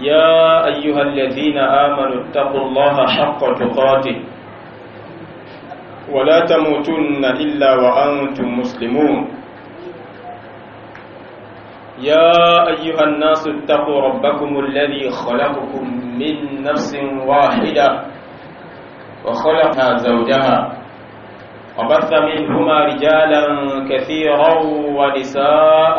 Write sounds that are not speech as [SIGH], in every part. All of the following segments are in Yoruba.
يا أيها الذين آمنوا اتقوا الله حق تقاته ولا تموتن إلا وأنتم مسلمون يا أيها الناس اتقوا ربكم الذي خلقكم من نفس واحدة وخلقها زوجها وبث منهما رجالا كثيرا ونساء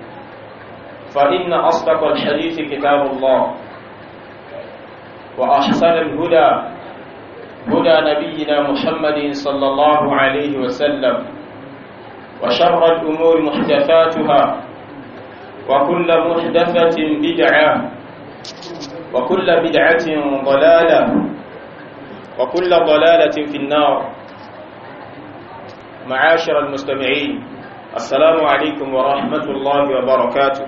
فإن أصدق الحديث كتاب الله وأحسن الهدى هدى نبينا محمد صلى الله عليه وسلم وشر الأمور محدثاتها وكل محدثة بدعة وكل بدعة ضلالة وكل ضلالة في النار معاشر المستمعين السلام عليكم ورحمة الله وبركاته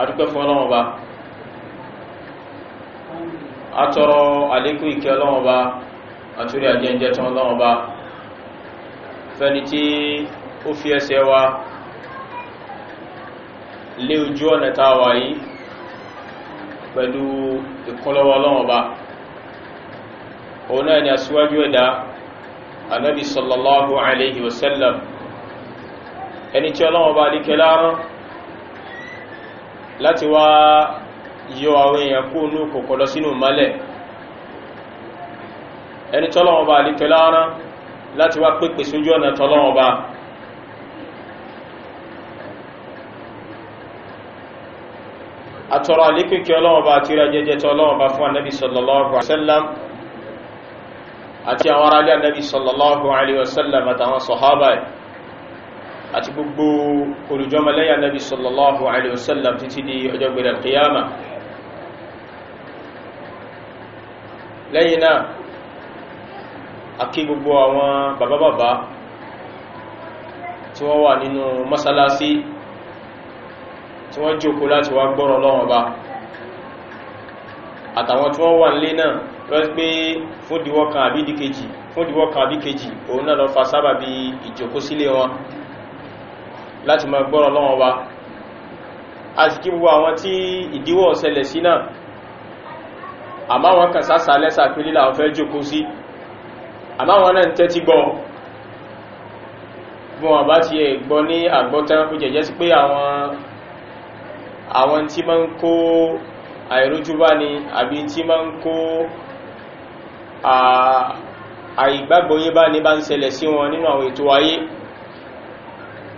adúpẹ́ fún ọlọ́run ọba atọrọ àlékún ìkẹ́ ọlọ́run ọba àtúrí àjẹjẹ tán ọlọ́run ọba fẹ́ni tí ó fi ẹsẹ̀ wa lé ojú ọ̀nà tá yìí pẹ̀lú ìkúnlọ́wọ́ ọlọ́run ọba òun náà ni aṣíwájú ẹ̀dá anábì sallallahu alayhi wasallam, sallam ẹni tí ọlọ́run ọba àlékẹ́ láàrán láti wá yọ àwọn èèyàn kú ní kòkò lọ sínú mọ́lẹ̀ ẹni tọ́lọ́wọ́n bá àlítọ́ lára láti wá pépè sójú ọ̀nà tọ́lọ́wọ́n bá àtọ̀rọ̀ àlékèké àti ìrẹ́jẹjẹ tọ́lọ́wọ́n bá fún anábì sallallahu alaihi wasallam àti àwọn sallallahu alaihi wasallam àtàwọn sọ̀hábà àti gbogbo olùjọmọlẹ́yà nabi sallallahu alaihi wasallam títí di ọjọ́ gbẹ̀rẹ̀ kìyàmà lẹ́yìn náà àkí gbogbo àwọn bàbábàbá tí wọ́n wà nínú mọ́sálásí tí wọ́n jókòó láti wá gbọ́rọ̀ lọ́wọ́ bá àtàwọn tí wọ́n wà nílé náà lọ́s pé fún diwọ́kan àbí àbí kejì òun náà lọ fa sábàbí ìjókòó sílé wọn láti máa gbọ́rọ̀ lọ́wọ́ wa àti kí gbogbo àwọn tí ìdíwọ́ ṣẹlẹ̀ sí náà àmá wọn kàn sásà lẹ́sà pé lílà ọ̀fẹ́ jòkó sí àmá wọn náà ń tẹ́tí gbọ́ bí wọn ti ẹ̀ gbọ́ ní àgbọ́tán kó jẹ̀jẹ́ sí pé àwọn tí máa ń kó àìrójúbá ni àbí tí máa ń kó àìgbàgbọ́yé bá ní bá ń ṣẹlẹ̀ sí wọn nínú àwọn ètò ayé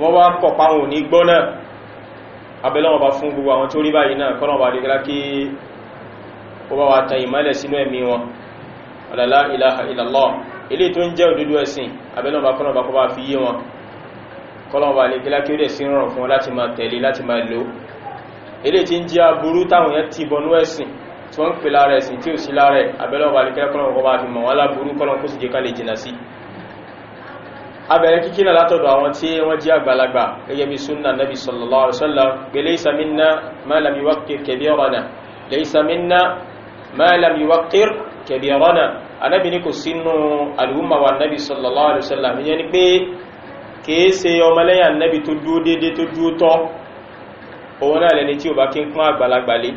wọ́n wá kọ̀ páwọn òní gbọ́ náà abẹ́lọ́wọ́ bá fún gbogbo àwọn tó rí báyìí náà kọ́nà bá dìgbà kí ó bá wa tan ìmọ́lẹ̀ sínú ẹ̀mí wọn ọ̀làlá ìlàhà ìlàlọ́ ilé tó ń jẹ́ òdodo ẹ̀sìn abẹ́lọ́wọ́ bá kọ́nà bá kọ́ bá fi yé wọn kọ́nà bá dìgbà kí ó dẹ̀ sí rọrùn fún wọn láti máa tẹ̀lé láti máa lò ilé tí wọ́n ń pè lára ẹ̀sìn tí ò sí lára ẹ̀ abẹ́lọ́wọ́ bá dìgbà bá fi mọ̀ wọn láburú kọ́nà kó sì lè jìnà sí abe ye kikina lato do awon ti won jiya balagba gege bi sunna nabi sallallahu alaihi wasallam be laysa minna ma lam yuwaqqir kabirana laysa minna ma lam yuwaqqir kabirana anabi ni ko sinnu al umma wa nabi sallallahu alaihi wasallam yani be ke se yo male ya nabi to du de de to du to o wona le ni ti o ba kin kun agbalagba le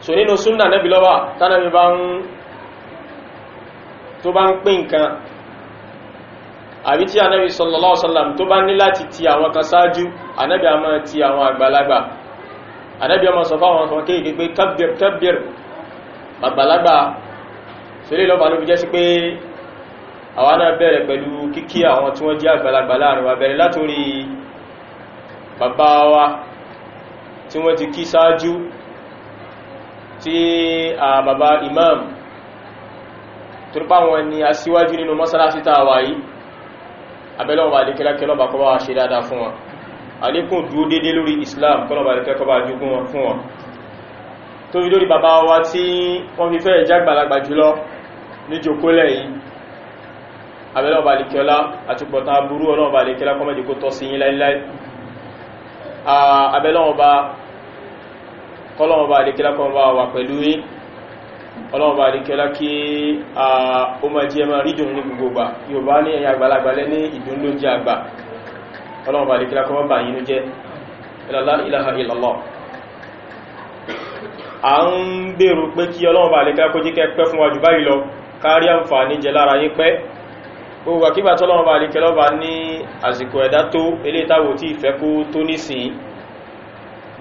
so nino sunna nabi lo ba tanabi ban to ban pe nkan àbí tí anábì sallallahu alaihi wasallam tó bá ní láti ti àwọn kan ṣáájú anábì a máa ti àwọn àgbàlagbà anábì a máa sọ fáwọn ọmọ kéèké pé kábíyèr kábíyèr àgbàlagbà sórí lọ́pàá ló fi jẹ́ sí pé àwa náà bẹ̀rẹ̀ pẹ̀lú kíkí àwọn tí wọ́n jẹ́ àgbàlagbà láàrin wa bẹ̀rẹ̀ a bàbá imam torípá wọn ni aṣíwájú nínú abẹ́lọ́wà alékẹ́lá kẹlọ́bà kọba wa ṣe dáadáa fún wọn alékùn dúó dédé lórí islam kọlọ́bà alékẹ́lá kọba jùgún wọn fún wọn tó fi lórí bàbá wa tí wọ́n fi fẹ́ jágbàlagbà jùlọ ní jòkólẹ̀ yìí abẹ́lọ́wà alékẹ́lá àti pọ̀tà burú ọlọ́wà alékẹ́lá kọmọ́jì kó tọ́ sí yín láíláí abẹ́lọ́wà kọlọ́wà alékẹ́lá kọmọ́bà wà pẹ̀lú ọlọ́run bá rí kẹlá kí ó máa jẹ́ máa rídùn ní gbogbogbà yóò bá ní ẹ̀yà àgbàlagbàlẹ́ ní ìdún ló jẹ́ àgbà ọlọ́run bá rí kẹlá kọ́ bá yínú jẹ́ ilaha illallah a ń gbèrò pé kí ọlọ́run bá rí kẹlá kó jíkẹ́ pẹ́ fún wájú báyìí lọ kárí àǹfààní jẹ lára yín pẹ́ gbogbo àkígbà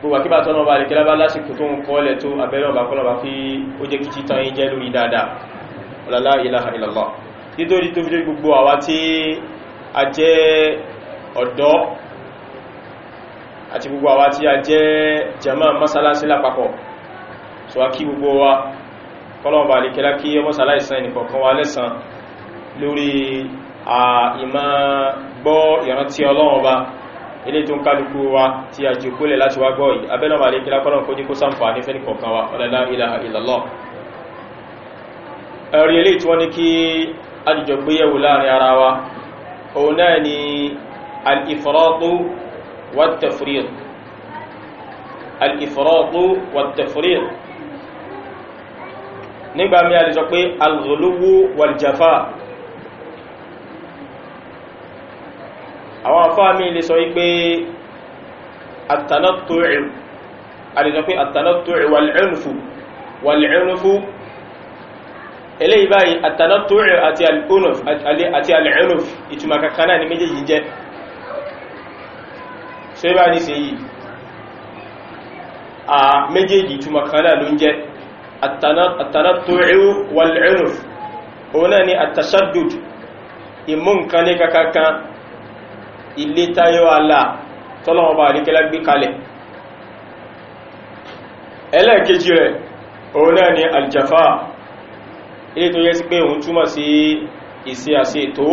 gbogbo àkíbà tọ́nà ọba àríkẹ́lá bá lásìkò tó ń kọ́ọ̀lẹ̀ tó abẹ́rẹ́ ọba kọ́lọ̀bá kí ó jẹ́ kí títàn yí jẹ́ lórí dáadáa ọ̀làlá ìlàhà ìlàlá nítorí tó fi lórí a jẹ́ so a kí wa kọ́lọ̀ọba àríkẹ́lá kí ọmọ sàláìsàn nìkọ̀ọ̀kan wa lẹ́sàn lórí ìmọ̀ gbọ́ ìrántí ọlọ́run ọba ilé tó ń kálukú wa tí a jù kólẹ̀ láti wá gbọ́ yìí abẹ́nà màlẹ́ kí lápọ́lọ̀ kó ní kó sáǹfà ní fẹ́ni kọ̀ọ̀kan wa ọ̀lẹ́lá ilaha illallah ẹ̀rí ilé tí wọ́n àwọn afáàmì lè sọ wípé àtànàtòrì àdìsọ pé àtànàtòrì wàlẹ́ẹ̀nùfù wàlẹ́ẹ̀nùfù eléyìí báyìí àtànàtòrì àti àlẹ́ẹ̀nùfù ìtumà kankaná ni méjèèjì jẹ́ ṣe bá ní sí yìí a méjèèjì ìtumà kankaná ló ń jẹ́ àtànàtòrì wàlẹ́ẹ̀nùfù òun náà ni àtàṣàdùd ìmú nǹkan ní kankan ilé táyọ̀ àlà tọ́lọ́wọ́n bá àríkẹ́lá gbé kalẹ̀ ẹlẹ́ẹ̀kejì rẹ̀ òun náà ni aljafa ilé tó yẹ sí pé òun túmọ̀ sí ìsẹ́ àṣẹ ètò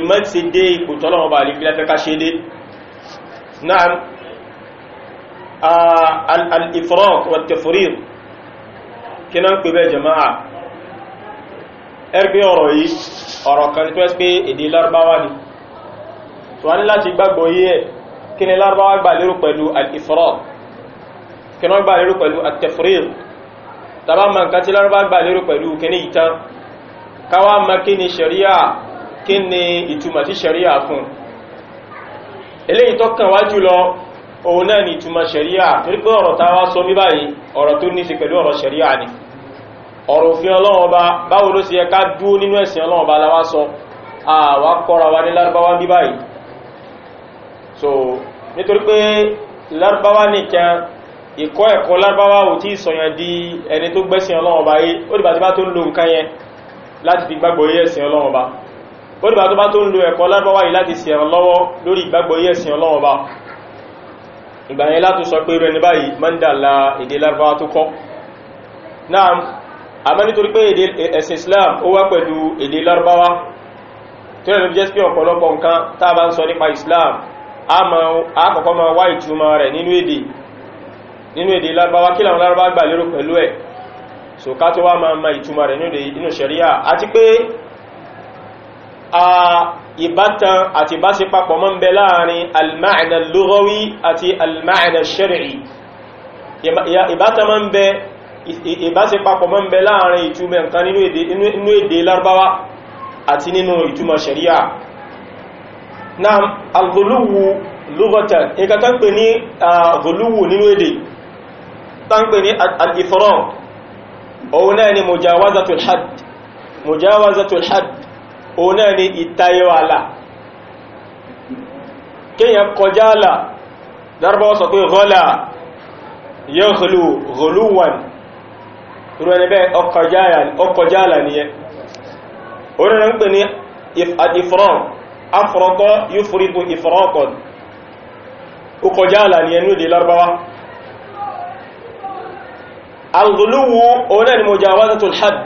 ìmọ́sídé ipò tọ́lọ́wọ́n bá àríkẹ́lá fẹ́ ká ṣe dé náà al-ifraq wa tafriq kí ọ̀rọ̀ yìí ọ̀rọ̀ kan tó yẹ pé èdè lárúbáwá ni so a ní láti gbàgbọ́ yí ẹ̀ kí ni lárúbáwá gbà lérò pẹ̀lú al-ifrat kí wọ́n gbà lérò pẹ̀lú at-tafriq tàbá ma nǹkan tí lárúbá gbà lérò pẹ̀lú kí ní ìtàn káwá ma kí ni ṣẹ̀ríà kí ni ìtumọ̀ tí ṣẹ̀ríà fún eléyìí tó wá jùlọ òun náà ni ìtumọ̀ ṣẹ̀ríà torí pé ọ̀rọ̀ táwa sọ bí báyìí ọ̀rọ̀ tó ní so nítorí pé lárúbáwá nìkan ìkọ́ ẹ̀kọ́ lárúbáwá ò tí sọ̀yàn di ẹni tó gbẹ́sìn ọlọ́run ọba yé ó dìbà tí bá tó ń lo nǹkan yẹn láti fi gbàgbọ́ yé ẹ̀sìn ọlọ́run ọba ó dìbà tó bá tó ń lo ẹ̀kọ́ lárúbáwá yìí láti ṣe ẹ̀rọ lọ́wọ́ lórí ìgbàgbọ́ yé ẹ̀sìn ọlọ́run ọba ìgbà yẹn láti sọ pé rẹ ní báyìí mọ́ndàlá èdè lárúbáwá tó kọ́ náà àmọ́ nítorí pé ẹ̀sìn Islam ó wá pẹ̀lú èdè lárúbáwá tó yẹ lóbi jẹ́ pé ọ̀pọ̀lọpọ̀ nǹkan tá a bá ń sọ nípa Islam àkọ́kọ́ máa wá ìtumọ̀ rẹ̀ nínú èdè nínú èdè lárúbáwá kí làwọn lárúbá gbà lérò pẹ̀lú ẹ̀ so ká tó wá máa ma ìtumọ̀ rẹ̀ nínú ṣẹ̀ríà àti pé ìbátan àti ìbáṣe papọ̀ mọ́ ń bẹ láàrin al-ma'na al-lughawi àti al-ma'na al-shar'i ìbátan mọ́ ń bẹ ìbáṣe papọ̀ mọ́ láàrin ìtumọ̀ na alghuluwu lugatan nǹkan tán pè ní alghuluwu nínú èdè tán pè ní al-ifran òun náà ni mujawazatul hadd mujawazatul hadd òun náà ni ìtayọ àlà kíyàn kọjá àlà darbọ́ sọ pé gọ́là yóò gọ́lù gọ́lùwàn rúrẹ́nibẹ́ ọkọjá àlà nìyẹn orin ń pè ní ifran afrọ́kọ́ yóò forípo ìfọ́rọ́kọ̀ ó kọjá àlà ní ẹnu èdè lárúbáwá alghuluwu òun ni mujawazatul hadd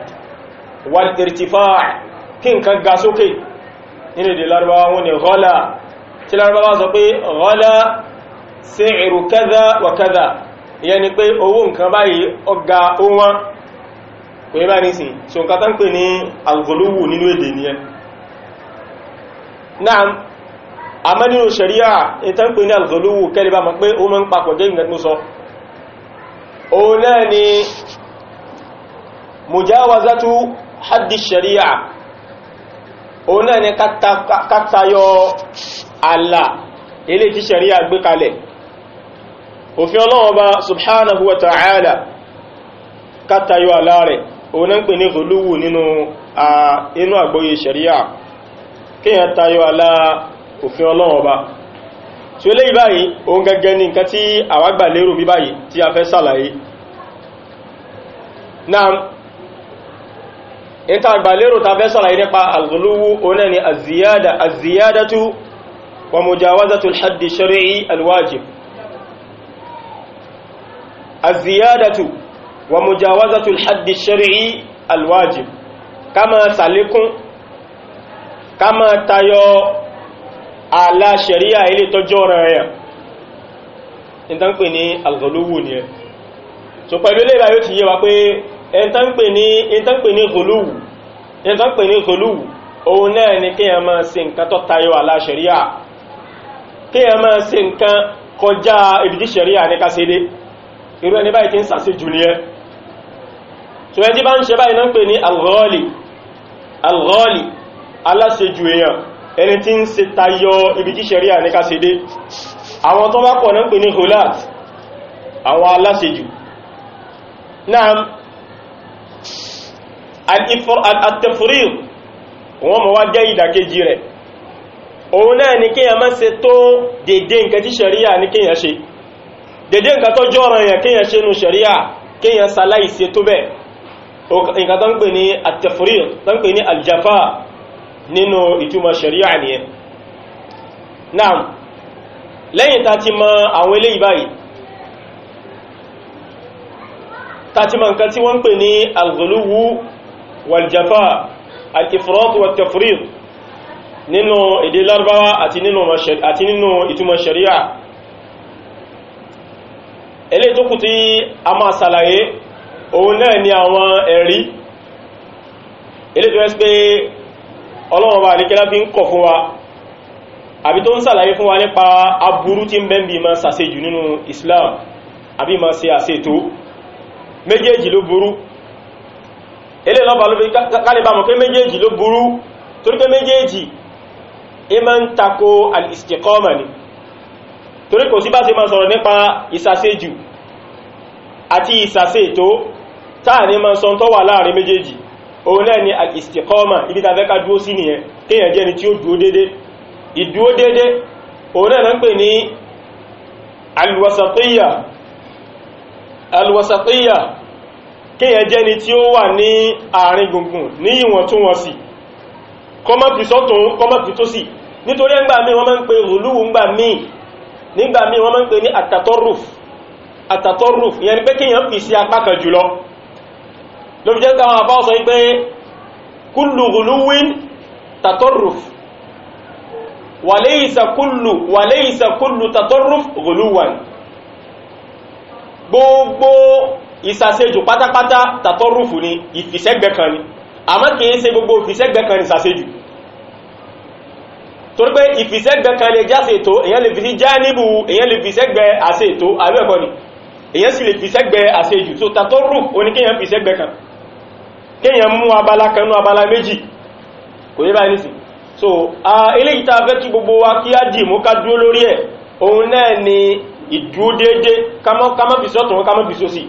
wal irtifa' kí nǹkan ga sókè nínú èdè lárúbáwá wọn ni ghala tí lárúbáwá sọ pé ghala si'ru kadha wa kadha ìyẹn ni pé owó nǹkan báyìí ọgá ó wọ́n kò bá ní náà àmọ́ nínú ṣẹ̀ríà ìtànpé ní alghuluwu kẹlìbà mọ̀ pé o mọ́ ń papọ̀ jẹ́ ìgbẹ̀tún sọ o náà ni mujawazatu haddi ṣẹ̀ríà o náà ni kátayọ àlà ilé tí ṣẹ̀ríà gbé kalẹ̀ òfin ọlọ́wọ́ bá subhanahu wa ta'ala kátayọ àlà rẹ̀ o náà ń pè ní ghuluwu nínú àgbóyè ṣẹ̀ríà kíyàn tayọ alá òfin ọlọ́run ọba tí ó léyìí báyìí òun gẹ́gẹ́ ní nǹkan tí àwágbà lérò bí báyìí tí a fẹ́ sàlàyé náà ìta àgbà lérò ta fẹ́ sàlàyé nípa al-ghuluwu oná ni az kama salikun ká máa tayọ ààlà ṣẹ̀ríà ilé tọ́jọ́ ọ̀rọ̀ ẹ̀yà ìtànpè ní alghuluwu ni ẹ̀ so pẹ̀lú ilé ìbáyó ti yé wa pé ìtànpè ní ghuluwu ìtànpè ní ghuluwu òun náà ni ke ẹ máa ṣe nǹkan tó tayọ ààlà ṣẹ̀ríà kí ẹ máa ṣe nǹkan kọjá ibìdí ṣẹ̀ríà ní kásídé irú ẹni báyìí ti ń sàṣe jù ní ẹ so ẹni bá ń ṣe báyìí náà pè ní alghali alghali aláṣejù èèyàn ẹni tí ń ṣe tayọ ibi tí ṣẹ̀ríà ní ká ṣe dé àwọn tó bá pọ̀ náà pè ní hulat àwọn aláṣejù náà àtẹ̀fúríl wọ́n mọ̀ wá jẹ́ ìdàkejì rẹ̀ òun náà ni kíyàn má ṣe tó dédé nǹkan tí ṣẹ̀ríà ní kíyàn ṣe dédé nǹkan tó jọ́rọ̀ èèyàn kíyàn ṣe nù ṣẹ̀ríà kíyàn ṣaláìṣe tó bẹ́ẹ̀ nǹkan tó ń pè ní àtẹ̀fúríl tó ń pè ní aljafa nínú ìtumọ̀ ṣẹ̀ríà ni ẹ náà lẹ́yìn ta ti mọ àwọn ilé ìbáyìí ta ti mọ nǹkan tí wọ́n ń pè ní alghuluwu waljafa alifrat waltafrid nínú èdè larbawa àti nínú ìtumọ̀ ṣẹ̀ríà ilé tó kù tí a máa sàlàyé òun náà ni àwọn ẹ̀rí ilé tó ẹ́ ọlọ́run bá alékẹ́lá fi ń kọ̀ fún wa àbí tó ń sàlàyé fún wa nípa aburú tí ń bẹ́ bí ma sàṣejù nínú Islam àbí ma ṣe àṣètò méjèèjì ló burú ilé lọ́bàá ló fi kálíbà mọ̀ pé méjèèjì ló burú torí pé méjèèjì ima ń tako al-istiqama ni torí kò sí bá ṣe ma sọ̀rọ̀ nípa ìsàṣejù àti ìsàṣètò táà ní ma sọ tó wà láàrin méjèèjì òun náà ni al-istiqama ibi tàbí ká dúó sí nìyẹn kéèyàn jẹ́ ni tí ó dúó dédé ìdúó dédé òun náà ń pè ní al-wasatiyya al-wasatiyya kéèyàn jẹ́ ni tí ó wà ní àárín gbùngbùn ní ìwọ̀ntúnwọ̀nsì kọmọ̀pìsọ́tún kọmọ̀pìtòsì nítorí ẹgbà míì wọ́n máa ń pè rùlúwù ńgbà míì nígbà míì wọ́n máa ń pè ní àtàtọ́rùf àtàtọ́rùf ìyẹn ni pé kéèyàn pì sí apá kan jùlọ ló fi jẹ́ káwọn àbáwọ̀ sọ pé kullu ghuluwin tatorruf wa laysa kullu wa laysa kullu tatorruf ghuluwan gbogbo ìsàsejù pátápátá tatorrufu ni ìfìsẹ́gbẹ̀ kan ni àmọ́ kìí ṣe gbogbo ìfìsẹ́gbẹ̀ kan ni ìsàsejù torí pé ìfìsẹ́gbẹ̀ kan lè jáse ètò èyàn lè fi sí já níbù èyàn lè fi sẹ́gbẹ̀ àṣe ètò àbẹ́ẹ̀kọ́ ni èyàn sì lè fi sẹ́gbẹ̀ àṣejù tó tatorruf oníkíyàn fi kéèyàn mú abala kanú abala méjì kò yẹ báyìí nìsìn so eléyìí tá a fẹ́ kí gbogbo wa kí á dì mú ká dúró lórí ẹ̀ òun náà ni ìdúró déédé kámọ́ fi sọ́tún kámọ́ fi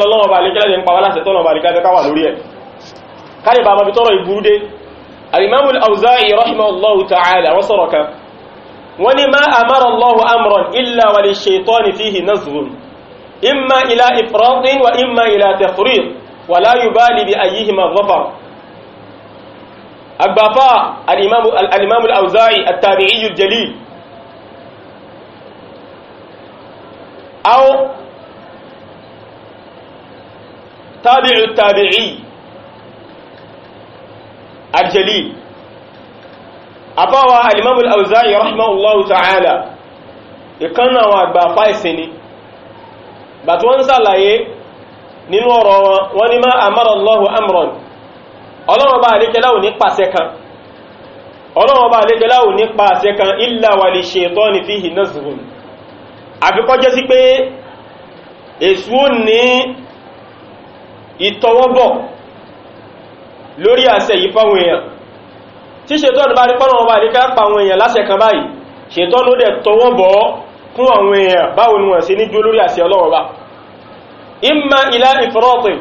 lọ́wọ́ bá lékẹ́lẹ́ wà lórí ẹ̀ káyè bá mọ́bi tọ́rọ ìburú dé al-Imam al-Awza'i rahimahullahu ta'ala wàlá yubali bi ayyihima dhafar agbafa al-imam al-awza'i at-tabi'i al-jalil aw tabi'u at-tabi'i al-jalil àbáwa al-imam al rahimahullahu ta'ala ìkànnà àwọn àgbàfà bàtí wọ́n ń sàlàyé nínú ọ̀rọ̀ wọn wọ́n ní máa àmọ́rọ̀ Allahu amran ọlọ́wọ́ bá alékẹ́láwò ní pàṣẹ kan ọlọ́wọ́ bá alékẹ́láwò ní pàṣẹ kan illa wà lè ṣe tọ́ ní fíhì nazghun àfikọ́ jẹ́ sí pé èṣù ní ìtọwọ́bọ̀ lórí àṣẹ yìí fáwọn èèyàn tí ṣètọ́n bá rí pọ́nà bá alékẹ́ pa àwọn imma ila ifratin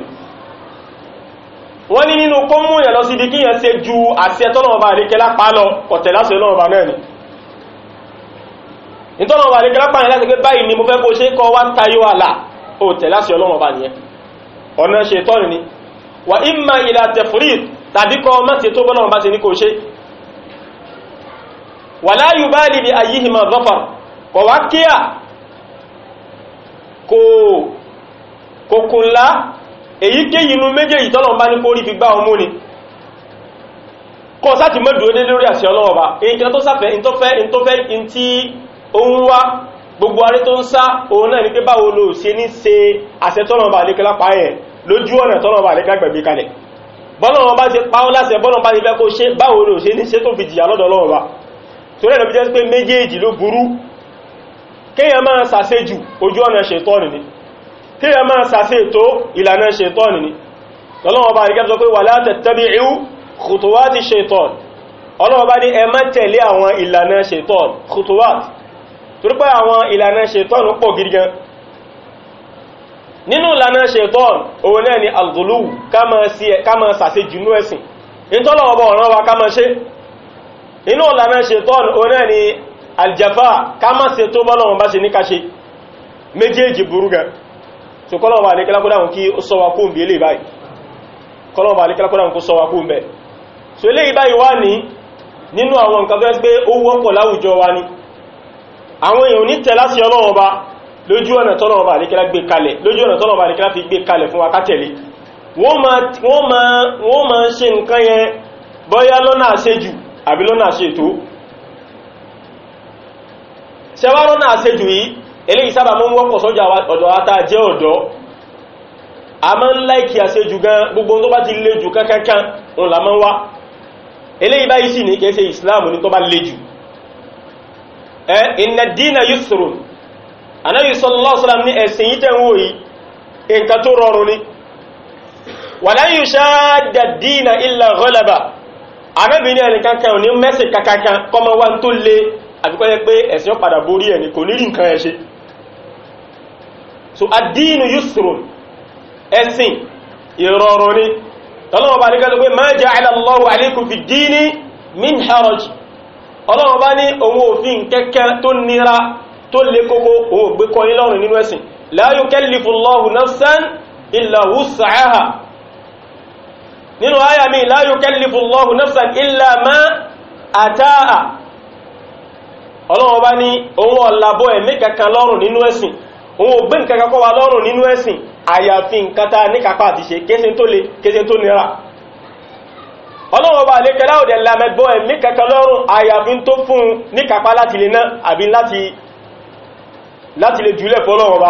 wọ́n ní nínú kó mú yẹ̀ lọ sí ibi kíyàn ṣe ju àṣẹ tọ́lọ̀ọba àríkẹ́lá pa lọ kọ̀tẹ̀láṣẹ́ lọ́ọ̀ba náà ni ìtọ́lọ̀ọba àríkẹ́lá pa yẹn láti pé báyìí ni mo fẹ́ kó ṣe kọ́ wá tayọ àlà ó tẹ̀láṣẹ́ ọlọ́ọ̀ba nìyẹn ọ̀nà ṣe tọ́rin ni wà imma ila tafrid tàbí kọ́ mẹ́sẹ̀ tó bọ́lọ̀ bá ti ní kò ṣe wà la kíyà kò kòkò ńlá èyíkéyìí inú méjèèjì tọ́lọ̀ bá ní kó fi gbá ọmú ni kọ́ sáti mẹ́dùn ó dé lórí àṣẹ ọlọ́ọ̀bá èyíkẹ́ tó sáfẹ́ in tó fẹ́ in tó fẹ́ in tí ó ń wá gbogbo aré tó ń sá òun náà ní pé báwo ló ṣe ní ṣe àṣẹ tọ́lọ̀ọ̀bá àlékẹ́lá pààyàn lójú ọ̀nà tọ́lọ̀ọ̀bá àlékẹ́lá gbẹ̀gbẹ̀ kalẹ̀ bọ́lọ̀wọ́n bá ṣe pàó láṣẹ bọ́lọ̀wọ́n bá ṣe fẹ́ kó ṣe ní ṣe tó ni kí ẹ máa sàfètò ìlànà ṣètọ́nì ni lọ́lọ́wọ́ bá rí gẹ́gẹ́ pé wala tattabi'u khutuwati shaytan ọlọ́wọ́ bá ní ẹ má tẹ̀lé àwọn ìlànà ṣètọ́n khutuwat torípé àwọn ìlànà ṣètọ́n pọ̀ gidi gan nínú ìlànà ṣètọ́n òun náà ni al-ghulu ká máa sàṣejù nú ẹ̀sìn ìtọ́lọ̀wọ́ bọ̀ ọ̀rán wa méjèèjì burú so kọ́lọ̀wà alékẹ́lákọ́dáhùn kí ó sọ wa kó ń bí ilé ìbáyìí kọ́lọ̀wà alékẹ́lákọ́dáhùn kó sọ wa kó ń bẹ̀ so ilé ìbáyìí wá ní nínú àwọn nǹkan tó pé ó wọ́pọ̀ láwùjọ wa ní àwọn èèyàn ní tẹ̀láṣì ọlọ́ọba lójú fi eléyìí sábà mọ́ ń wọ́pọ̀ sọ́jà ọ̀dọ̀ ata jẹ́ ọ̀dọ́ a máa ń láìkì àṣejù gan gbogbo tó bá ti le jù kankankan òun la máa ń wá eléyìí báyìí sì ní kẹsẹ̀ islam ní tó bá le jù ẹ inna dina yusrun anábì sallallahu alaihi wasallam ní ẹ̀sìn dina illa ghalaba anábì ní ẹnìkankan ò ní mẹ́sìn kankankan kọ́mọ wa ń tó le àbíkọ́ yẹ pé ẹ̀sìn padà borí ẹ̀ ní kò ní nǹkan ẹ̀ so ad-dinu yusrun ẹ̀sìn ìrọ̀rùn ni ọlọ́wọ́ bá ní kẹ́lú pé ma ja'ala Allahu alaykum fi ad-dini min haraj ọlọ́wọ́ bá ní òun òfin kẹ́kẹ́ tó nira tó lè kókó òun gbé kọ́ yín lọ́rùn nínú ẹ̀sìn la yukallifu Allahu nafsan illa nínú ẹ̀sìn òun ò gbé nǹkan kan kọ́ wa lọ́rùn nínú ẹ̀sìn àyàfi nǹkan ta ní kápá àti ṣe kése tó le kése tó nira ọlọ́run ọba àlékẹ́ láòdẹ̀ lámẹ́gbọ́ ẹ̀mí kankan lọ́rùn àyàfi tó fún un ní kápá láti lè náà àbí láti lè jùlẹ̀ fọ́lọ́run ọba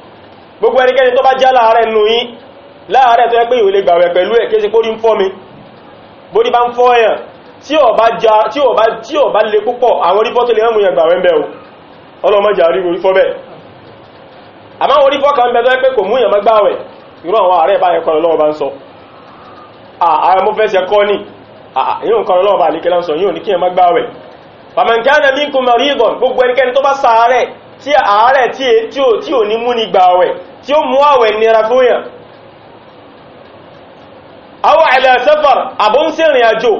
gbogbo ẹnikẹ́ni tó bá já láàárẹ̀ nù yí láàárẹ̀ tó yẹ pé ìwòlè gbàwẹ̀ pẹ̀lú ẹ̀ kéèsì kórí ń fọ́ mi bóní bá ń fọ́ ẹ̀yàn tí ò bá lè púpọ̀ àwọn orí fọ́ tó lè mú yẹn gbàwẹ̀ ń bẹ̀ ọlọ́mọjà orí fọ́ bẹ̀ àmá orí fọ́ kan bẹ̀ tó yẹ pé kò mú yẹn mọ́gbàwẹ̀ irú àwọn ààrẹ bá yẹn kọrọlọ́wọ́ bá ń sọ ààrẹ mú fẹ́sẹ̀ kọ́ ní yíò kọrọlọ́wọ́ bá líkẹ́lá ń tí àárẹ̀ tí ò ní mú ní gbáwẹ̀ tí ó mú àwẹ̀ nira fún yàn awọ ala safar àbọ́n sí ìrìn àjò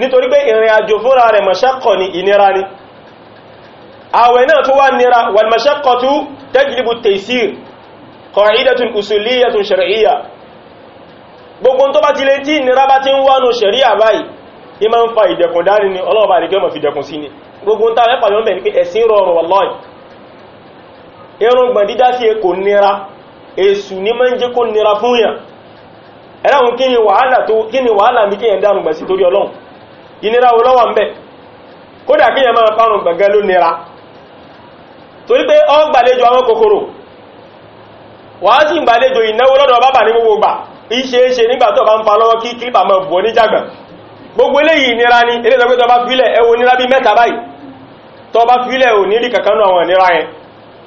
nítorí pé ìrìn àjò fúnra rẹ̀ mọ̀ṣẹ́kọ̀ ni ìnira ni àwẹ̀ náà tó wá nira wal mashaqqatu tajlibu at-taysir qa'idatun usuliyyatun shar'iyya gbogbo tó bá ti lè tí ìnira bá ti ń wánu ṣẹ̀ríà báyìí ìmá ń fa ìdẹ̀kùn dání ni ọlọ́ọ̀bá àrígẹ́mọ̀ fi dẹ̀kùn sí ni gbogbo tàbí pàdé wọn bẹ̀ ní pé ẹ̀sìn rọrùn wallahi irùngbọ̀n dídá sí kò nira èsù ní máa ń jẹ́ kó nira fún yàn ẹ̀láwọn kí ni wàhálà tó kí ni wàhálà bí kíyàn dárùngbọ̀n ma tori ọlọ́run ìnira wo lọ́wọ́ ń bẹ̀ kódà ma máa parùn gbọ̀ngẹ́ ló nira tori pe ó gbàlejò àwọn kòkòrò wàá sì gbàlejò ìnáwó lọ́dọ̀ bàbà ní gbogbo gbà ìṣeéṣe nígbà tó bá ń fa lọ́wọ́ kí kílípà máa bù ọ gbogbo ni eléyìí tó bá fílẹ̀ nira bi o niri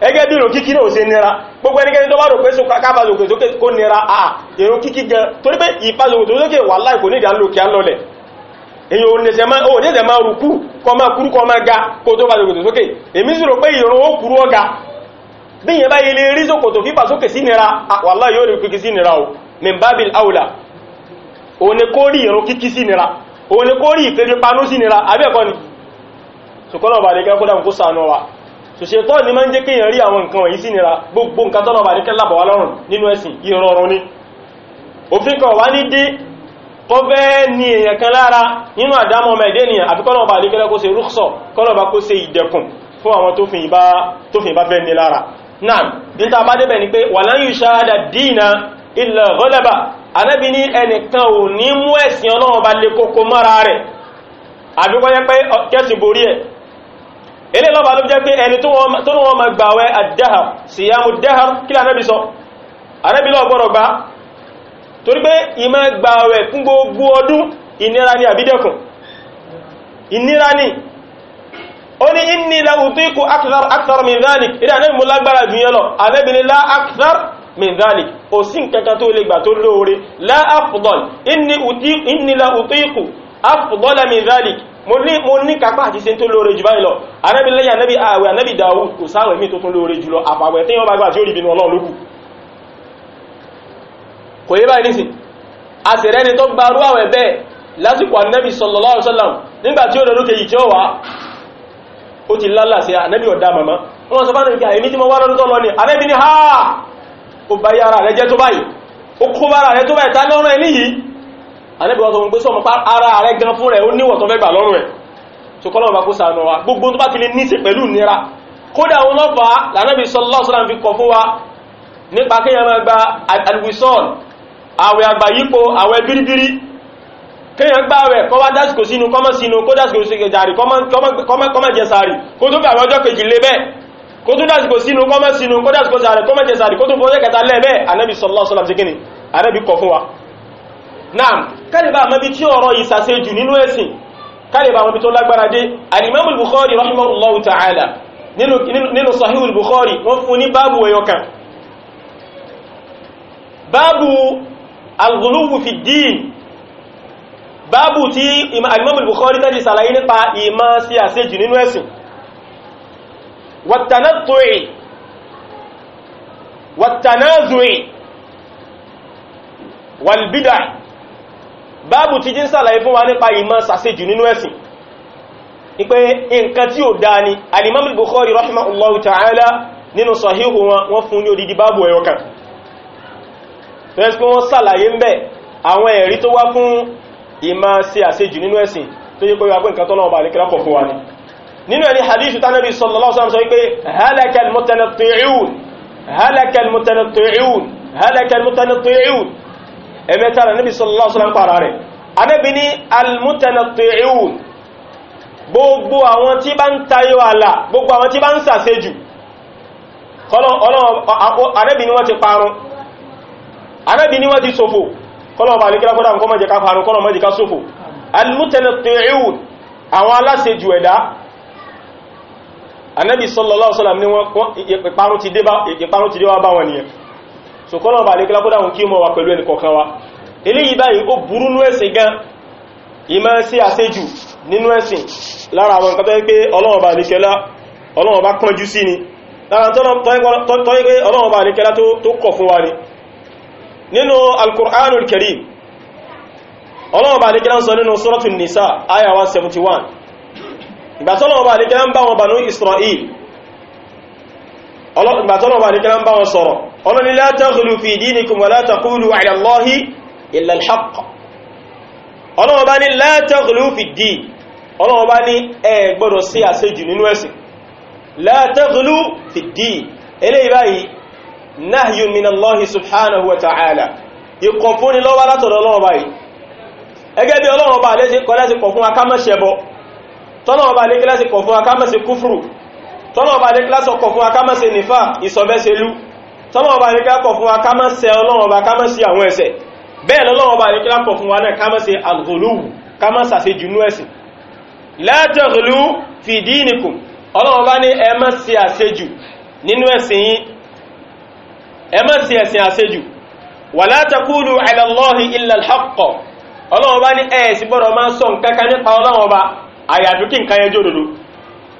ẹgẹ́ bí ìrò kíkí náà ṣe nira gbogbo ẹnikẹ́ni tó bá rò pé ka kó nira à ìrò kíkí gan torí pé ìpàzòkòsókè wà láì kò nídà lókè lọlẹ̀ èyàn oníṣẹ́ máa rùkú kọ máa kúrú ga kó tó pàzòkòsókè èmi sì rò pé ìrò ó kúrú rí sókòtò o min babil aula òun ni kó nira panú sí nira àbẹ́ẹ̀kọ́ ni ṣòṣètọ́ ni máa ń jẹ́ kéèyàn rí àwọn nǹkan wọ̀nyí sí nira gbogbo nǹkan tọ́lọ̀ bá ní kẹ́lábọ̀ wá lọ́rùn nínú ẹ̀sìn ìrọ̀rùn ni òfin kan wá ní dé tó bẹ́ ní èèyàn kan lára nínú àdámọ́ ọmọ ẹ̀dẹ́ ènìyàn àbí kọ́lọ̀ bá ní kẹ́lẹ́ kó ṣe rúksọ̀ kọ́lọ̀ bá kó ni pé wà láyé ṣáádà dínà ilẹ̀ rọ́lẹ́bà anábi ilé lọ́bàá ló jẹ́ pé ẹni tó ní wọ́n ma gbàwẹ̀ àdáhà síyàmù dáhàr kí lánàbí sọ àrẹ́bí lọ gbọ́rọ̀ gbá torí pé ìmá gbàwẹ̀ fún gbogbo ọdún ìnira ni àbídẹ́kùn ìnira ni ó ní inni la utiku akthar akthar min dhalik ilé àrẹ́bí mú lágbára jù yẹn lọ àrẹ́bí ni la akthar min dhalik kò sí nǹkankan tó lè gbà tó lóore la afdal inni la utiku afdal min dhalik mo ní kakpa ati se tó lóore jù báyìí lọ anábi lẹ́yìn anábi ààwẹ̀ anábi Dáúdù tó lóore jù lọ àpàwẹ̀ tí wọ́n bá gbà tí ó rí bínú kò yé báyìí a sì tó gba arú àwẹ̀ bẹ́ẹ̀ lásìkò anábi sallallahu alaihi nígbà tí ó rẹ̀ lókè yìí tí ti lálà sí wọn sọ tí mo lọ́dún tó lọ ni ni ha bá rẹ tó báyìí kó rẹ tó báyìí tá lọ́rùn anẹ́bíwọ́n tó ń gbé sọmọ ara rẹ̀ gan fún rẹ̀ ó níwọ̀ tó fẹ́ gbà lọ́rùn ẹ̀ tó kọ́lọ̀ bá kó sànà wa gbogbo tó bá fi lè ní ṣe pẹ̀lú nira kódà wọn lọ́fà lànàbí sọlọ́sọ́lá fi kọ̀ fún wa nípa kéèyàn máa gba alwisol àwẹ̀ àgbà yípo àwẹ̀ bíríbírí kéèyàn gbá àwẹ̀ kọ́ wá dásìkò sínú kọ́mọ́ sínú kó dásìkò sínú jàrí kọ́mọ́ jẹ sàárì kó tó gbàwẹ̀ náà kálíbà mẹ́bí tí ọ̀rọ̀ ìsàsẹ́jù nínú ẹ̀sìn kálíbà mẹ́bí tó lágbára dé alimami bukhari rahimahullahu ta'ala nínú sahihul bukhari wọ́n fún ní báàbù ẹyọkan báàbù alghuluwu fi dín báàbù tí alimami bukhari tàbí sàlàyé nípa ìmá sí àsẹ́jù nínú ẹ̀sìn wàtànàtòrì wàtànàzòrì wàlbídà báàbù ti jí ń sàlàyé fún wa nípa ìmọ̀ sàṣejù nínú ẹ̀sìn ipé nǹkan tí ó dáa ni alimami bukhari rahimahullahu ta'ala nínú sahihu wọn wọ́n fún ní odidi báàbù ẹyọ kan fẹ́sùn wọ́n sàlàyé ń bẹ̀ àwọn ẹ̀rí tó wá fún ìmọ̀ sí àṣejù nínú ẹ̀sìn tó yí pé wà pé nǹkan tọ́lọ́wọ́ ẹ̀mẹ́ta rẹ̀ níbi sallallahu alaihi wasallam pàrà rẹ̀ anẹ́bí ní almutanatti'un gbogbo àwọn tí bá ń tayọ àlà gbogbo àwọn tí bá ń sàṣejù anẹ́bí ni wọ́n ti parun anẹ́bí ni wọ́n ti sòfò kọlọ̀ọ̀bà alìkílá kọ́dá nǹkan mọ́jẹ ká parun kọlọ̀ mọ́jẹ ká sòfò almutanatti'un àwọn aláṣejù ẹ̀dá anẹ́bí sallallahu wọ́n ìparun ti dé bá wọn nìyẹn so kọ́nà bà lè kí lápọ́dá wọn kí mọ́ wa pẹ̀lú ẹnìkọ̀ọ̀kan wa eléyìí báyìí ó burú nú ẹ̀sìn gan ìmọ̀ sí àṣejù nínú ẹ̀sìn lára àwọn nǹkan tó yẹ pé Ọlọ́run bà lè kẹlá Ọlọ́run bá kánjú sí ni lára tó yẹ pé Ọlọ́run bà lè kẹlá tó kọ̀ fún wa ni nínú Al-Qur'anul Karim Ọlọ́run bà lè kẹlá ń sọ nínú Suratul Nisa aya 171 ìgbà tọ́lọ́run bà lè kẹlá ìgbàtọ́lọ̀bà ní kílá ń bá wọn sọ̀rọ̀ ọlọ́ni la taghlu fi dinikum wa la taqulu ala Allahi illa al-haqq ọlọ́wọ́ bá ní la taghlu fi din ọlọ́wọ́ bá ní ẹ gbọ́dọ̀ sí àṣejù nínú ẹ̀sìn la taghlu fi din eléyìí báyìí nahyun min Allahi subhanahu wa ta'ala tọ́lọ̀ọba lè kílásọ̀ kọ̀ fún akámọ́sẹ̀ nífà ìsọ̀bẹ́sẹ̀lú tọ́lọ̀ọba lè kílápọ̀ fún akámọ́sẹ̀ ọlọ́ọba kámọ́sí àwọn ẹ̀ṣẹ̀ bẹ́ẹ̀ lọ́lọ́ọba lè kílápọ̀ fún wa náà kámọ́sẹ̀ alghuluw kámọ́sàsẹ̀ jùnú ẹ̀sìn la taghlu fi dinikum ọlọ́ọba ní ẹ má ṣe àṣejù nínú ẹ̀sìn yín ẹ má ṣe ẹ̀sìn àṣejù wala taqulu ala Allahi illa al-haqq ọlọ́ọba ní ẹ̀ẹ̀sì gbọ́dọ̀ máa sọ nǹkan kan nípa ọlọ́ọba àyàdùkí nǹkan ẹjọ́ òdodo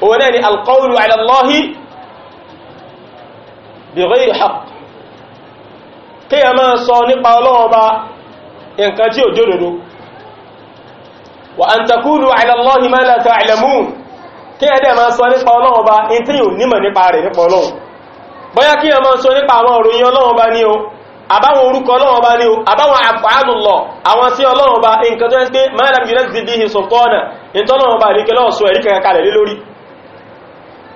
òun náà ni alqawlu ala Allahi bi ghayri haqq kí a máa sọ nípa Ọlọ́run Ọba nǹkan tí ò jódodo wa an taqulu ala Allahi ma la ta'lamun kí a dẹ̀ máa sọ nípa Ọlọ́run Ọba in tí yóò nímọ̀ nípa rẹ̀ nípa Ọlọ́run bóyá kí a máa sọ nípa àwọn òròyìn Ọlọ́run Ọba ní o kalẹ̀ lórí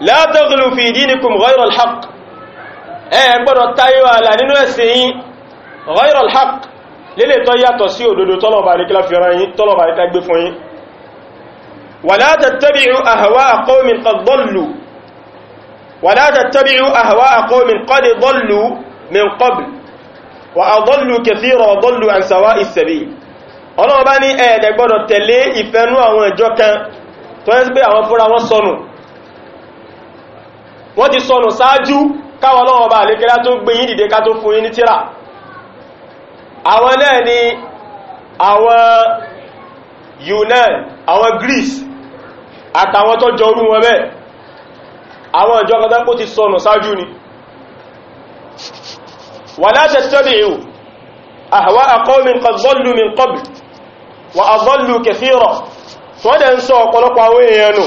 la taghlu fi dinikum ghayra al-haqq ẹ gbọ́dọ̀ tayọ ààlà nínú ẹ̀sìn yín ghayra al-haqq lílé tó yàtọ̀ sí òdodo tọ́lọ̀bà àríkílá fi ra yín tọ́lọ̀bà àríkílá gbé fún yín wala tattabi'u ahwa'a qawmin qad dallu wala tattabi'u ahwa'a qawmin qad dallu min qabl wa adallu kathira wa dallu an sawa'i as-sabil ọlọ́ọ̀bá wọ́n ti sọnù sáájú káwọn ọlọ́wọ́ bá lékẹ́lá tó gbé yí dìde ká tó fún yí ní tíra àwọn náà ni àwọn Yunan àwọn Greece àtàwọn tó jọrú wọn bẹ́ẹ̀ àwọn ìjọ kọjá kó ti sọnù sáájú ni wala tattabi'u ahwa'a qawmin qad dhallu min qabl wa adallu kathira tó dẹ̀ ń sọ ọ̀pọ̀lọpọ̀ àwọn èèyàn nù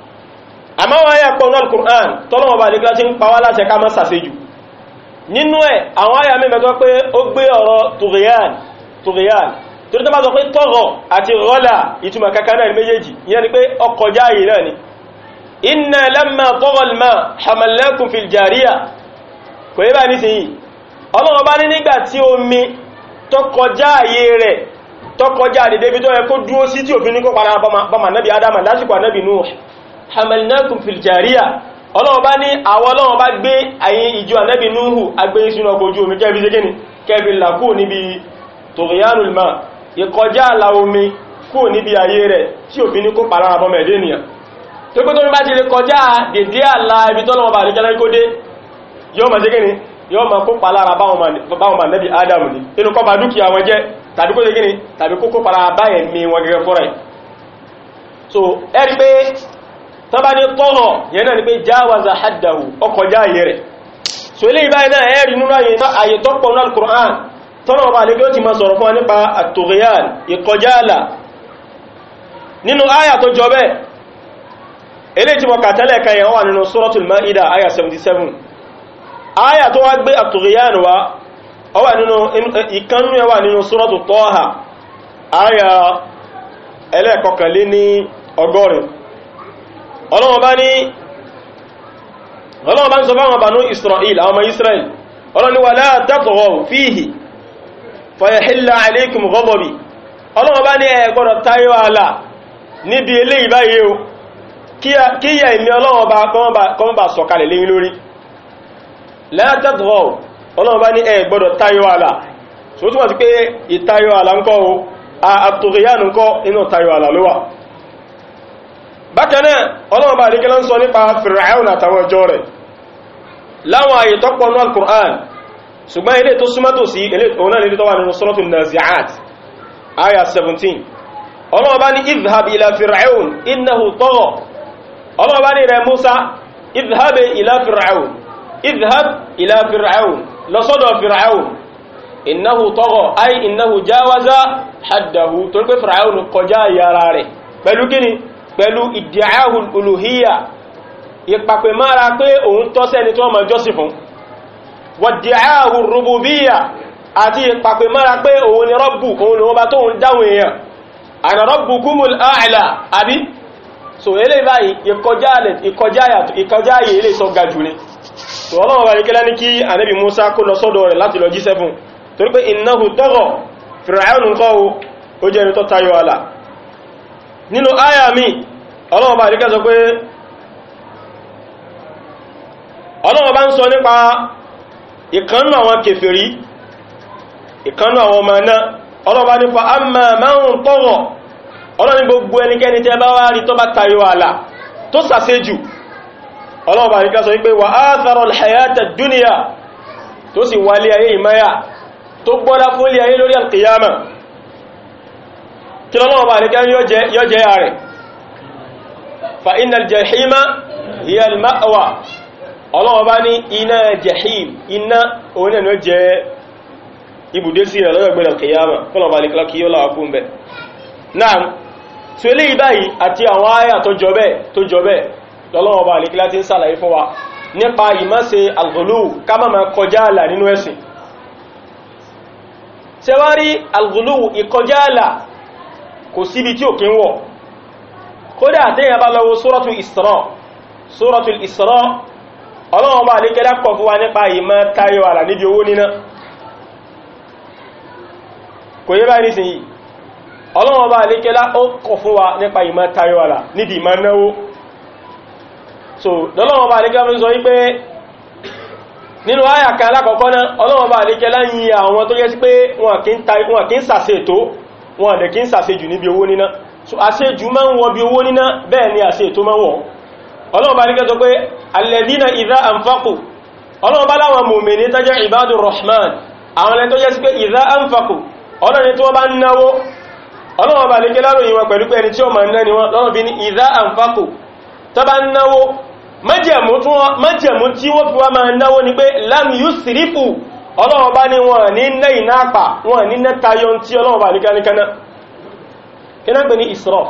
àmá wọn ayà pọ̀ náà Qur'an tọ́lọ́wọ́ bá nígbà tí ń pa wá láṣẹ ká má ṣàṣejù nínú ẹ̀ àwọn ayà mi mẹ́tọ́ pé ó gbé ọ̀rọ̀ tùrìyàn tùrìyàn torí tó bá sọ pé tọ́rọ̀ àti rọ́là ìtumọ̀ kankan náà méjèèjì ìyẹn ni pé ọkọ̀ jáàyè náà ni inna lamma tọ́rọ̀ lma hamalnakum fil jariya kò yẹ bá ní sí yìí ọlọ́wọ́ bá ní nígbà tí omi tọkọjá àyè hamalnakum fil jariya ọlọ́run bá ní àwọn ọlọ́run bá gbé ayé ìjọ ànábì núhù agbé sínú ọkọ̀ ojú omi kẹfì ṣégéni kẹfì là kúrò níbi tòríyánul ma ìkọjá àlà omi kúrò níbi ayé rẹ̀ tí òfin ní kó pàrà àbọ̀mọ̀ ẹ̀dẹ́ ènìyàn tó pé tó ní bá ti lè kọjá dèdé àlà ibi tọ́lọ́wọ́ bá ní kẹ́lẹ́ kó dé yóò so ẹ́rí tán bá ní tọ́nà yẹn náà ni pé jáwàza haddahu ọkọ̀ jáyé rẹ̀ so ilé ìbáyé náà ẹ̀rí nínú àyè tọ́pọ̀ náà al-Qur'an tọ́nà ọba àlẹ́gbẹ́ ó ti máa sọ̀rọ̀ fún wa nípa at-tughyan ìkọjáàlà nínú àyà tó jọ bẹ́ẹ̀ ilé tí mo kà tẹ́lẹ̀ kan yẹn wà nínú ọlọ́wọ́n bá ń sọ fáwọn bànú israel àwọn ọmọ israel ọlọ́ni wà látàkọ̀ọ́ fíhì fọ̀yẹ̀hílà aléìkùn gọ́bọ̀bì ọlọ́wọ́n bá ní ẹgbọ́dọ̀ táyọ àlà níbi ilé ìbáyé o kí yẹ ìmí ọlọ́wọ́n bá kọ́mọ́ bá sọ̀kalẹ̀ lé lórí látàkọ̀ọ́ ọlọ́wọ́n bá ní ẹgbọ́dọ̀ táyọ àlà so túnmọ̀ sí pé ìtayọ àlà ńkọ́ o bákanáà ọlọ́wọ́ bá àríkẹ́lá ń sọ nípa Fir'aun àtàwọn ẹjọ́ rẹ̀ láwọn àyè tọ́pọ̀ ní al-Qur'an ṣùgbọ́n ilé tó súnmọ́tò sí òun náà tó wà nínú Suratul Nazi'at aya 17 ọlọ́wọ́ bá ní idhhab ila Fir'aun innahu tagha pẹ̀lú ìdíáhùn olùhíyà ìpàpẹ̀ mára pé òun tọ́sẹ́ ni tí wọ́n máa jọ́sìn fún wàdíáhùn rububíyà àti ìpàpẹ̀ mára pé òun ni rọ́bù òun ni wọ́n bá tóun dáwọn èèyàn àna rọ́bù kúmùl àìlà àbí so ilé báyìí ìkọjá àyè ilé sọ gajù ni so ọlọ́wọ́ bá ní kílá ní kí nínú àyà mi ọlọ́wọ́ bá ríkẹ́ sọ pé ọlọ́wọ́ bá ń sọ nípa ìkanú àwọn kèfèrí ìkanú àwọn ọmọ náà ọlọ́wọ́ nípa àmà márùn tọ́rọ̀ ọlọ́ni gbogbo ẹnikẹ́ni tẹ́ bá wá rí tó bá tayọ àlà tó sàṣejù ọlọ́wọ́ bá kí lọ́lọ́wọ́ bá nìkan yóò jẹ́ ààrẹ fa iná jahima hiya al-ma'wa ọlọ́wọ́ bá ní iná jahim iná òun ẹ̀nà jẹ́ ibùdó sí rẹ̀ lọ́wọ́ gbẹ̀rẹ̀ kìyàmà kọ́lọ̀ bá nìkan kí yóò láwọ́ fún bẹ́ náà so ilé ìbáyìí àti àwọn àyà tó jọ bẹ́ẹ̀ tó jọ bẹ́ẹ̀ lọ́lọ́wọ́ bá nìkan ti alghulu ìkọjá àlà kò síbi tí ò kí ń wọ̀ kódà àtẹ́yìn bá lọ́wọ́ suratul Isra suratul Isra ọlọ́run bá lékẹ́lá kọ̀ fún wa nípa ìmọ̀ tayọ àlà níbi owó níná kò yẹ báyìí nísìnyí ọlọ́run bá lékẹ́lá ó kọ̀ fún wa nípa ìmọ̀ tayọ níbi ìmọ̀ náwó so lọ́lọ́run bá lékẹ́lá fi sọ wípé nínú àyà kan alákọ̀ọ́kọ́ náà ọlọ́run bá lékẹ́lá yin àwọn tó yẹ sí pé wọn wọn àdẹ̀ kí ń sàṣejù níbi owó níná so àṣejù máa ń wọ bí owó níná bẹ́ẹ̀ ni àṣe ètò máa wọ̀ ọlọ́run bá nígbẹ́ tó pé alladhina idha anfaqu ọlọ́run láwọn mùmìnì tó jẹ́ ibadu rahman àwọn ẹni tó jẹ́ sí pé idha anfaqu ọlọ́run tó bá náwó ọlọ́run bá nígbẹ́ láròyìn wọn pẹ̀lú pé ẹni tí ó máa ná ni wọn lọ́rùn bí ní idha anfaqu tó bá náwó májẹ̀mú ọlọ́run bá ní wọn ní ná ìná àpà wọn ní ná tayọ tí ọlọ́run bá níkaníkaná kí náà pè ní israf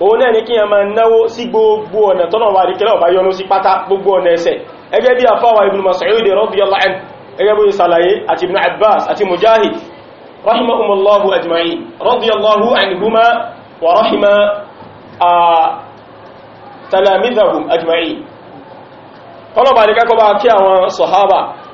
òun náà ní kí a máa náwó sí gbogbo ọ̀nà tọ́lọ́run bá níkẹ́lẹ́ ọ̀bá yọnú sí pátá gbogbo ọ̀nà ẹsẹ̀ ẹgẹ́ bí afáwà ibn Mas'ud radiyallahu anhu ẹgẹ́ bí sàlàyé àti ibn Abbas àti Mujahid rahimahumullahu kí àwọn sọ̀hábà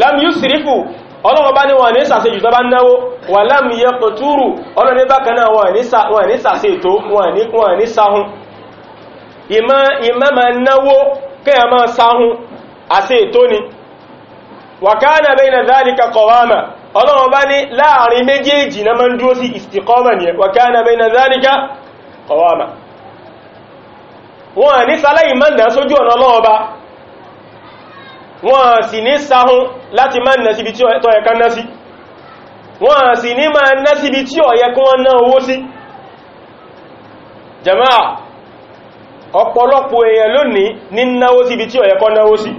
lam yusrifu ọlọ́wọ́ bá ní wọn ní sàṣejù tó bá náwó wà lam yaqturu ọ̀nà ní bákan náà wọn ní sàṣètò wọn ní sáhún ìmá ma náwó kíyà máa sáhún àṣètò ni wa kana bayna dhalika qawama ọlọ́wọ́ bá ní láàrin méjèèjì na máa ń dúró sí istiqama ni wa kana wọ́n sì ní sáhún láti máa ná síbi tí ó yẹ ká ná sí wọ́n sì ní máa ná síbi tí ó yẹ kí wọ́n ná owó sí jàmáà ọ̀pọ̀lọpọ̀ èèyàn lónìí ní náwó síbi tí ó yẹ náwó sí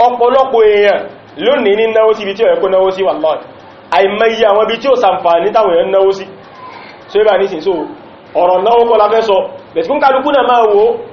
ọ̀pọ̀lọpọ̀ èèyàn lónìí ní náwó síbi tí ó yẹ náwó sí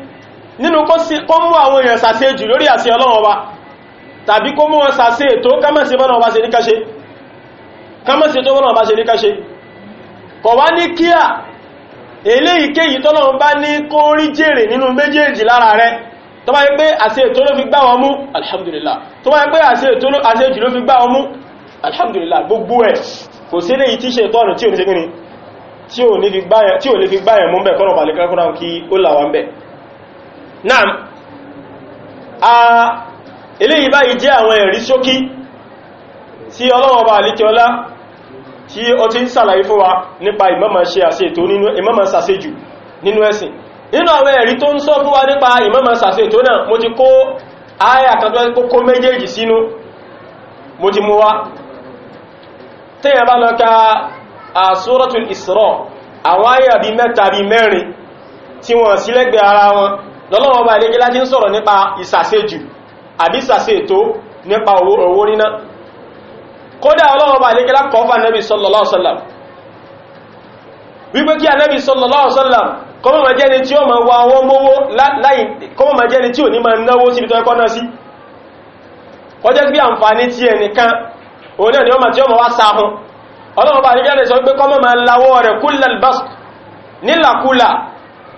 nínú kó mú àwọn èèyàn sàṣe jù lórí àṣẹ ọlọ́run ọba tàbí kó mú wọn sàṣe ètò kámẹ́sì bọ́nà ọba ṣe ní káṣe kámẹ́sì tó bọ́nà ọba ṣe ní káṣe kọ̀ wá ní kíà eléyìí kéyìí tọ́lọ́run bá ní kó rí jèrè nínú méjèèjì lára rẹ̀ tó bá yẹ pé àṣẹ ètò ló fi gbá wọn mú alhamdulillah tó bá yẹ pé àṣẹ ètò àṣẹ ètò ló fi gbá wọn mú alhamdulillah gbogbo ẹ̀ kò sí lè tí ṣe tọ́nù tí ò ní fi gbá ẹ̀ mú bẹ̀ kọ́nà balẹ̀ kọ́nà kí ó làwọn bẹ̀ náà a eléyìí báyìí jẹ́ àwọn ẹ̀rí ṣókí tí Ọlọ́run bá alékiọlá tí ó ti ń sàlàyé fún wa nípa ìmọ́mọ̀ ṣe àṣètò nínú ìmọ́mọ̀ sàṣejù nínú ẹ̀sìn nínú àwọn ẹ̀rí tó ń sọ fún wa nípa ìmọ́mọ̀ sàṣètò náà mo ti kó ayà kan tó kó méjèèjì sínú mo ti mú wá tíyàn bá lọ ka Suratul Isra àwọn ayà bí mẹ́ta bí mẹ́rin tí wọ́n sílẹ́gbẹ̀ẹ́ ara wọn lọ́lọ́wọ́ bá ilé láti ń sọ̀rọ̀ nípa ìsàsejù àbí ìsàse ètò nípa owó níná kódà ọlọ́wọ́ bá ilé lákọ̀ọ́ fà nẹ́bí sallallahu alaihi wasallam wípé kí anẹ́bí sallallahu alaihi wasallam kọ́mọ̀ ma jẹ́ni tí ó ma wá ọwọ́ mówó láì kọ́mọ̀ ma jẹ́ni tí ò ní ma náwó síbi tó ẹkọ́ náà sí kọjẹ́ bí àǹfààní tí ẹnìkan òun náà ni ó ma tí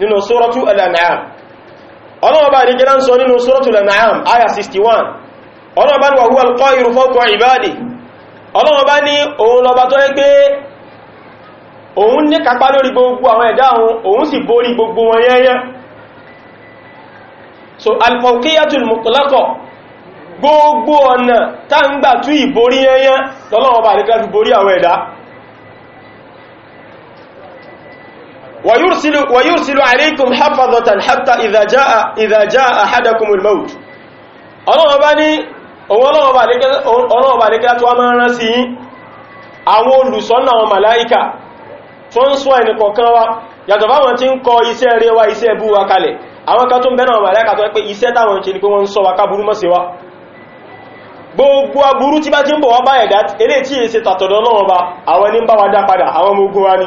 nínú sóràtù al-an'am ọlọ́ọ̀bá ní gẹ́lá ń sọ nínú sóràtù al aya 61 ọlọ́ọ̀bá ní wa huwa al-qahiru fawqa ọlọ́ọ̀bá ní òun lọba tó yẹ pé òun ní kápá lórí gbogbo gbogbo so àwọn ويرسل ويرسل عليكم حفظة حتى إذا جاء إذا جاء أحدكم الموت Ọlọ́run bá ní òun Ọlọ́run bá ní kí baa wá máa rán sí àwọn olùsọ́nà àwọn màláíkà tó ń sọ ẹni kọ̀ọ̀kan wá yàtọ̀ fáwọn tí ń kọ iṣẹ́ rere wa iṣẹ́ bú wa kalẹ̀ àwọn kan ni gbogbo ti ń bọ̀ wá eléyìí tí tàtọ̀dọ̀ àwọn ń bá wa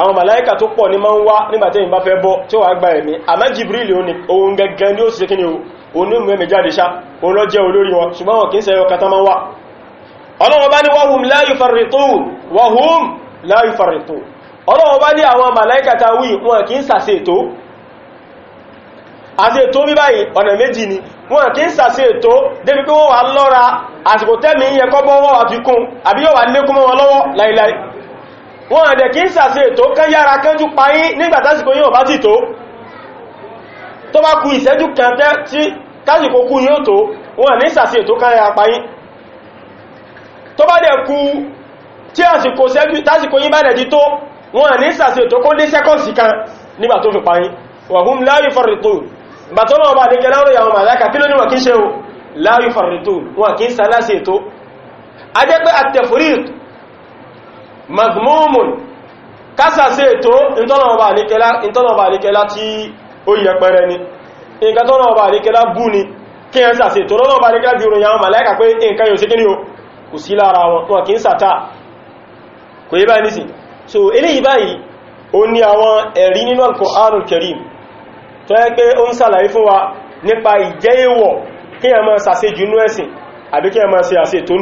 àwọn màláíkà tó pọ̀ ní máa ń wá nígbàtí ìbá fẹ́ bọ́ tí ó wà gba ẹ̀mí àmá Jibril òun gẹ́gẹ́ ní ó sì kíni onímù ẹ̀mẹ̀ jáde ṣá òun olórí wọn ṣùgbọ́n wọn kì í sẹ́yọ kata máa wá sàṣe ètò débi pé wọ́n wà lọ́ra àsìkò tẹ́mi yẹ kọ́ bọ́wọ́ àfikún àbí yóò wà lékún mọ́ wọn lọ́wọ́ láìláì wọ́n ẹ̀dẹ̀ kí ń sàṣe ètò kán yára kánjú payín nígbàtásìkò yíò bá ti tó tó bá kù ìṣẹ́jú kẹtẹ́ tí kásìkò kú yíò tó wọ́n ní sàṣe ètò kán yára payín tó bá dẹ̀ kú tí àsìkò yí bá dẹ̀ ti tó wọ́n ní sàṣe ètò kó dé sẹ́kọ̀nsì kan nígbà tó fi payín wàhún láyé fọ̀rìtò bàtọ́ náà bá dékẹ́ láwọn ìyàwó màláka kí ló ní wọ́n kí ń ṣe o láyé fọ̀rìtò wọ́n kí ń sàlásì ètò a jẹ́ pé àtẹ̀fòrí magmumun kásàsí ètò ìtọ́nàọba àríkẹlá tí o yẹ pẹrẹ ni nǹkan tọ́nàọba àríkẹlá bú ni kí ẹ sàsí ètò lọ́nàọba àríkẹlá bí ìròyìn àwọn màláíkà pé nǹkan yóò sí kí ni ó kò sí lára wọn wọn kì í sàtà kò yí báyìí nìsìn so eléyìí báyìí ó ní àwọn ẹ̀rí nínú tó yẹ pé ó ń sàlàyé fún wa nípa ìjẹ́ kí ẹ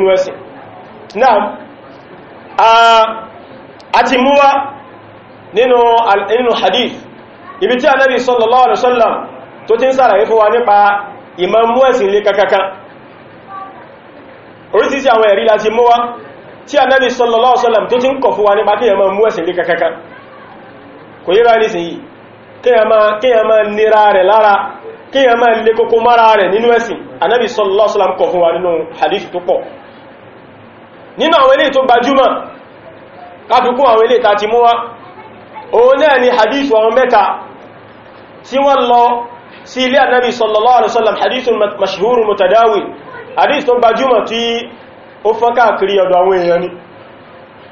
nú ẹ̀sìn a ti nínú hadith ibi tí anábi sallallahu alaihi wasallam tó ti ń sàràyé fún wa nípa ìmọ̀mú ẹ̀sìn lé kankan orísìsí àwọn ẹ̀rí láti sallallahu alaihi tó ń fún wa nípa kí nínú àwọn ilé tó gbajúmọ̀ káfíkún àwọn ilé tàti mú wá òun náà ni hadith àwọn mẹ́ta tí wọ́n lọ sí ilé ànábì sallallahu alaihi wasallam hadithun mashhurun mutadawi hadith tó gbajúmọ̀ tí ó fọ́n káàkiri ọ̀dọ̀ àwọn èèyàn ni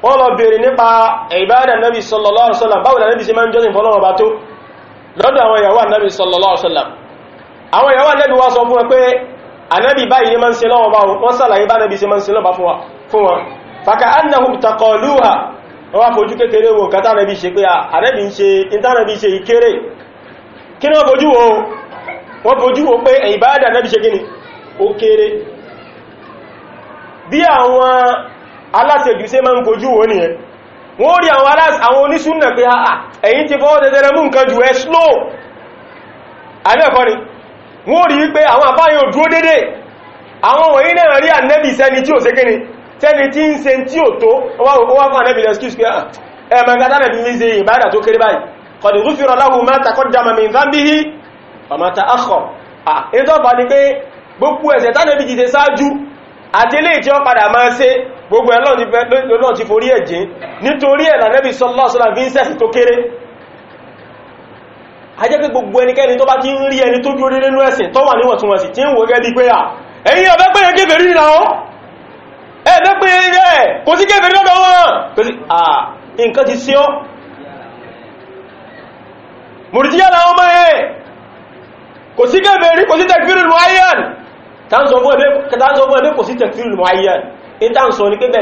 wọ́n lọ bèèrè nípa ìbádà ànábì sallallahu alaihi wasallam báwo ànábì ṣe máa ń jọ́sìn lọ́dọ̀ àwọn ìyàwó ànábì sallallahu alaihi àwọn ìyàwó ànábì wá sọ fún ẹ pé anábì báyìí ma ń ṣe lọ́wọ́ bá wọ́n sàlàyé bá anábì ṣe ma ń ṣe lọ́wọ́ fún wọn faka annahum taqaluha wọ́n wá fojú kékeré wọn kátà anábì ṣe pé anábì ń ṣe ìntànàbì ṣe ìkéré kí ni wọ́n fojú wo wọ́n fojú wo pé ìbáadà anábì se kí ni ó kéré bí àwọn aláṣẹjù ṣe ma ń fojú wo nìyẹn wọ́n rí àwọn oníṣúnnà pé ẹ̀yìn ti fọ́ tẹ́tẹ́rẹ mú nǹkan jù ẹ́ slow àbẹ́ẹ̀kọ́ ni wọ́n rí wípé àwọn àbáyàn òdúró dédé àwọn wọ̀nyí náà rí ànẹ́bì sẹ́ni tí ò sé kíni sẹ́ni tí ń ṣe tí ò tó wá fún ànẹ́bì lẹ́ excuse pé ah, ẹ̀mọ̀ nǹkan tánàbì ní ṣe ìbádà tó kéré báyìí kọ̀dì rúfìrọ̀ láhùn máa takọ́ jama mi nǹkan bí i ọmọta akọ̀ ètò bá ní pé gbogbo ẹ̀ṣẹ̀ tánàbì ti ṣe ṣáájú àti ilé tí ó padà máa ṣe gbogbo ẹ̀ lọ́nà ti forí ẹ̀jìn nítorí ẹ̀ lànẹ́bì sọ́lọ́sọ́lá vincent tó kéré a jẹ́ pé gbogbo ẹnikẹ́ni tó bá ti ń rí ẹni tó dúró dédé nú ẹ̀sìn tó wà níwọ̀ntúnwọ̀nsì tí ń wò gẹ́ bí pé à ẹ̀yin ọ̀bẹ́ pé ẹgbẹ́ bèrí ìrìnà ọ́ ẹ̀bẹ́ pé ẹ̀ kò sí gẹ́bẹ̀rí lọ́dọ̀ wọn kò sí à nǹkan ti sí ọ́ mùrìtíyà làwọn ọmọ ẹ̀ kò sí gẹ́bẹ̀rí kò ni pé bẹ́ẹ̀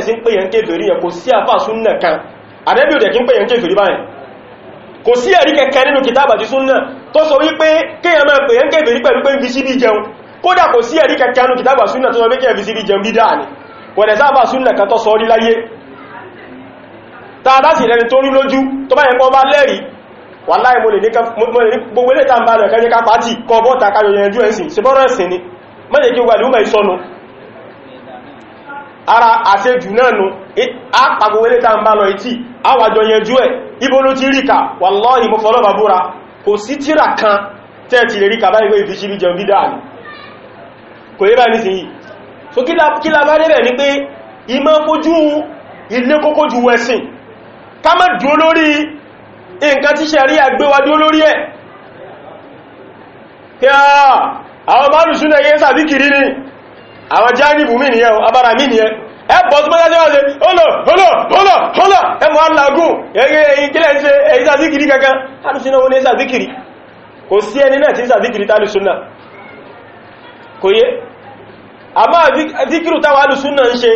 sí ń pè yẹn kébẹ̀rí yẹn kò sí àfà súnnà kan kò sí ẹ̀rí kẹ̀kẹ́ nínú kìtàbà ti súnnà tó sọ wípé kíyàn máa pè ń kèfèrí pẹ̀lú pé ń fi síbí jẹun kódà kò sí ẹ̀rí kẹ̀kẹ́ nínú kìtàbà súnnà tó sọ pé kíyàn fi síbí jẹun bídá ni wọ̀dẹ̀ sáàbà súnnà kan tó sọ orí láyé tàbá sì lẹni tó rí lójú tó bá yẹn kọ́ bá lẹ́rí wàláhí mo lè ní gbogbo ilé tàbá rẹ̀ kẹ́jẹ́ ká pàtì kọ́ bọ́ta káyọ̀ yẹn ara àṣejù náà nù a pàgbówélé tá ń bá lọ etí àwàjọ yẹnjú ẹ̀ ibo ló ti ríkà wallahi mo fọ́lọ́ bàbúra kò sí tíra kan tẹ́ẹ̀tì lè ríkà báyìí fi ṣíbí jẹun bídá ni kò yé báyìí nísìnyí so kí la bá débẹ̀ ni pé ìmọ̀ fojú ilé kókó ju wẹ́sìn ká má dúó lórí nǹkan tí ṣe rí àgbéwá dúó lórí ẹ̀ kí àwọn bá lùsùn náà yẹ́ sàbíkìrí ni àwọn jáníbù mí nìyẹn abára mí nìyẹn ẹbọ̀ tó mọ́lájọ́ wáṣe ọlọ̀ ọlọ̀ ọlọ̀ ọlọ̀ ẹmọ̀ alágún ẹgbẹ́ ìkílẹ̀ ṣe èyí sàzíkìrí kankan alùsùnà wọn ní sàzíkìrí kò sí ẹni náà tí sàzíkìrí tálùsùnà kò yé àmá zíkìrù táwà alùsùnà ń ṣe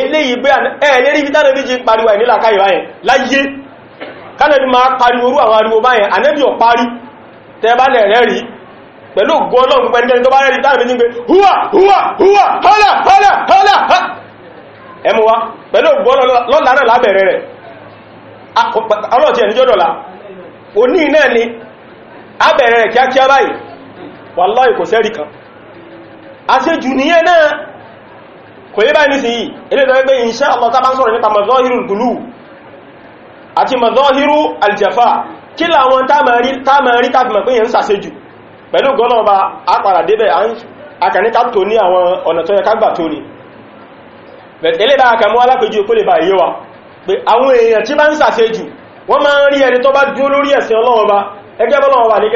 eléyìí gbé ẹ̀ẹ́lérí fítànà méjì pariwo ẹ̀ nílà káyìí báyẹn láyé kánàbí máa pariwo rú àwọn ariwo báyẹn ànẹ́bí rí pẹ̀lú ògùn ọlọ́run pẹ̀lú tó bá rẹ̀ dáàbí ní pé húwà húwà húwà hálà hálà hálà ẹmú wa pẹ̀lú ògùn ọlọ́lá náà lábẹ̀rẹ̀ rẹ̀ ọlọ́tí ẹni jọ́dọ̀lá òní náà ni abẹ̀rẹ̀ rẹ̀ kíákíá báyìí wàláhì kò sẹ́rì kan àṣejù nìyẹn náà kò yé báyìí nísìnyí ilé ìdọ́ pé insha Allah tá bá ń sọ̀rọ̀ nípa mazahirul gulu àti mazahiru aljafa kí làwọn táàmà rí táàmà rí táàmà pé yẹn ń sàṣejù pẹ̀lú gọ́lọ́ọ̀bá apàràdébẹ̀ akàníká tó ní àwọn ọ̀nà tó yẹ ká gbà tó ní ẹlẹ́bà àkàmú alápẹjú kó lè bá yíwa pé àwọn èèyàn tí bá ń sàṣejù wọ́n máa ń rí ẹni tó bá dúró lórí ẹ̀sìn ọlọ́ọ̀bá ẹgbẹ́ bọ́lọ̀ọ̀bá ní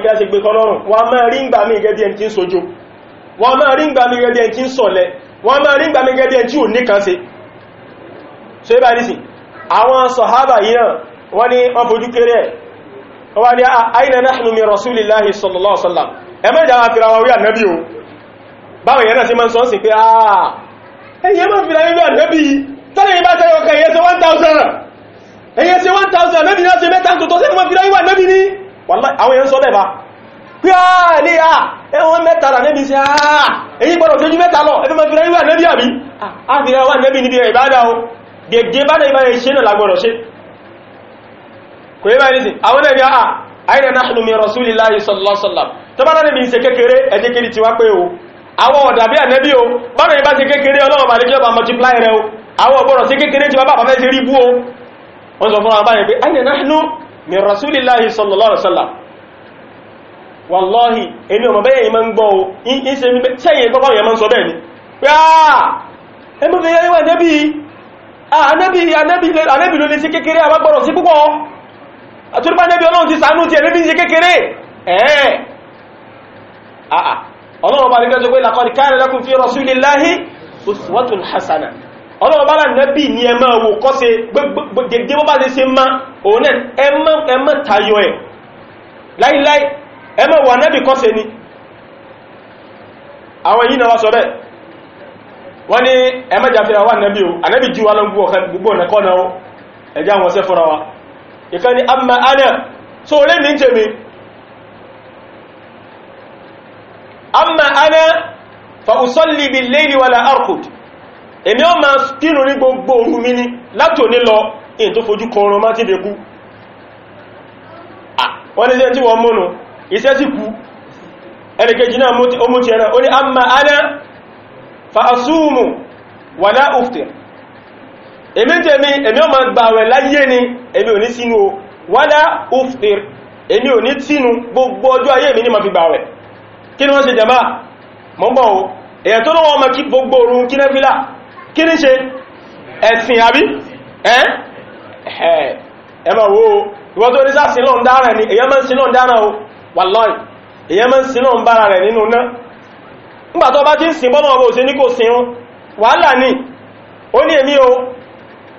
kíláṣe gbé kọlọ́rùn wọ́n máa rí ń gbà mí gẹ́gẹ́ bí ẹni tí ń sojo wọ́n máa rí ń gbà mí gẹ́gẹ́ bí ẹni tí ń sọ̀lẹ̀ wọ́n máa rí ń gbà mí gẹ́gẹ́ bí ẹni tí ò ní kan ṣe so ibà nísìn àwọn sọ̀hábà yìí náà wọ́n ní wọ́n fojú kéré wọ́n ni àìnà náà mi rasulillahi sallallahu alaihi wasallam ẹmẹ́ ìjà wa fira wa wí ànẹ́bí o báwọn yẹ́nà sí máa ń sọ́nsìn pé ah, àà ẹ̀yẹ máa fira wí ànẹ́bí tẹ́lẹ̀ ìbá tẹ́lẹ̀ ọkà ẹ̀yẹ sí 1000 ẹ̀yẹ sí 1000 ànẹ́bí náà sí mẹ́ta tó tọ́sẹ́ máa fira wí ànẹ́bí ní àwọn yẹn sọ bẹ́ẹ̀ bá pé àà ah, ní à ah, ẹwọ́n mẹ́ta rà nẹ́bí sí àà èyí gbọ́dọ̀ tó jú mẹ́ta kò yí báyìí nísìn àwọn ẹ̀rí àà àìrẹ̀ náà lómi rasulillahi sallallahu alaihi wasallam tó bá náà mi ṣe kékeré ẹjẹ́ kiri ti wá pé o àwọn ọ̀dà bí ànẹ́bí o bára ìbá ṣe kékeré ọlọ́run bàlẹ́ jọba multiply rẹ o àwọn ọgbọ́rọ̀ ṣe kékeré ti wá bàbá fẹ́ ṣe rí bú o wọ́n ló lè ṣe kékeré àwọn gbọ́rọ̀ sí púpọ̀ àtúrúpá nẹ́bí ọlọ́run ti sàánú ti ẹ̀rẹ́ bí i ṣe kékeré ẹ̀ẹ́ àà ọlọ́run bá nígbẹ́ tó pé laqad kana lakum fi rasulillahi uswatun hasana ọlọ́run bá lánàbí ní ẹmọ́ owó kọ́ se gbogbo bó bá ṣe ṣe má òun náà ẹmọ́ tayọ ẹ̀ láíláí ẹmọ́ wà nẹ́bí kọ́ se ni àwọn yìí náà wá ẹmẹ́jà fi àwọn ànẹ́bí o ànẹ́bí jí wa lọ gbogbo ọ̀nà kọ́ ẹjá wọn sẹ́fọ́ra wa ìkan ni amma ana so ole mi jẹ́ mi amma ana fa usalli bil layli wala arqud èmi ma kírun ní gbogbo òru mi ní láti òní lọ in tó fojú kọrọ má ti dé kú wọ́n ní jẹ́ tí wọ́n múnu iṣẹ́ sí kú ẹnìkejì náà ó mú ti ẹ̀rọ ó ní amma ana fa wala uftir èmi tèmi èmi ò máa gbààwẹ̀ láyé ni èmi ò ní sínú o wádá uftir èmi ò ní sínú gbogbo ọjọ́ ayé mi ní ma fi gbààwẹ̀ kí ni wọ́n ṣe jẹ̀má mọ́gbọ́ o èyàn tó lọ́wọ́ ọmọ kí gbogbo orun kí nẹ́fílà kí ní ṣe ẹ̀sìn àbí ẹmọ wo ìwọ́n ni èyàn máa ń o wallahi èyàn máa ń sínú ọ̀nbára rẹ̀ nínú náà nígbàtọ́ bá ti ń sin wàhálà ni ó ní èmi o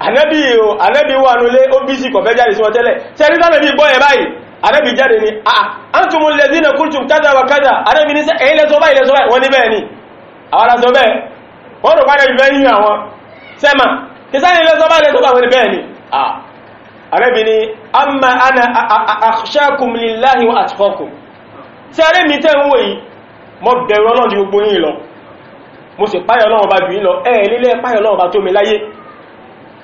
anebi o ànábì wà n'ule ó bí sí kọ̀fẹ́ jáde sí wọn tẹ́lẹ̀ tẹ́lẹ̀ tánàbí gbọ́ ẹ̀ báyìí ni a ah, antumul wa kaza ànábì ní sẹ́ ẹ̀yìn lẹ́sọ báyìí lẹ́sọ báyìí awara sobe bẹ́ẹ̀ ni àwọn aláṣọ bẹ́ẹ̀ wọ́n rò pàdé ìfẹ́ yín àwọn sẹ́mà kìsáyìn lẹ́sọ báyìí lẹ́sọ ni a ah. ànábì ni amma ana akhshakum lillahi wa atqakum sẹ́rẹ́ mi tẹ́ ń wò yìí mo bẹ̀rù Ọlọ́run ju gbogbo yín lọ mo sì páyọ̀ Ọlọ́run bá ju e lọ ẹ̀ẹ́lẹ́lẹ́ mi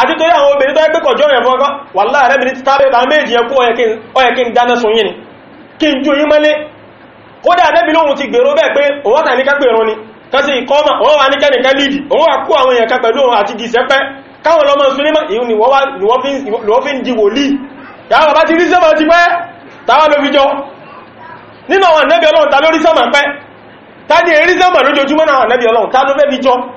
àti torí àwọn obìnrin tó yẹ pé kọjọ́ ọ̀yàn fọ́nkọ́ wà láàrẹ́bìnrin ti tàbí ìbá méjì ẹkú ọ̀yẹ̀ kí n dáná sun yìí ni kí n ju yí mọ́lé kódà anẹ́bì lóhun ti gbèrò bẹ́ẹ̀ pé òun ni kan sí ìkọ́mà wọ́n wà ní kẹ́nìkan lídì òun wà kú àwọn èèyàn kan pẹ̀lú òun àti dìsẹ́pẹ́ káwọn lọ́mọ súnlẹ́mọ̀ ni wọ́n fi ń di wòlíì yàwọn bá ti rí sẹ́mọ̀ ti pẹ́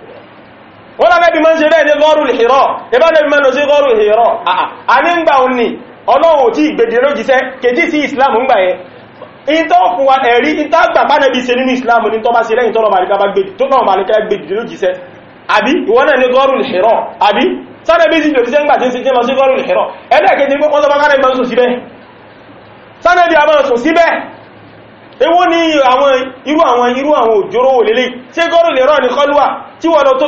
wọ́n lábẹ́ bí máa ń ṣe bẹ́ẹ̀ ní gọ́rù ìhìrọ̀ ẹbá náà bí máa ń lọ sí gọ́rù ìhìrọ̀ a ní ń gbà òun ni ọlọ́run tí ìgbèdè lójíṣẹ́ kejì sí islam ń gbà yẹn in tó fún wa ẹ̀rí in tó gbà bá nàbí ṣe nínú islam ní tó bá ṣe lẹ́yìn tó náà bá nìkan gbèdè lójíṣẹ́ àbí ìwọ́n náà ní gọ́rù ìhìrọ̀ àbí sáré bí sí lójíṣẹ́ ń gbà tí ń ṣe lọ tó ni àwọn irú àwọn irú tó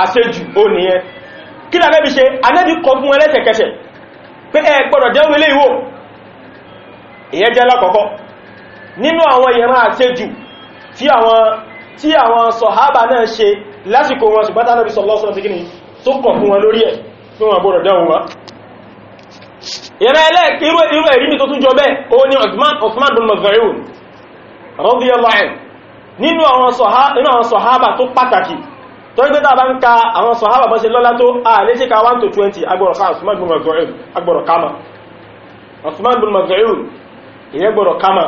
àṣejù ó nìyẹn kí ni anẹ́bí ṣe anẹ́bí kọ fún ẹlẹ́sẹ̀kẹsẹ̀ pé ẹ gbọ́dọ̀ jẹ́ orílẹ̀ ìwò ìyẹn jẹ́ lákọ̀ọ́kọ́ nínú àwọn ìran àṣejù tí àwọn tí àwọn sọ̀hábà náà ṣe lásìkò wọn ṣùgbọ́n tánàbí sọlọ́sọ́ ti gíní tó kọ̀ fún wọn lórí ẹ̀ fún wọn gbọ́dọ̀ dẹ́wọ̀n wá ìran ẹlẹ́ẹ̀kì irú ẹ̀rí mi tó tún jọ nínú àwọn sọ̀hábà tó pàtàkì tó gbé tàbá ń ka àwọn sọ̀hábà bọ́ sí lọ́lá tó a lè ṣe ka 1 to 20 agbọ̀rọ̀ ká Usman bin Maz'un agbọ̀rọ̀ kama Usman bin Maz'un ìyẹ́ gbọ̀rọ̀ kama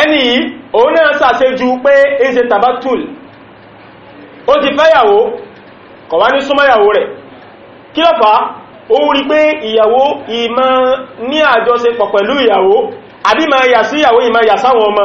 ẹni yìí òun náà sàṣe ju pé ń ṣe tabatul ó ti fẹ́yàwó kọ̀ wá ní súnmọ́yàwó rẹ̀ kí ló fà ó rí pé ìyàwó ìmọ̀ ní àjọṣepọ̀ pẹ̀lú ìyàwó àbí ma yà sí ìyàwó ìmọ̀ yà sáwọn ọmọ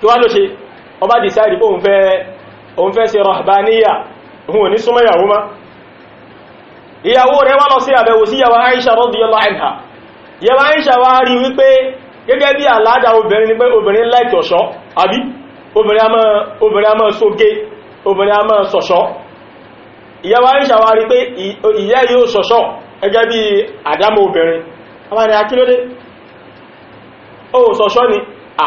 kí wá ló ṣe ọba dìsáìdì pé òun fẹ́ ṣe rahbaniya òun ò ní súnmọ́ ìyàwó má ìyàwó rẹ̀ wá lọ sí àbẹ̀wò sí yàwó Aisha radiyallahu anha yàwó Aisha wá rí wípé gẹ́gẹ́ bí àládà obìnrin ni pé obìnrin láìkì ọ̀ṣọ́ àbí obìnrin a máa sóge obìnrin a máa ṣọ̀ṣọ́ ìyàwó Aisha wá rí pé ìyá yóò ṣọ̀ṣọ́ gẹ́gẹ́ ni à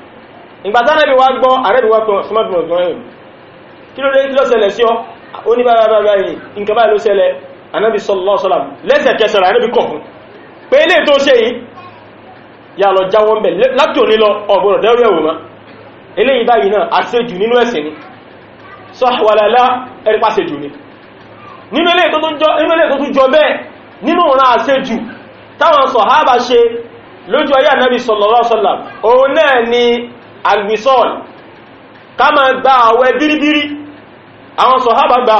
ìgbàtà náà bí wá gbọ́ ààrẹ bí wá pẹ̀ Usman bin Affan kí ló dé kí ló ṣẹlẹ̀ sí ọ ó ní bára yìí nǹkan báyìí ló ṣẹlẹ̀ anábi sallallahu alaihi wasallam lẹ́sẹ̀kẹsẹ̀ rẹ̀ anábi kọ̀ fún pé ilé tó ṣe yìí yà lọ jáwọ́ mbẹ̀ láti òní lọ nínú ni sọ́hàwàlálá ẹ̀rí pàṣejù ni nínú ilé tó tún jọ bẹ́ẹ̀ nínú ọ̀ràn àṣejù táwọn sọ̀hábà ṣe lójú ayé anábi sallallahu òun náà ni alwisol ká máa gba àwẹ̀ bíríbírí àwọn sọ̀hábà gba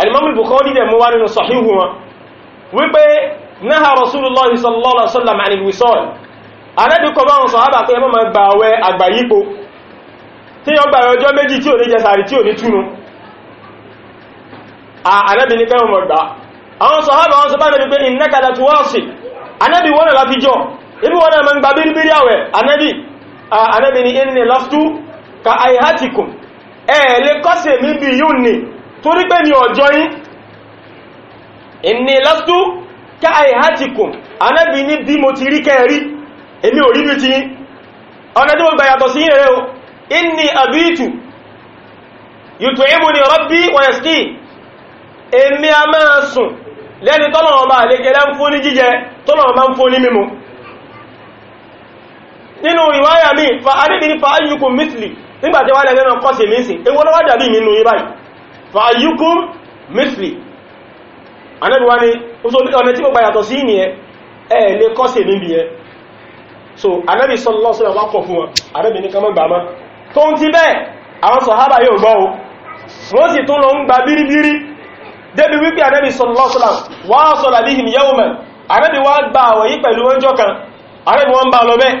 alimamul bukhari dẹ̀ mú wá nínú sọ̀híhù wọn wípé náà rasulullahi sallallahu alaihi wasallam alwisol anẹ́dùkọ bá wọn sọ̀hábà pé ẹmọ́ máa gba àwẹ̀ àgbàyípo tí yọ gbàrẹ ọjọ́ méjì tí ò ní jẹsàrí tí ò ní túnú àrẹ́bì ní kẹwọ́n mọ̀gbà àwọn sọ̀hábà wọn sọ bá nẹ́bí pé ìnẹ́kàdà tí wọ́n sì anẹ́bì wọ́n rẹ̀ láti jọ ibi wọ́n rẹ̀ mọ́ ń gba àwẹ̀ anẹ́bì anábi ni inni lastu ka aihatikum ẹ̀ kọ́sẹ̀ mi bí yíò ní torí pé ní ọjọ́ yín inni lastu ka aihatikum anábi ni bí mo ti rí kẹ́ẹ̀rí èmi ò rí bí ti yín ọ̀nà o abitu máa sùn lẹ́ni ń fún ní jíjẹ tọ́lọ̀ọ̀bá ń fún ní mímu nínú ìwáyà mi fa anìbìrí fa ayyukum mitli nígbàtí wà lẹ́nà kọ́sì mi sí dàbí mi nù fa ayyukum mitli anẹ́bíwá ni ọ̀nà tí mo gbà yàtọ̀ sí ní ẹ ẹ̀ lè kọ́sì mi ẹ so anẹ́bí sọ́lọ́sọ́lọ́ wá kọ̀ fún wọn anẹ́bí ní kọmọ́ gbàmá tó ń ti bẹ́ẹ̀ àwọn sọ̀hábà o wọ́n sì tún lọ gba bíríbírí gba kan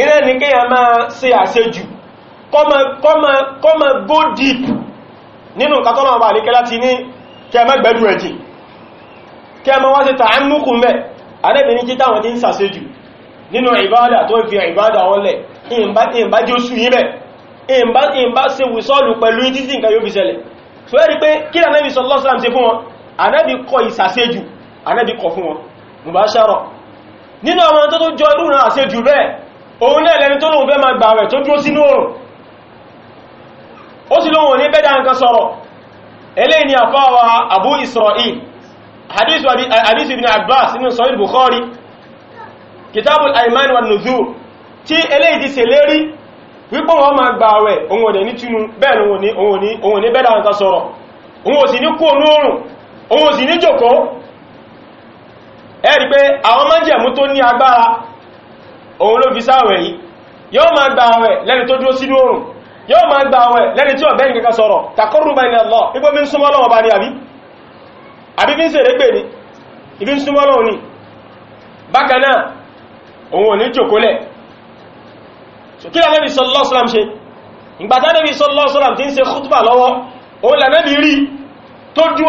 ìrẹ́ ní kí a máa ṣe àṣejù kọ́mọ go deep nínú katọ́nà ọba ní kẹ́lá ti ní kí a má gbẹ̀dù rẹ̀ jì kí a má wá sí tààmùkùn mẹ́ arẹ́bìnrin kí táwọn tí ń ṣàṣejù nínú ìbádà tó ń fi ìbádà wọn lẹ̀ ìyìnbá jí ó sú yí bẹ̀ ìyìnbá ṣe wùsọ́ọ̀lù so ẹ́rí pé kí ànábì sallallahu alaihi wasallam ṣe fún wọn ànábì kọ kọ òun náà lẹni tó lóun ma gbà rẹ̀ tó dúró sínú oòrùn ó sì lóun ní bẹ́dà nǹkan sọ̀rọ̀ ẹlẹ́ ni àfáwà Abu Isra'il hadith ibn Abbas nínú Sahih Bukhari kitabul aiman wa nuzur tí ẹlẹ́ ìdí se lérí wípé wọ́n ma gbà rẹ̀ òun ò òun ló fi sáwẹ̀ yìí yóò máa gba àwẹ̀ lẹ́ni tó dúró sínú oòrùn yóò máa gba àwẹ̀ lẹ́ni tí ọ̀bẹ́ni kankan sọ̀rọ̀ takọ́rùbá ilẹ̀ lọ ipò fi ń súnmọ́ lọ́wọ́ bá ní àbí àbí fi ń sèré pè ní ibi ń súnmọ́ lọ́wọ́ ní bákan náà òun ò ní jòkólẹ̀ kí lọ nẹ́bí sọ́lọ́sọ́lám ṣe ìgbàtà nẹ́bí sọ́lọ́sọ́lám tó ju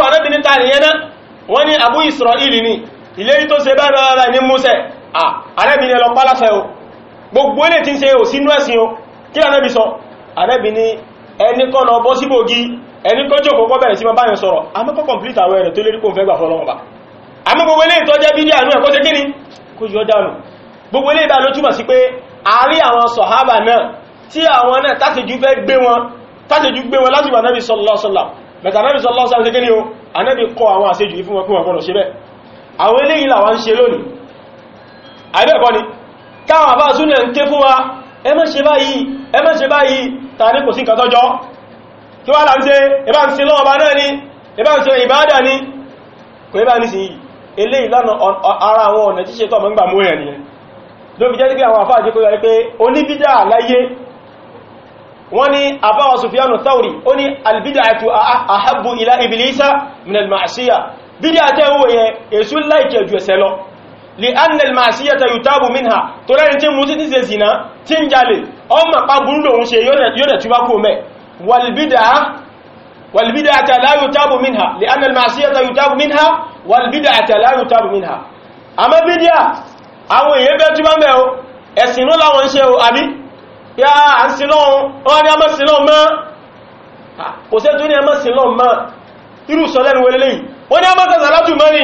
Abu Israili ní ilé tó ṣe bá rárá ní Musa Ah, àrẹ́bìnrin ẹlọ pálásẹ̀ o gbogbo ilé tí ń ṣe ò sínú ẹ̀sìn o kí àrẹ́bì sọ àrẹ́bìnrin ẹni kọ́ lọ bọ́ síbògí ẹni kọ́ jò kọ́kọ́ bẹ̀rẹ̀ sí ma báyàn sọ̀rọ̀ amẹ́kọ́ complete àwẹ̀ rẹ̀ tó lérí kò ń fẹ́ gbà fọ́lọ́wọ́ bá àmọ́ gbogbo ilé ìtọ́jẹ́ bí díà nú ẹ̀kọ́ ṣe kíni kó yọ dànù gbogbo ilé ìdá ló túmọ̀ sí pé àárín àwọn sọ̀hábà náà tí àwọn náà tásìjú fẹ́ gbé wọn tásìjú gbé wọn láti wà náà bí sọlọ́sọlá mẹ́ta náà bí sọlọ́sọlá ṣe kíni o ànábì kọ àwọn àṣejù yìí fún wọn kí wọn gbọ́dọ̀ ṣe bẹ́ẹ̀ àwọn eléyìí làwọn ń ṣe lónìí àìbẹ́ẹ̀kọ́ ni káwọn àbá súnlẹ̀ ń ké fún wa ẹ má ṣe báyìí ẹ má ṣe báyìí ta ní kò sí nǹkan tọ́jọ́ kí wá láti ṣe ìbá ń ṣe lọ́ọ̀bá náà ni ìbá ń ṣe ìbáadà ni kò ìbá ní sí yìí ilé ìlànà ara àwọn ọ̀nà tí ṣe tọ́ mọ́ ń gbà mú rẹ̀ nìyẹn ló fi jẹ́ pé àwọn àfáà jẹ́ kó yọ pé oníbídà láyé wọ́n ní àbáwà Sufyanu Thawri ó ní albídà àti ahabbu ila iblisa min al-ma'siyah bídà tẹ́wọ́ yẹn èṣù láìkẹ̀ jù ẹ̀sẹ̀ lọ lè annal ma'siyata yutabu minha tó rẹ́ni tí mú títí ṣe sínà tí ń jalè ọmọ pàgbùrú lòun ṣe yóò dẹ̀ túbá kó mẹ́ walbid'ata la yutabu minha lè annal ma'siyata yutabu minha walbid'ata la yutabu minha àmọ́ bídíà àwọn èèyàn bẹ́ túbá mẹ́ o ẹ̀sìn ló láwọn ṣe o àbí yá à ń sinlọ́run wọ́n ni a mọ́ sinlọ́run mọ́ kò sẹ́ tó ní a wọ́n ni a mọ́ sàlátù mọ́ ni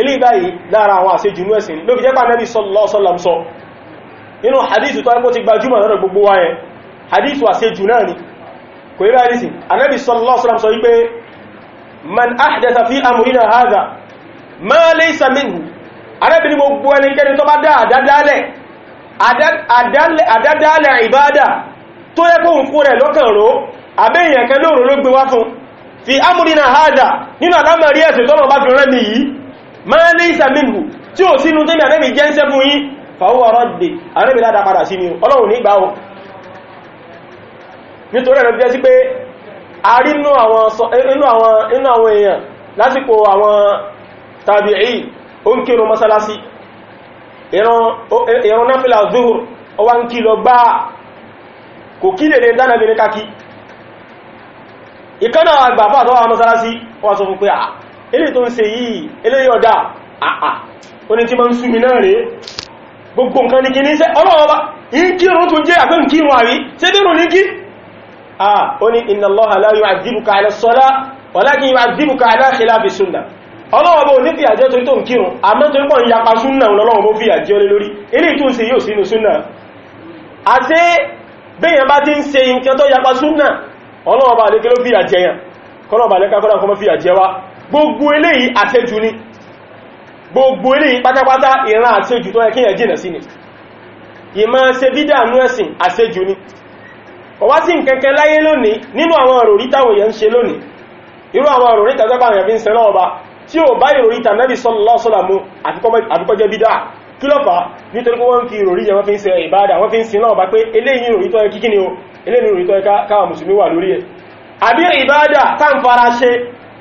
ilé ìbáyìí lára àwọn àṣejù inú ẹ̀sìn ló fi jẹ́ pàdánì sọ́lọ́sọ́lọ́m sọ inú hadith tó ẹgbó ti gbajúmọ̀ lọ́dọ̀ gbogbo wa yẹn hadith àṣejù náà ni kò yíra ẹ̀dìsì anábì sọ́lọ́sọ́lọ́m sọ wípé man ahdatha fi amrina hadha ma laysa minhu anábì ni gbogbo ẹnikẹ́ni tó bá dá àdádálẹ̀ ìbádà tó yẹ kóhùn kú rẹ̀ lọ́kàn ró àbẹ́yìn ẹ̀kẹ́ lóòrò ló gbé wá fún fi amrina hadha nínú àlámọ̀rí ẹ̀sìn tọ́lọ̀ bá fi rẹ́ mi yìí ma laysa minhu tí ò sínú tẹ́mi ànábì jẹ́ ń sẹ́fún yí fàwọ́ rọ́dì ànábì dáadáa padà sí ni ọlọ́run ní ìgbàwó nítorí ẹ̀rọ jẹ́ sí pé a rí inú àwọn èèyàn lásìkò àwọn tàbíì ó ń kírun mọ́sálásí ìran náfílà zuhur ó wá ń kí lọ gbá kò kí lè lè dánàbìnrin kákí ìkánà àgbà fà mọ́sálásí ilé tó ń ṣe yìí ilé yọ̀dá àà oní tí ma ń súnmi náà rẹ̀ gbogbo nǹkan ní kí ní sẹ́ ọlọ́ọba yìí kírun tó jẹ́ àgbẹ́ kírun àrí sí dínú ní kí à ó ní inna Allaha la yu'adhibuka ala as-salah walakin yu'adhibuka ala khilafi sunnah ọlọ́ọba ò ní fi àjẹ́ torí tó ń kírun àmọ́ torí pọ̀ ń yapa súnnà lọ́lọ́wọ́ fi àjẹ́ olé lórí ilé tó ń ṣe yóò sínú súnnà àti bẹ́yàn bá ti ń ṣe nǹkan tó yapa súnnà ọlọ́ọba gbogbo eléyìí àṣejù ni gbogbo eléyìí pátápátá ìran àṣejù tó yẹ kí èèyàn jìnà sí ni ìmọ̀ ṣe bídà nú ẹ̀sìn àṣejù ni ọwá sí nkẹ́kẹ́ láyé lónìí nínú àwọn òròrí táwọn èèyàn ń ṣe lónìí irú àwọn òròrí tàbí àwọn èèyàn fi ń sẹ́lọ́ ọba tí ò bá ìròrí tàbí sọ́lọ́sọ́lá mú àfikọ́jẹ́ bídà kí lọ́fà nítorí pé wọ́n fi ìròrí yẹ wọ́n fi ń ṣe ìbádà wọ́n fi ṣe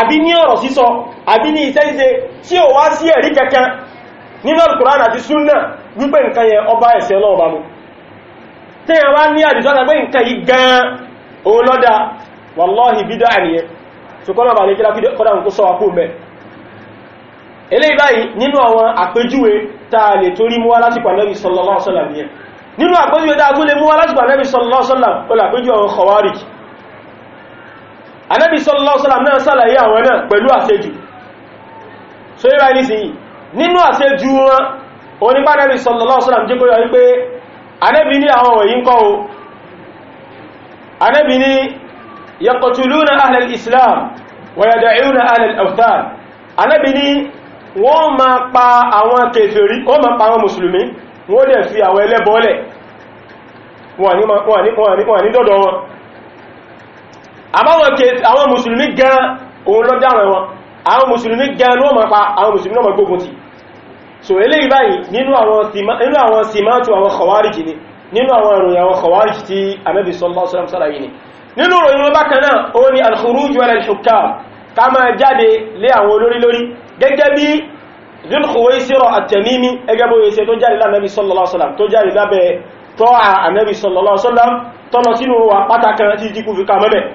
àbí ní ọ̀rọ̀ sísọ àbí ní iṣẹ́ ṣíṣe tí ò wá sí ẹ̀rí kankan nínú Al-Qur'an àti súnnà wípé nǹkan yẹn ọba ẹ̀sẹ̀ náà bá mú tí yẹn wá ní àdìsọ́nà pé nǹkan yìí gan òun lọ́dá wallahi bídá àníyẹn so kọ́nà bà lè kíra kọ́dà ń kó sọ wapó mẹ́ eléyìí báyìí nínú àwọn àpéjúwe tá a lè torí mú wá lásìkò Ànábì sallallahu alaihi wasallam nínú àpéjúwe tá a tún ó làpéjú àwọn Khawarij anábi sọ́lọ́sọ́lá náà sàlàyé àwọn náà pẹ̀lú àṣejù so yíra ní sí yìí nínú àṣejù wọn onípa anábi sọ́lọ́sọ́lá jẹ́ kó yọ wípé anábi ní àwọn wọ̀nyí kọ́ o anábi ní yaqtuluna ahlal islam wa yad'una ahlal awthan anábi ní wọ́n ma pa àwọn kèfèrí wọ́n ma pa àwọn mùsùlùmí wọ́n dẹ̀ fi àwọn ẹlẹ́bọ́lẹ̀ wọ́n ní dọ́dọ̀ wọn àwọn mùsùlùmí gan òun lọ dáwọn wọn àwọn mùsùlùmí gan ló mọ̀ pa àwọn mùsùlùmí náà mọ̀ gbógun ti so eléyìí báyìí nínú àwọn simatu àwọn khawarij ni nínú àwọn ìròyìn àwọn khawarij tí Ànábì sallallahu alaihi wasallam ṣàlàyé ni nínú ìròyìn wọn bákan náà ó ní al-khuruj ala al-hukkam ká máa jáde lé àwọn olórí lórí gẹ́gẹ́ bí Dhul Khuwaysira at-Tamimi ẹgẹ́ bó yẹsẹ tó jáde lá Ànábì sallallahu alaihi wasallam tó jáde lábẹ́ tọ́ à Ànábì sallallahu alaihi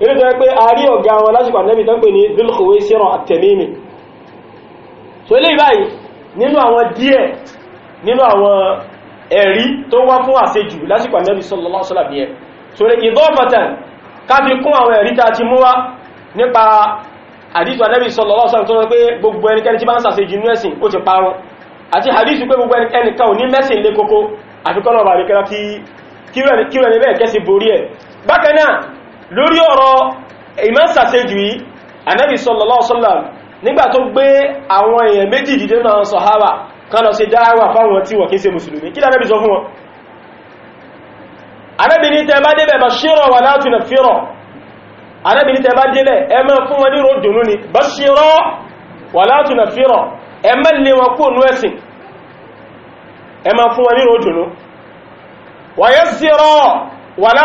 ilé tó yẹ pé a rí ọ̀gá wọn lásìkò ànẹ́bì tó ń pè ní zulkowé síran àtẹ̀mímì so ilé ìbáyìí nínú àwọn díẹ̀ nínú àwọn ẹ̀rí tó wá fún àṣejù lásìkò ànẹ́bì sallallahu alaihi wasallam yẹn so lè ìdọ́fàtàn káfí kún àwọn ẹ̀rí tá a ti mú wá nípa àdìsù ànẹ́bì sallallahu alaihi wasallam tó sọ pé gbogbo ẹnikẹ́ni tí bá ń ṣàṣejù nínú ẹ̀sìn ó ti parun àti àdìsù pé gbogbo ẹnikẹ́nìkan ò ní lórí ọ̀rọ̀ ìmọ́sàtẹ́jù yìí anábì sallallahu nígbà tó gbé àwọn èèyàn méjì dìde náà sọ̀hábà kan lọ sí dáwà fáwọn tí wọ́n kí ṣe mùsùlùmí kí lábẹ́bì sọ fún wọn anábì ní tẹ́ bá fún wọn ní ròdùnú ni wala lè wọn ẹ̀sìn fún wọn ní ròdùnú wala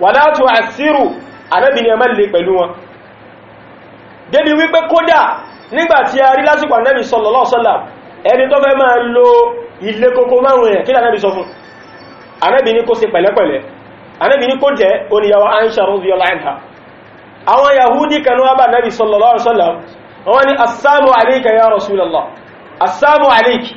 wàlá tu'assiru Ànábì ní ẹ má le pẹ̀lú wọn débi wípé kódà nígbàtí a rí lásìkò Ànábì sallallahu alaihi wasallam ẹni tó fẹ́ máa lo ilé kókó márùn ẹ̀ kí Ànábì sọ fún Ànábì ní kó ṣe pẹ̀lẹ́pẹ̀lẹ́ Ànábì ní kó jẹ́ oníyàwó Aisha radhiyallahu anha àwọn Yahudi kanú wá bá Ànábì sallallahu alaihi wasallam wọ́n ní assalamu alayka ya Rasulallah assalamu alayki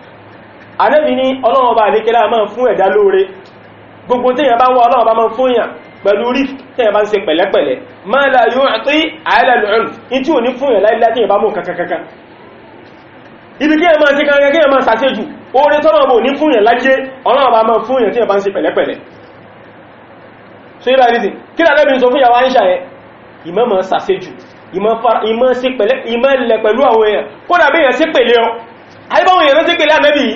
anẹ́bì ní ọlọ́run ọba àdékẹ́lá máa fún ẹ̀dá lóore gbogbo téèyàn bá wá ọlọ́run ọba máa fún yàn pẹ̀lú rí téèyàn bá ń ṣe pẹ̀lẹ́pẹ̀lẹ́ máa la yóò àti àìlẹ̀lùrùn ní tí ò ní fún yàn láìlá téèyàn bá mú kankankan ibi kí ẹ máa ti kankan kí ẹ máa ṣàṣejù oore tọ́lọ̀ bò ní fún yàn láyé ọlọ́run ọba máa fún yàn téèyàn bá ń ṣe pẹ̀lẹ́pẹ̀lẹ́ so yíba ní sí kí lálẹ́ bí n sọ fún yàwó àìṣà yẹn ìmọ̀ máa ṣàṣejù ìmọ̀ lẹ̀ pẹ̀lú àwọn èèyàn kódà bí èèyàn ṣépè lé ọ àyíbáwọn èèyàn ṣépè lé àmẹ́bì yìí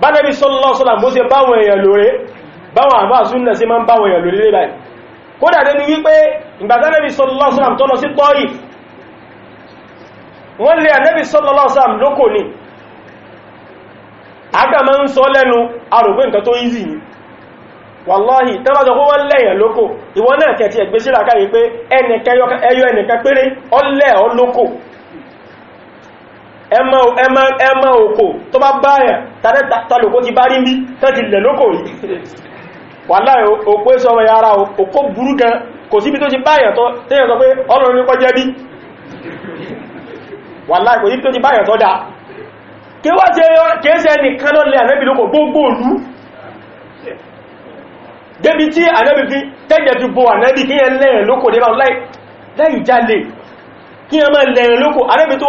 bánẹ́bí sọ́lọ́sọ́lá bó ṣe báwọn èèyàn lóore báwọn àbá súnnà sí máa ń báwọn èèyàn lóore láì kó dàdé ní wípé ìgbàtánẹ́bí sọ́lọ́sọ́lá tọ́lọ sí tọ́rì wọ́n lè ànẹ́bí sọ́lọ́sọ́lá lókò ní wàláhì tẹ́bàjọ kó wọ́n lẹ́yìn lókò ìwọ náà kẹ̀ ti ẹ̀gbésíra pé ẹyọ ẹnìkẹ́ ọlẹ́ ẹmọ òkò tó bá báyẹ̀ tàlòkó ti bá rí bí tẹ́jì lẹ̀ lókò yìí [LAUGHS] wà láì oko èso ọmọ yàrá òkó burú gan kò síbi tó ti báyẹ̀ tó tẹ́yẹ̀ sọ pé ọlọ́run ní kọjẹ́ bí [LAUGHS] wà láì kò tó ti báyẹ̀ tó dá kí wá gbogbo tí ànẹ́bì fi tẹ́jẹ̀ fi bo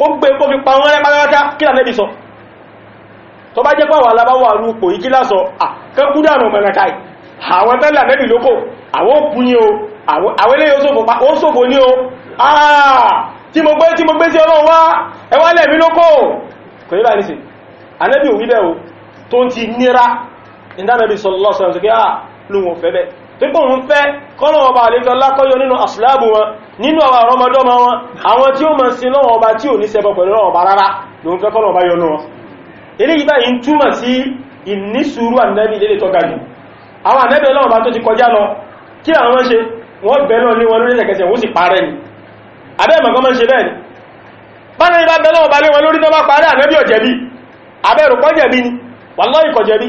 kó gbé kó fi pa wọ́n rẹ́ pátápátá kí là nẹ́bí sọ tó bá jẹ́ pàwà alábáwà arúgbò yìí kí là sọ àkẹ́kúdànù mẹ́rẹ̀káì àwọn tẹ́lẹ̀ nẹ́bí lókò àwọn òkú ní o àwọn eléyìí ó sòfò ní o tí mo nira ìdánẹ́bí sọ lọ́sọ̀rọ̀ sí pé à pípò ń fẹ́ kọ́lọ̀ ọba àlejò lákọ́yọ nínú àṣìláàbù wọn nínú àwọn àrọmọdọ́mọ wọn àwọn tí ó mọ̀ sí lọ́wọ́ ọba tí ò ní ṣẹbọ pẹ̀lú lọ́wọ́ ọba rárá ló ń fẹ́ kọ́lọ̀ ọba yọnu wọn eléyìí báyìí ń túmọ̀ sí ìnísùúrù ànẹ́bí ilé tó ni abẹ́ẹ̀mọ̀kọ́ mọ́ ṣe bẹ́ẹ̀ ni bára ìbá bẹ̀ náà ọba lé wọn lórí tó bá parẹ́ ànẹ́bí ọ̀jẹ̀bí abẹ́rùkọ́ jẹ̀bí ni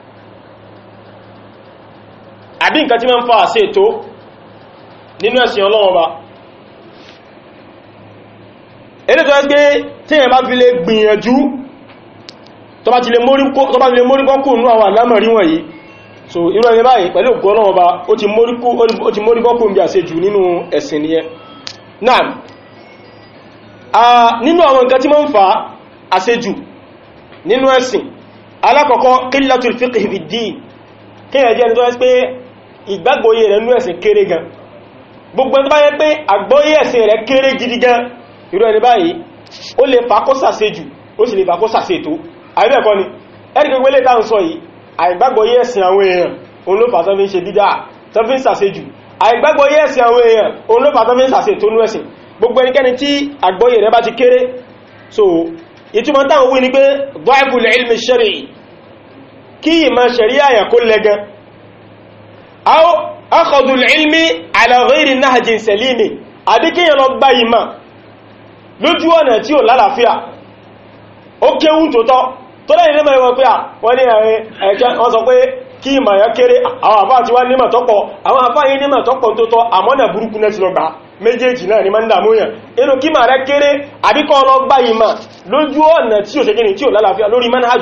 àbí nǹkan tí ma ń fa àṣẹ ètò nínú ẹ̀sìn ọlọ́wọ́n ba ilé tó ẹgbẹ́ tí èyàn bá fi lè gbìyànjú tó bá ti lè móríkọ́ kù nú àwọn àlámọ̀rí wọ̀nyí so irú ẹni báyìí pẹ̀lú òkú ọlọ́wọ́n ba ó ti móríkọ́ kù bí àṣejù nínú ẹ̀sìn nìyẹn náà nínú àwọn nǹkan tí ma ń fa àṣejù nínú ẹ̀sìn alákọ̀ọ́kọ́ kílátùl fíkì fìdí kí tó ẹ́ pé ìgbàgbọ́yé rẹ̀ nú ẹ̀sìn kéré gan gbogbo ẹni bá yẹ pé àgbọ́yé ẹ̀sìn rẹ̀ kéré gidi gan irú ẹni báyìí ó lè fà kó sàṣe jù ó sì lè fà kó sàṣe tó àìbẹ̀kọ́ ni ẹni gbogbo ilé táwọn sọ yìí àìgbàgbọ́yé ẹ̀sìn àwọn èèyàn òun ló fà tán fi ń ṣe dídá aw akhadhu al-ilmi ala ghayri nahjin salimi àbíkí yẹn lọ gba ìmọ̀ lójú ọ̀nà tí ò o ó a tó tọ́ tó lẹ́yìn lẹ́mọ̀ ìwọ̀n pé à wọ́n ní ẹ̀kẹ́ wọ́n sọ pé kí ìmọ̀ yẹn kéré àwọn ti wá nímọ̀ tọ́pọ̀ àwọn àfáà yẹn nímọ̀ tọ́pọ̀ tó tọ́ àmọ́nà burúkú náà ti lọ na ni máa ń dàmú yàn inú kí ma rẹ kéré àbíkọ́ manhaj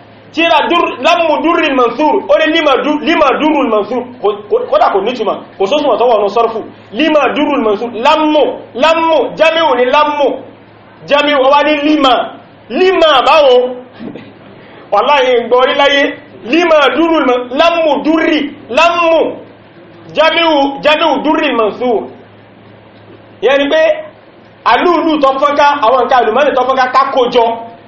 tíra lámù dúrì mansur ó ní límà dúrù mansur kódà kò ní túnmà kò sósùnmà tó wà ní sọ́rọ̀fù límà dúrù mansur lámù lámù jamiu ni lámù jamiu wá ní límà límà báwọn wàláyé gbọ́rí láyé límà dúrù lámù dúrì lámù jamiu jamiu dúrì mansur yẹni pé alúlù tọ́fọ́ká àwọn nǹkan àlùmọ́nì tọ́fọ́ká kákójọ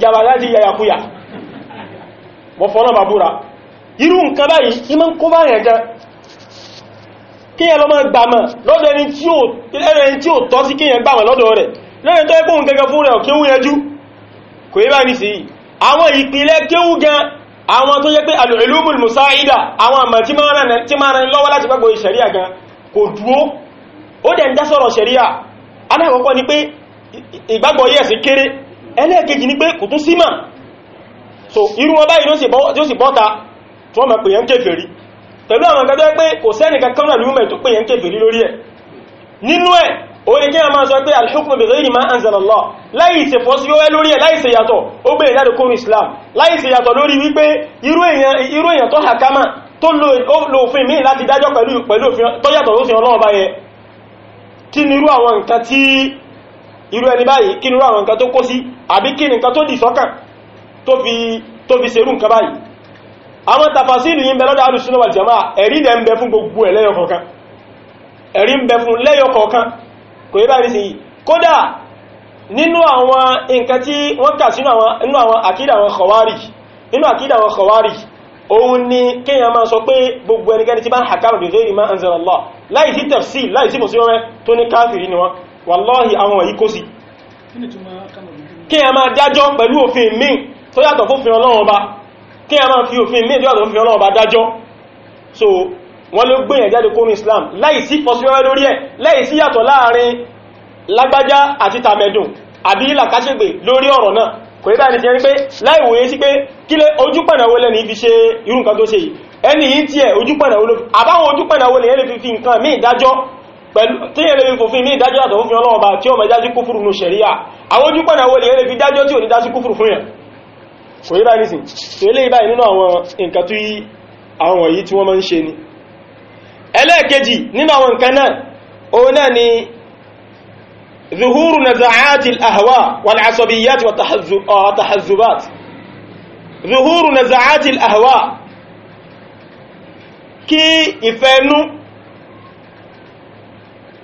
jàbàlájì yàyàkúyà mọ́ fọ́nà bàbúra irú nǹkan báyìí ìmọ́ ń kó bá yẹn gan kí yẹn lọ máa gbàmọ̀ lọ́dọ̀ ẹni tí ó tọ́ sí kí yẹn gbàmọ̀ lọ́dọ̀ rẹ̀ lẹ́yìn tó ẹgbóhun gẹ́gẹ́ fún rẹ̀ òkè ní sí àwọn ìpìlẹ̀ kéwú gan gan ni igbagbo ẹlẹ́ẹ̀kejì ní pé kò tún símà so irú wọn báyìí tí ó sì bọ́ta tí wọ́n mọ̀ pè yẹn kèfèrí pẹ̀lú àwọn ẹgbẹ́ tó yẹ pé kò sẹ́ni kankan náà lúmẹ̀ ya pè yẹn kèfèrí lórí ẹ̀ nínú ní a máa sọ pé ma anzalallah láì ṣe fọ́ sí ọwẹ́ ya ẹ̀ láì ṣe yàtọ̀ ó gbé ìlàdù e Islam tó hakama tó lo irú ẹni báyìí kí nírú àwọn nǹkan tó kó sí àbí kí nǹkan tó dì sọ́kàn tó fi serú nǹkan báyìí àwọn tàfàsílì yìí ń bẹ lọ́dọ̀ alùsùn wal jamaa ẹ̀rí dẹ̀ ń bẹ fún gbogbo ẹ̀ lẹ́yọ kọ̀ọ̀kan ẹ̀rí ń bẹ fún lẹ́yọ kọ̀ọ̀kan kò yí báyìí sí kódà ni kíyàn máa sọ pé ma anzala Allah láì sí tafsil láì sí mùsùlùmẹ́ tó wàláhì àwọn wọ̀nyí kó sí kí a máa dájọ́ pẹ̀lú òfin míì tó yàtọ̀ fófin Ọlọ́run bá kí a máa fi òfin míì tó yàtọ̀ fófin Ọlọ́run bá dájọ́ so wọ́n ló gbé yẹn jáde kónú Islam láìsí fọ́síwẹ́wẹ́ lórí ẹ̀ láìsí yàtọ̀ láàrin lágbájá àti tàmẹ̀dùn àbí làkàṣègbè lórí ọ̀rọ̀ náà kò yí báyìí ti rí pé láìwòye sí pé kílé ojúpẹ̀nà owó lẹ́ni fi ṣe irú nǹkan tó ṣe yìí ẹni yìí tí ẹ̀ ojúpẹ̀nà owó àbáwọn ojúpẹ̀nà owó lẹ́yìn lè fi fi nǹkan míì dájọ́ pẹ̀lú tí yẹn lè fi fòfin mí ìdájọ́ àtọ̀ fún ọlọ́wọ́ bá tí ó mọ̀ ìdájú kúfùrù nù ṣẹ̀ríà àwọn ojúpọ̀nà wo lè yẹn lè fi dájọ́ tí ò ní dájú kúfùrù fún yẹn kò yí báyìí nìsìn tí ó lè báyìí nínú àwọn nǹkan tó yí àwọn yìí tí wọ́n máa ń ṣe ni ẹlẹ́ẹ̀kejì nínú àwọn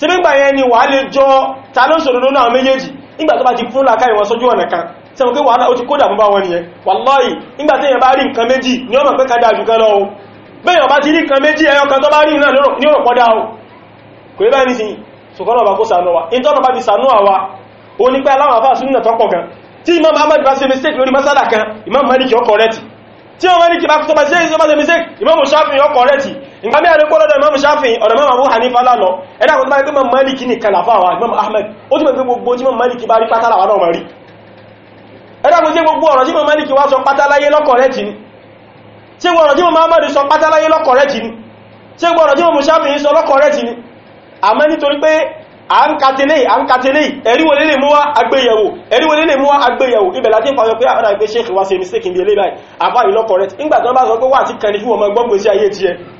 tí nígbà yẹn ni wà lè jọ ta ló ṣòdodo náà méjèèjì nígbà tó bá ti fún làkà ìwọ̀n sójú ọ̀nà kan tí wọ́n pé wàhálà ó ti kódà mú bá wọn nìyẹn wàláì nígbà tí èyàn bá rí nǹkan méjì ní ọmọ pé kádà jù kan lọ o bẹ́yàn bá ní ọ̀rọ̀ wa in tọ́nà bá ti sànú àwa ó ní pé aláwọ̀ afá súnà tọ́pọ̀ gan tí imam ahmed bá ṣe mistake lórí masala kan imam malik yọ correct tí imam malik bá ṣe nǹkan mẹ́rin pọ́ lọ́dọ̀ Imam Shafi'i ọ̀dọ̀ Imam Abu Hanifa lánàá ẹ̀dá kò tó bá rí pé Imam Malik ní kàlàfà wa Imam Ahmed ó túnbẹ̀ pé gbogbo tí Imam Malik bá rí pátálà wà náà ma rí ẹ̀dá kò tí gbogbo ọ̀rọ̀ tí Imam Malik wá sọ pátáláyé lọ́kọ̀rẹ́tì ni tí gbọ́rọ̀ tí Imam Ahmed sọ pátáláyé lọ́kọ̀rẹ́tì ni tí gbọ́rọ̀ tí Imam Shafi'i sọ lọ́kọ̀rẹ́tì ni àmọ́ nítorí pé à ń katele à ń ah, mistake ní ilé báyìí àbá ìlọ́kọ̀rẹ́tì nígbà tí wọ́n bá sọ pé wà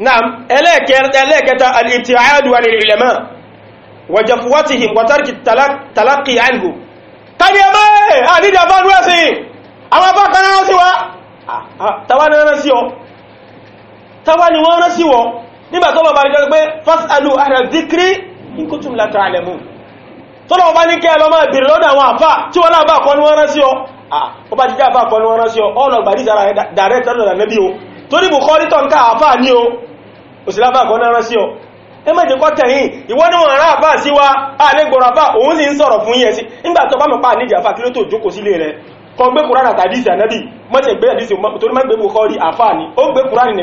نعم إليك الابتعاد عن العلماء وجفوتهم وترك التلقي عنه كان يا باي أني دفان واسي أما فقنا نسيوا tawani wọn sí ọ tawani wọn sí ọ nígbà tọ́lọ̀ bá ríjọ́ pé fásàlù àrẹ̀díkírí in kuntum la ta'lamun tọ́lọ̀ bá ní kẹ́ lọ máa bèèrè lọ́dọ̀ àwọn àfá tí wọ́n láàbà kọ́ ní wọ́n rán sí ọ torí Bukhari tọ́ nká àfáà ní o òsìláfà kan náà sí ọ ẹ mẹ́jẹ kọ́ tẹ̀yìn ìwọ́n ní wọn ráàbá sí wa àlégbòrò àfá òun sì ń sọ̀rọ̀ fún yẹn sí nígbà tó bá mọ̀ pa nídìí àfá kí ló tó jókòó sílé rẹ̀ kọ gbé kùránà tàbí ìsànábì mọ́sẹ̀ gbé àdísì torí mọ́ ni ó ma kùránì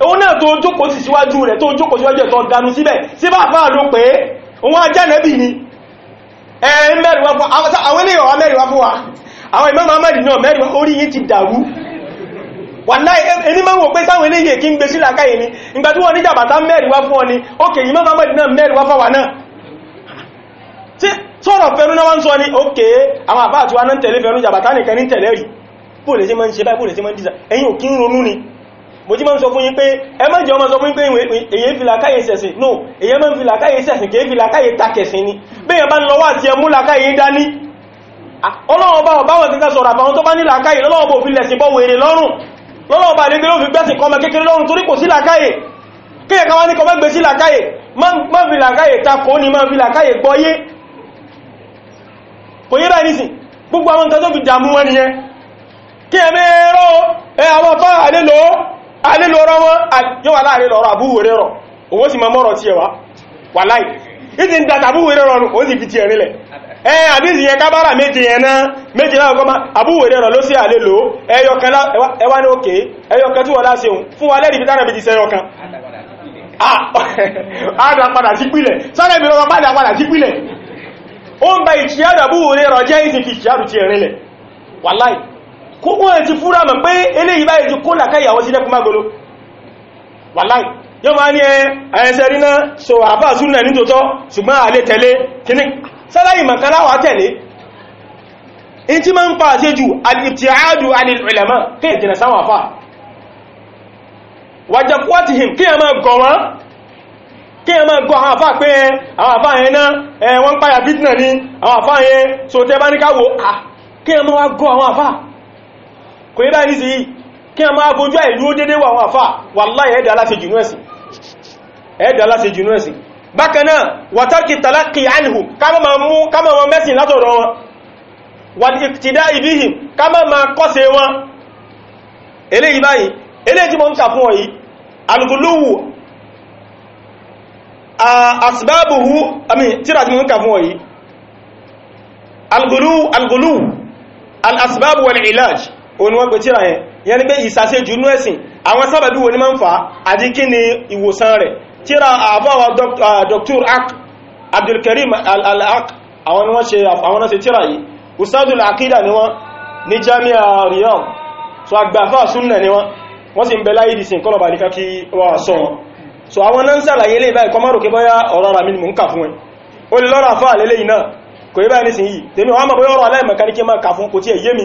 òun náà tó jókòó sí síwájú rẹ̀ tó jókòó síwájú ẹ̀tọ́ dánú síbẹ̀ sí bá fáà ló pé òun ajánẹ́bì ni ẹ̀ẹ́n mẹ́rin wá fún wa àwọn ìmọ́ mamadi náà mẹ́rin orí yìí ti dàrú wàláì ẹni mọ́ wò pé sáwọn kí ń gbé sí làkáyè ni ìgbà tí wọ́n ní jàbàtà ọ ni ókè náà náà tí sọ́rọ̀ náà wọ́n sọ ókè àwọn wa náà tẹ̀lé jàbàtà nìkan ní tẹ̀lé rí sí mọ́ ń ṣe báyìí sí mọ́ ń ẹ̀yìn òkín mo jí máa ń sọ fún yín pé ẹ má jẹ́ ọmọ sọ fún yín pé èyí fi làkáyé sẹ̀sìn no èyí má ń fi làkáyé sẹ̀sìn kìí fi làkáyé takẹ̀sìn ni bẹ́ẹ̀ bá ń lọ wá àti ẹmú làkáyé dání ah, ọlọ́wọ́ bá ọba wọn kíkà sọ̀rọ̀ àfàwọn tó bá ní làkáyé lọ́lọ́wọ́ bò fi lẹ̀sìn bọ́ wèrè lọ́rùn lọ́lọ́wọ́ bá lẹ́gbẹ́ ló fi gbẹ́sìn kọmọ kékeré lọ́rùn torí kò sí làkáyé kíyẹ̀ ká wá ní kọmọ gbé sí làkáyé má fi làkáyé takò ní má fi làkáyé gbọ́yé kò yé báyìí nísìn gbogbo àwọn nǹkan tó fi dààmú wọn nìyẹn kí ẹ mẹ́rọ ẹ àwọn fáà lè lòó alẹ́ lọ́rọ̀ wọn yóò wà láàrin lọ́rọ̀ àbúwẹ̀rẹ̀ rọ̀ owó sì máa mọ́rọ̀ tí wà láì ìdí ń dàtà àbúwẹ̀rẹ̀ rọ̀ ó sì fi ti ẹ yẹn kábára méje yẹn náà méje àbúwẹ̀rẹ̀ rọ̀ ló ah, [LAUGHS] sí alẹ́ lò ẹwà ti kókó ẹ̀ ti fúra mọ̀ pé eléyìí báyìí ju kó làkáyàwó sí lẹ́kùn mágolo wàláì yóò máa ní ẹ̀ẹ́sẹ̀ ríná so àbá súnà ní tòótọ́ ṣùgbọ́n àlè tẹ̀lé suna sáláyì mọ̀káláwà tẹ̀lé in ti máa ń pa àṣejù al-ibti'adu kí kò yí báyìí nísìyí kí a máa fojú àìlú ó dédé wà wọn àfà wàláhì ẹ̀dà aláṣẹ jùnú ẹ̀sìn ẹ̀dà aláṣẹ jùnú ẹ̀sìn bákanáà wàtàkì tàlákì anhum kámọ́ ma mẹ́sìn látọ̀rọ̀ wọn wàtìdá ibihim kámọ́ ma kọ́sẹ̀ wọn eléyìí báyìí eléyìí tí mo ń kà fún ọ wal ìlàjì òun wọ́n pè tíra yẹn yẹn ni pé ìsàṣejù inú ẹ̀sìn àwọn sábàbí wo ni máa ń fa àti kí ni ìwòsàn rẹ̀ tíra àbáwà Dr. ak Abdulkarim al-Ak àwọn ni wọ́n ṣe àwọn náà ṣe tíra yìí usadul akida ni wọ́n ní Jami'a Riyadh so agbàfà súnnà ni wọ́n wọ́n sì ń bẹ láyé ìdìsìn kọ́lọ̀bà ní kákí wà sọ wọn so àwọn náà ń sàlàyé lè báyìí kọmọ́ rò kí bọ́yá ọ̀rọ̀ ara mi mú ń kà fún ẹ o lè lọ́rọ̀ àfáà lélẹ́yìn náà kò yí báyìí nísìnyí tèmi wọ́n mọ̀ bóyá ọ̀rọ̀ aláìmọ̀kaníkí máa kà fún kò tí ẹ̀ yé mi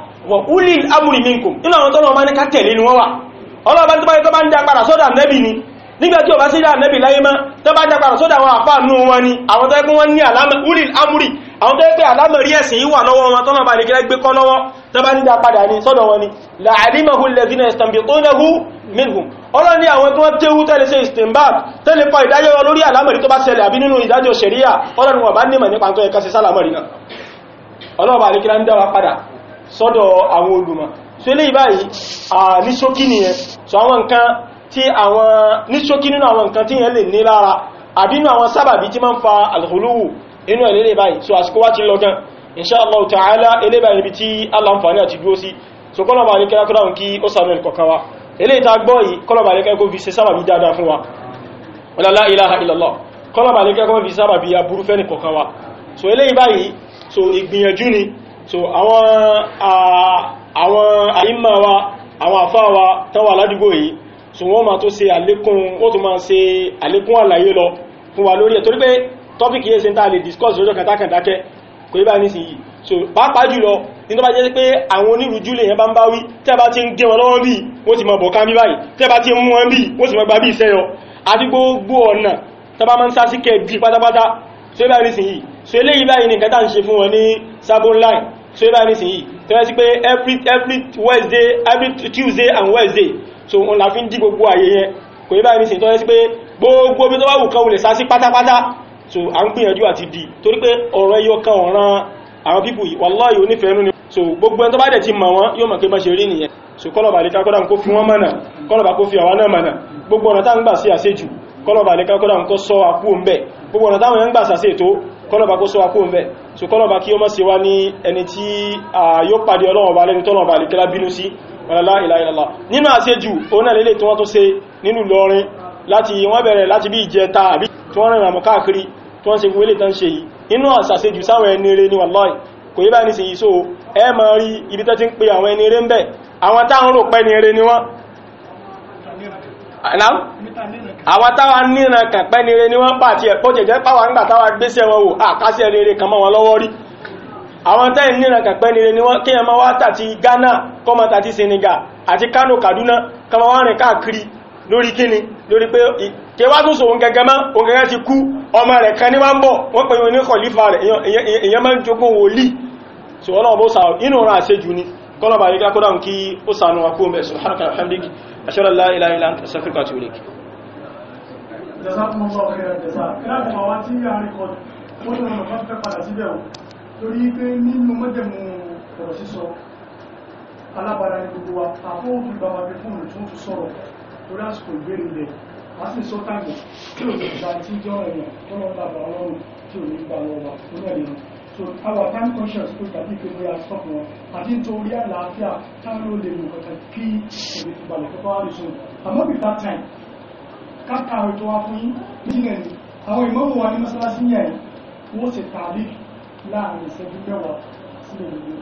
wa ulil amri minkum inú àwọn tọ́lọ̀ ma ní ká tẹ̀lé ni wọ́n wà ọlọ́ọ̀bá tó bá yẹ tó bá ń dápadà sọ́dọ̀ ànẹ́bì ni nígbà tí ó bá sídà ànẹ́bì láyé má tó bá dápadà sọ́dọ̀ àwọn àpá nù wọn ni àwọn tó yẹ pé ní àlámà ulil amri àwọn tó yẹ pé àlámà rí ẹ̀sìn yìí wà lọ́wọ́ wọn tọ́lọ̀ bá lè kí lẹ́gbẹ́ kọ́ lọ́wọ́ tó bá ní dápadà ni sọ́dọ̀ wọn ni la'alimahu alladhina yastanbitunahu minhum ọlọ́ ní pa ìdájọ́ wọn lórí àlámà rí tó bá ṣẹlẹ̀ àbí nínú ìdájọ́ ṣẹ̀ríyà ọlọ́run wọn bá nímọ̀ nípa tó yẹ kásí sálàmọ̀ rí náà ń dáwà padà sọ́dọ̀ àwọn olùmọ̀ so ilé ìbáyìí ní ṣókí nìyẹn so àwọn nǹkan tí àwọn ní ṣókí nínú àwọn nǹkan tí yẹn lè ní lára àbínú àwọn sábàbí tí máa ń fa alhuluwu inú ẹ̀ lélẹ̀ báyìí so àsìkò wá ti lọ gan insha Allah ta'ala ilé so kọ́nà bá ní kẹ́lá kọ́nà kí ó sàmì wa ilé ìta gbọ́ yìí kọ́nà bá ní kẹ́kọ́ fi wa la ilaha illallah kọ́nà bá ní kẹ́kọ́ fi sábàbí aburú fẹ́ nìkọ̀kan wa so ilé ìbáyìí so ìgbìyànjú ni so àwọn àwọn àyímà wa àwọn àfá wa tán wà ládùúgbò yìí so wọ́n ma tó ṣe àlékún ó tó ma ṣe àlékún àlàyé lọ fún wa lórí ẹ̀ torí pé tọ́pìkì yẹ́ sẹ́ntà lè discuss lójọ́ kàtàkàtàkẹ́ kò yí bá ní sí yìí so pàápàá jùlọ ní tó bá jẹ́ pé àwọn onírújú lèyàn bá ń bá wí tẹ́ bá ti ń gé wọn lọ́wọ́ bí wọ́n ti mọ̀ bọ̀ ká bí báyìí tẹ́ bá ti ń mú wọn bí wọ́n ti mọ̀ gbà bí ìṣẹ́yọ àti gbogbo ọ̀nà tẹ́ bá máa ń sásíkẹ̀ bí pátápátá so yí bá ní sí yìí so eléyìí báyìí ní kẹta ń ṣe fún wọn ní sabon line so ibà ní sìn yìí tó yẹ sí pé every every Wednesday every Tuesday and Wednesday so òun la fi ń dí gbogbo àyè yẹn kò ibà ní sìn tó yẹ sí pé gbogbo bí tó bá wù kan wulẹ̀ sá sí pátápátá so à ń gbìyànjú àti di torí pé ọ̀rọ̀ ẹyọ kan ọ̀ràn àwọn pípù yìí wallahi onífẹ̀ẹ́ nú ni so gbogbo ẹni tó bá dẹ̀ ti mọ̀ wọ́n yóò mọ̀ pé bá ṣe rí nìyẹn so kọ́lọ̀bà lè kákọ́dà ń kó fi wọ́n mọ̀nà kọ́lọ̀bà kó fi àwọn náà mọ̀nà gbogbo ọ̀nà tá ń gbà sí àṣejù kọ́lọ̀bà lè kákọ́dà ń kó sọ àkú ń bẹ̀ gbogbo ọ̀nà táwọn ń gbà sàṣètò kọ́lọ̀bà kó sọ àkú ń bẹ̀ so kọ́lọ̀bà kí o mọ́ sí wá ní ẹni tí yóò pàdé ọlọ́wọ̀bà lẹ́ni tọ́lọ̀bà lè kẹ́lá bínú sí wàlálá ìlàìlàlá nínú àṣejù òun náà lélẹ̀ tí wọ́n tó ṣe nínú Ìlọrin láti wọ́n bẹ̀rẹ̀ láti bí ìjẹta àbí tí wọ́n rìnrìn àmọ́ ni wàláì kò yí so ẹ máa rí ibi tó ti ń pe àwọn táwa níran kàpẹ́ nire ni wọ́n pàtí ẹ̀ pọ́jẹ̀ jẹ́ o ń gbà táwa gbéṣẹ́ wọn wò àkásí ẹ̀rẹ́rẹ́ kan mọ́ wọn lọ́wọ́ rí àwọn tẹ́yìn níran kàpẹ́ nire ni wọ́n kí ẹmọ wá tàti Ghana kọmọ tàti Senegal àti Kano Kaduna kọmọ wá rìn káàkiri lórí kíni lórí pé kẹwàtún sọ òǹgẹ̀gẹ̀ mọ́ òǹgẹ̀gẹ̀ ti kú ọmọ rẹ̀ kan ní wá ń bọ̀ wọ́n pẹ̀lú أشهد أن لا إله إلا أنت أستغفرك وأتوب إليك جزاكم الله خيرا جزاء kíláàsì àwọn tí a rìkọ̀dù wọ́n tó rọrùn fún pẹ́pàdà síbẹ̀ o torí pé nínú mọ́jẹ̀mú ọ̀rọ̀ sísọ alábàárà ní gbogbo wa àfọ́wọ́n tó gbàmà pé fún ìtún tó sọ̀rọ̀ torí àsìkò ìgbérin lẹ̀ a sì sọ tàbí tí ò lè gba tí jọ́ ẹ̀yàn tó lọ́ bàbá ọlọ́run tí ò ní gbà lọ́wọ́ nínú ẹ̀yìn so our time conscious tó dàbí pé bóyá stop wọn àti nítorí àlàáfíà táwọn ló lè mú kankan kí èdè tó balẹ̀ kọ́kọ́ wá lè sọ àmọ́ bí that time káàkà àwọn ètò wa fún yín nílẹ̀ ni àwọn ìmọ̀mù wa ní mọ́sálásí yẹn wọ́n ṣe tààlì láàrin ìṣẹ́jú mẹ́wàá sílẹ̀ lógún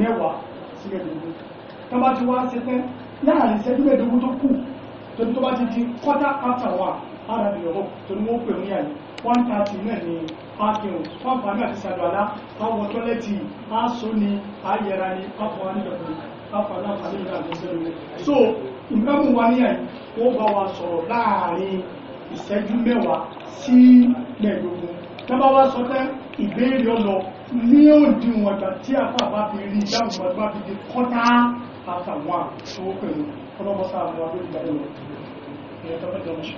mẹ́wàá sílẹ̀ lógún tó bá ti wá ṣe tẹ́ láàrin ìṣẹ́jú mẹ́ẹ̀ẹ́dógún tó kù tó bá ti di quarter after one ara mi tó ní wọ́n pè ní àyè one thirty náà ni pákíọ̀ wọ́n gbà náà ti ṣàdọ̀lá àwọ̀ tọ́lẹ́tì aṣọ ni ayẹra ni pápọ̀ anílẹ̀kùn pápọ̀ aláǹfà ní ìlú àgbẹ̀sẹ̀ lórí so nǹkan mú wa níyà ó bá wa sọ̀rọ̀ láàrin ìṣẹ́jú mẹ́wàá sí mẹ́ẹ̀ẹ́dógún tẹ́bá wá sọ pé ìbéèrè ọlọ ní òdiwọ̀n ìgbà tí àpá bá fi rí ìdáhùn bá bá fi di kọ́tà àtàwọn owó pẹ̀lú ọlọ́mọsá àwọn abẹ́rẹ́ ìgbàlódé ìyẹn tó fẹ́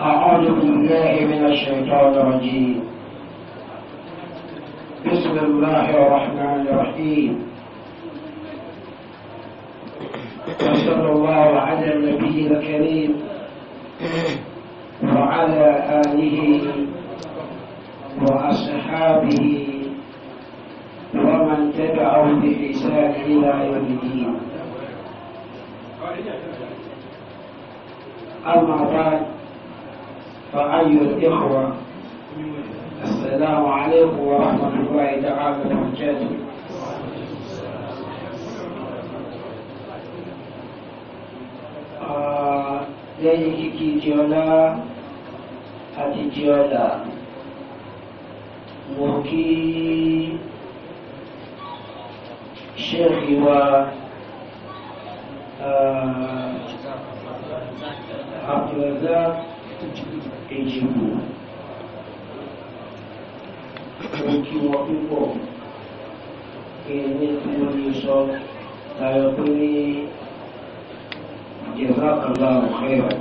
أعوذ بالله من الشيطان الرجيم بسم الله الرحمن الرحيم وصلى الله على النبي الكريم وعلى آله وأصحابه ومن تبعهم بإحسان إلى يوم الدين أما بعد فأيها الإخوة السلام عليكم ورحمة الله تعالى وبركاته lẹ́yìn kíkí ti ọlá àti ti ọlà mo kí ṣéèkì wa Abdulrazak kejì wò mo kí wọn púpọ̀ kí ní tí mo lè sọ tayọ pé ní ìjẹ̀bá kan bá ọ̀fẹ́ ọ̀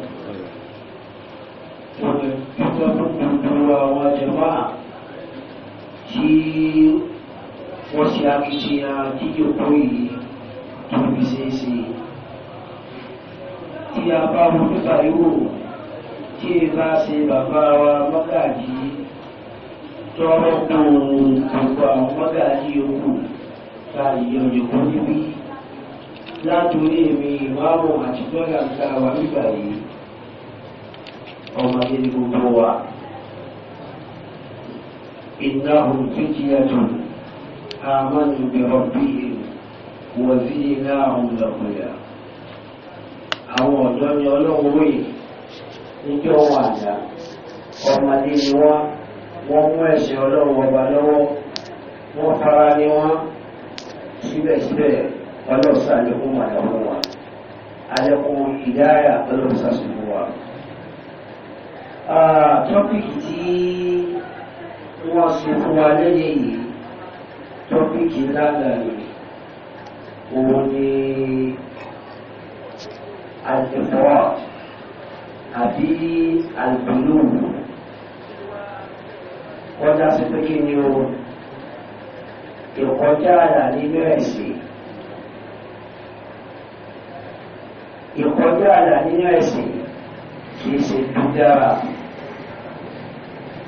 mo lè dúpẹ́ gbogbo àwọn ìjẹ̀bá tí wọ́n ṣe akitiyan jíjòkó yìí tó fi ṣeé ṣe tí a bá wo nípa ìwò tí ì bá ṣe bàbá wa mọ́gàjì tọ́rọ kún gbogbo àwọn mọ́gàjì yòókù ta ìyọ̀yọ̀kọ́ níbí látòrí èmi ìwárò àti tọ́lá ta wà nígbà yìí ọmọdé ní gbogbo wa ìnáhùn fíjìyàtò àmọ́nù bẹ̀rọ̀ bíi wọ́n sí ìnáhùn lọ́kùnrin àwọn ọ̀dọ́ ni ọlọ́run wọ̀nyí níjọ́ wà dá ọmọdé ni wọ́n wọ́n mú ẹ̀ṣẹ̀ ọlọ́run ọba lọ́wọ́ wọ́n fara ni wọ́n síbẹ̀síbẹ̀ ọlọ́ọ̀sá lẹ́kún màdà fún wa alẹ́kún ìdáyà ọlọ́ọ̀sá sí fún wa. Ah, tọ́pìkì tí wọ́n sọ fún wa lẹ́yìn yìí tọ́pìkì lálàyé òun ni àtẹ̀fọ́ àti àbí àlùbùlù kọjá sí pé kí ni o ìkọjá àlà nínú ẹ̀sìn ìkọjá àlà nínú ẹ̀sìn kì í ṣe dúdára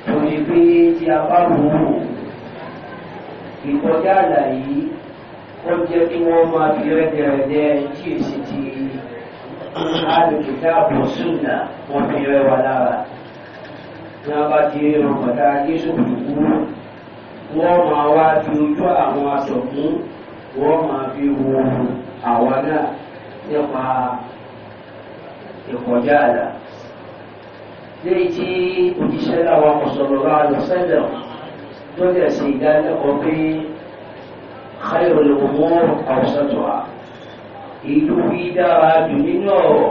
torí pé tí a bá wò ó ìkọjá àlà yìí ó jẹ́ kí wọ́n máa fi rẹ́dẹ̀rẹ́dẹ́ tí èsì ahlu kitab wa sunna wọn fi rẹ wà lára ní wọn bá ti rí wọn pàtà yéṣu kúkú wọn máa wá fi ojú àwọn aṣọ̀kún wọn máa fi wo àwa náà nípa ìkọjá àlà léyìí tí òjíṣẹ́ láwọn ọ̀sọ̀rọ̀ bá lọ sẹ́lẹ̀ tó dẹ̀ sí ìdánilẹ́kọ̀ọ́ pé خير الأمور أوسطها ìlú fi dára jù nínú ọ̀rọ̀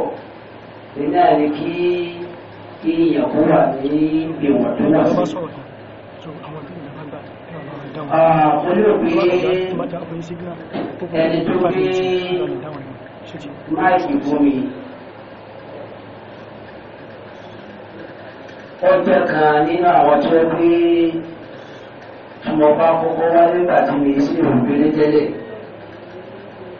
nínú àní kí èèyàn kó wà ní ìwọ̀n tó wà sí. mo lérò pé ẹni tó gbé máìkì fún mi ọjọ́ kan nínú àwọn tó gbé tí mo bá kọ́kọ́ wá nígbà tí mi sí òun gbélé tẹ́lẹ̀.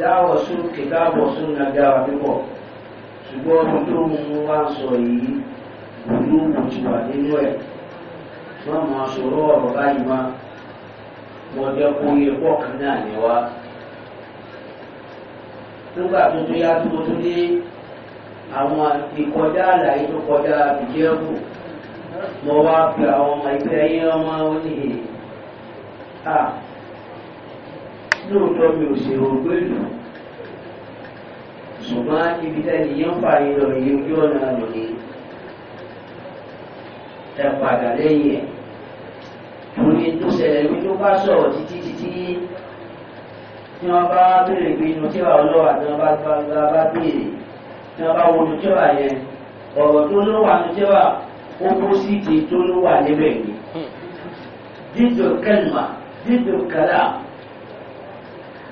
dáwọ̀ sún kìtàbọ̀ sún na pípọ̀ ṣùgbọ́n ọmọ tó mú wá ń sọ yìí ìlú òjìwà nínú ẹ̀ wọ́n máa ọ̀rọ̀ báyìí kó ní wa. nígbà tó tó yá tó tó dé àwọn ìkọjá àlàyé tó kọjá àbíjẹ́kù mo wá àwọn ọmọ ìgbẹ́ lóòótọ́ mi ò ṣe ògbó ìlú ṣùgbọ́n ibi tẹ́lẹ̀ yẹn ń fa ìlọ yìí ojú ọ̀nà lòdì ẹ padà lẹ́yìn ẹ̀ torí tó ṣẹlẹ̀ wí tó bá sọ̀rọ̀ títí títí tí wọ́n bá béèrè pé inú tí wà ọlọ́wà tí wọ́n bá bá bá béèrè tí wọ́n bá wo inú tí yẹn ọ̀rọ̀ tó ló wà inú tí ó kó sí ti tó ló wà níbẹ̀ yìí hmm. dídò kẹlùmà dídò kẹlà.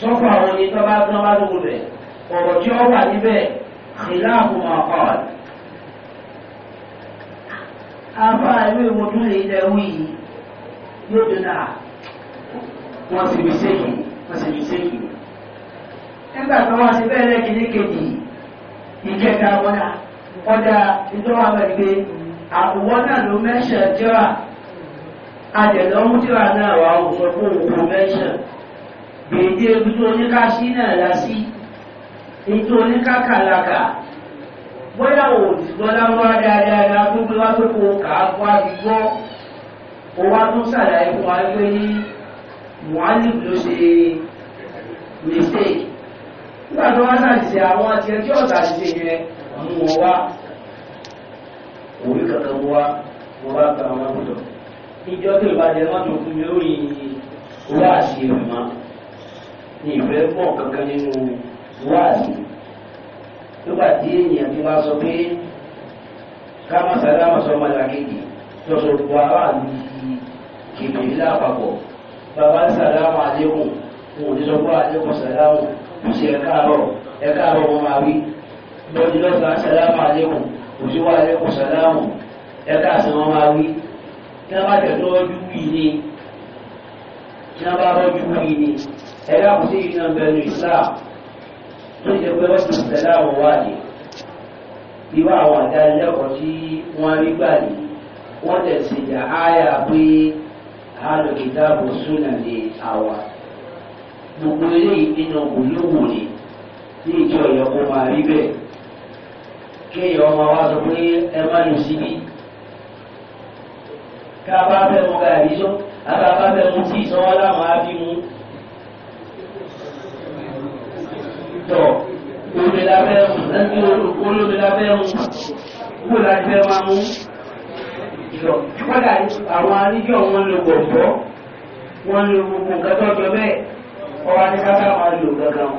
sọ́kọ̀ àwọn ni tọ́ bá tọ́ bá dùn rẹ̀ ọ̀rọ̀ tí ó wà níbẹ̀ khilafu ma qala. afá ìlú ìmọ̀tún lè ilẹ̀ wí yóò dùn náà wọ́n sì bí séyìn wọ́n sì bí séyìn. nígbà tó wá sí bẹ́ẹ̀ lẹ́kìnní kejì ìkẹta wọ́dà wọ́dà ìjọba àgbẹ̀gbẹ̀ àwọ̀ náà ló mẹ́ṣẹ̀ jẹ́wà adẹ̀lọ́mú jẹ́wà náà wà ó sọ fún òkú mẹ́ṣẹ̀ èdè ibi oníká sí náà la sí oníká kàlàkà bóyá ò ti gbọ́ láwọ́ dáadáa gbogbo wa pé kó àbí gbọ́ ó wá tún ṣàlàyé fún wa pé ní muhammed ló ṣe mistake nígbà tó wá ṣàṣìṣe àwọn àti ẹjọ́ ọ̀tà yẹn mú wọn wá òwe kankan mú wa mo bá gba àwọn àbúdọ̀ ìjọ tó ìbàdàn mọ́tò fún mi lórí owó àṣìṣe mọ́ ní ìfẹ́ pọ̀ kankan nínú wáàsí nígbà tí èèyàn ti máa sọ pé ká má sáré àwọn sọ ọmọdé akéèké lọ́sọ̀ gbogbo ara àmì kèbè ní àpapọ̀ bàbá ń sáré àwọn àlékún òun ní sọpọ̀ àlékún sáré àwọn òsì ẹ̀ka àárọ̀ ẹ̀ka àárọ̀ wọn máa wí lọ́dún lọ́sàn-án sáré àwọn àlékún wà àlékún sáré ẹ̀ka àsán wọn máa wí kí wọ́n bá yìí ni tí wọ́n bá rọ́jú yìí ni ẹ̀dá kò sí iná bẹ̀rù islam tó ṣe pé wọ́n ti tẹ̀lé àwọn wáàdì irú àwọn àdánilẹ́kọ̀ọ́ tí wọ́n rí gbà ní wọ́n tẹ̀sí ìjà áyà pé alòkìtàbò súnà ni ní ìjọ ìyọkọ máa rí bẹ́ẹ̀ kéèyàn ọmọ wa sọ pé ẹ má lò síbí ká bá fẹ́ mọ gàrí sọ́kù lára bá fẹ́ mu tí ìsanwó láwọn abímú tọ̀ omi la fẹ́ mu lẹ́sìn olómi la fẹ́ mu kúrò la fẹ́ máa mú ìlọ kọ́dà àwọn aníjọ́ wọn lè gbọ̀gbọ́ wọn lè gbogbo nǹkan tó jọ bẹ́ẹ̀ ọba ní ká sáà máa lò gangan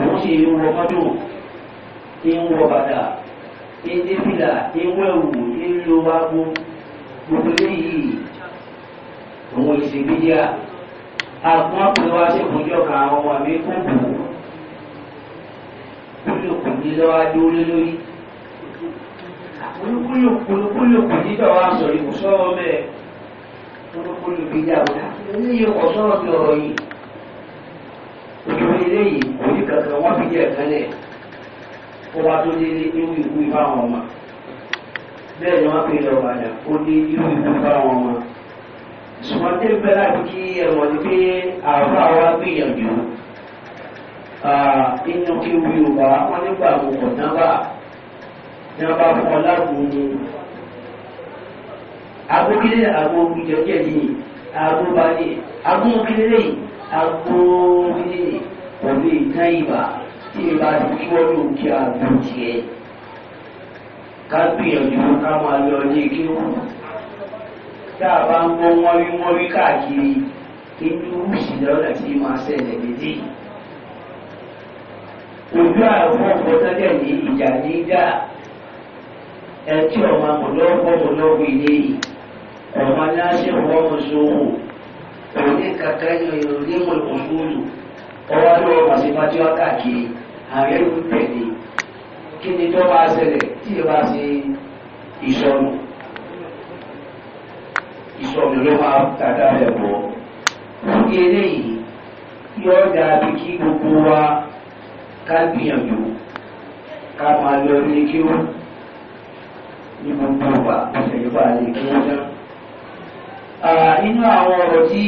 òun sì ń wọ mọ́tò ń wọ bàtà ń dé fìlà ń wẹ̀wù ń lo aago gbogbo eléyìí òun ìṣe bíyà àwọn ọkùnrin wa ṣe àwọn ọmọ mi kún bù kúlùkù ní lọ́wọ́ dúró lórí kúlùkù kúlùkù nígbà wa sọ ìwòsàn ọmọ ẹ kúlùkù bíyà wọlé ní ọ̀sán ọ̀sán ọ̀rọ̀ yìí ojú eléyìí kò ní kankan wọ́n fi jẹ́ ìkànnì ó wá tó délé irú ìwú ìfáwọn ọmọ bẹ́ẹ̀ ni wọ́n fi lọ padà ó dé irú ìwú ìfáwọn ọmọ ṣùgbọ́n tí ń bẹ láti kí ẹ̀wọ̀n ni pé àáfà wa gbìyànjú inú kí wí òbá wọn nígbà gbogbo náà náà bá fún ọ lágùn agbókílé agbókílé ọjọ́ ìdíyìn agbóbalé agbókílé lẹ́yìn agbókílé pẹ̀lú ìtàn ìbà tí ìbá ti kí wọ́n ní òkè àgbò tiẹ̀ ká gbìyànjú ká máa lọ ní kí ó kù tá a bá ń gbọ́ mọ́rímọ́rí káàkiri inú ìṣìlọ́nà tí máa ṣẹlẹ̀ lédè ojú àwọn ọ̀pọ̀tọ́tẹ̀ ní ìjà ní dá ẹtí ọmọ ọmọlọ́gbọ́ ọmọlọ́gbọ́ ilé yìí ọmọ aláṣẹ ọmọ ọmọṣòwò òní kàkà ìrìn onímọ̀ òṣùwòlù ọwọ́ ló wọ́n pàṣẹ fàtí wá káàkiri ààrẹ ló tẹ̀lé kí ni tó bá ṣẹlẹ̀ tí ì bá ṣe ìṣọnù ìsọ̀rọ̀ ló máa kàdá rẹ̀ bọ̀. fún eléyìí yóò dàbí kí gbogbo wa ká gbìyànjú ká máa lọ ilé kí ó ní gbogbo ọgbà ọ̀sẹ̀ yóò bá lè kí wọ́n tán. nínú àwọn ọ̀rọ̀ tí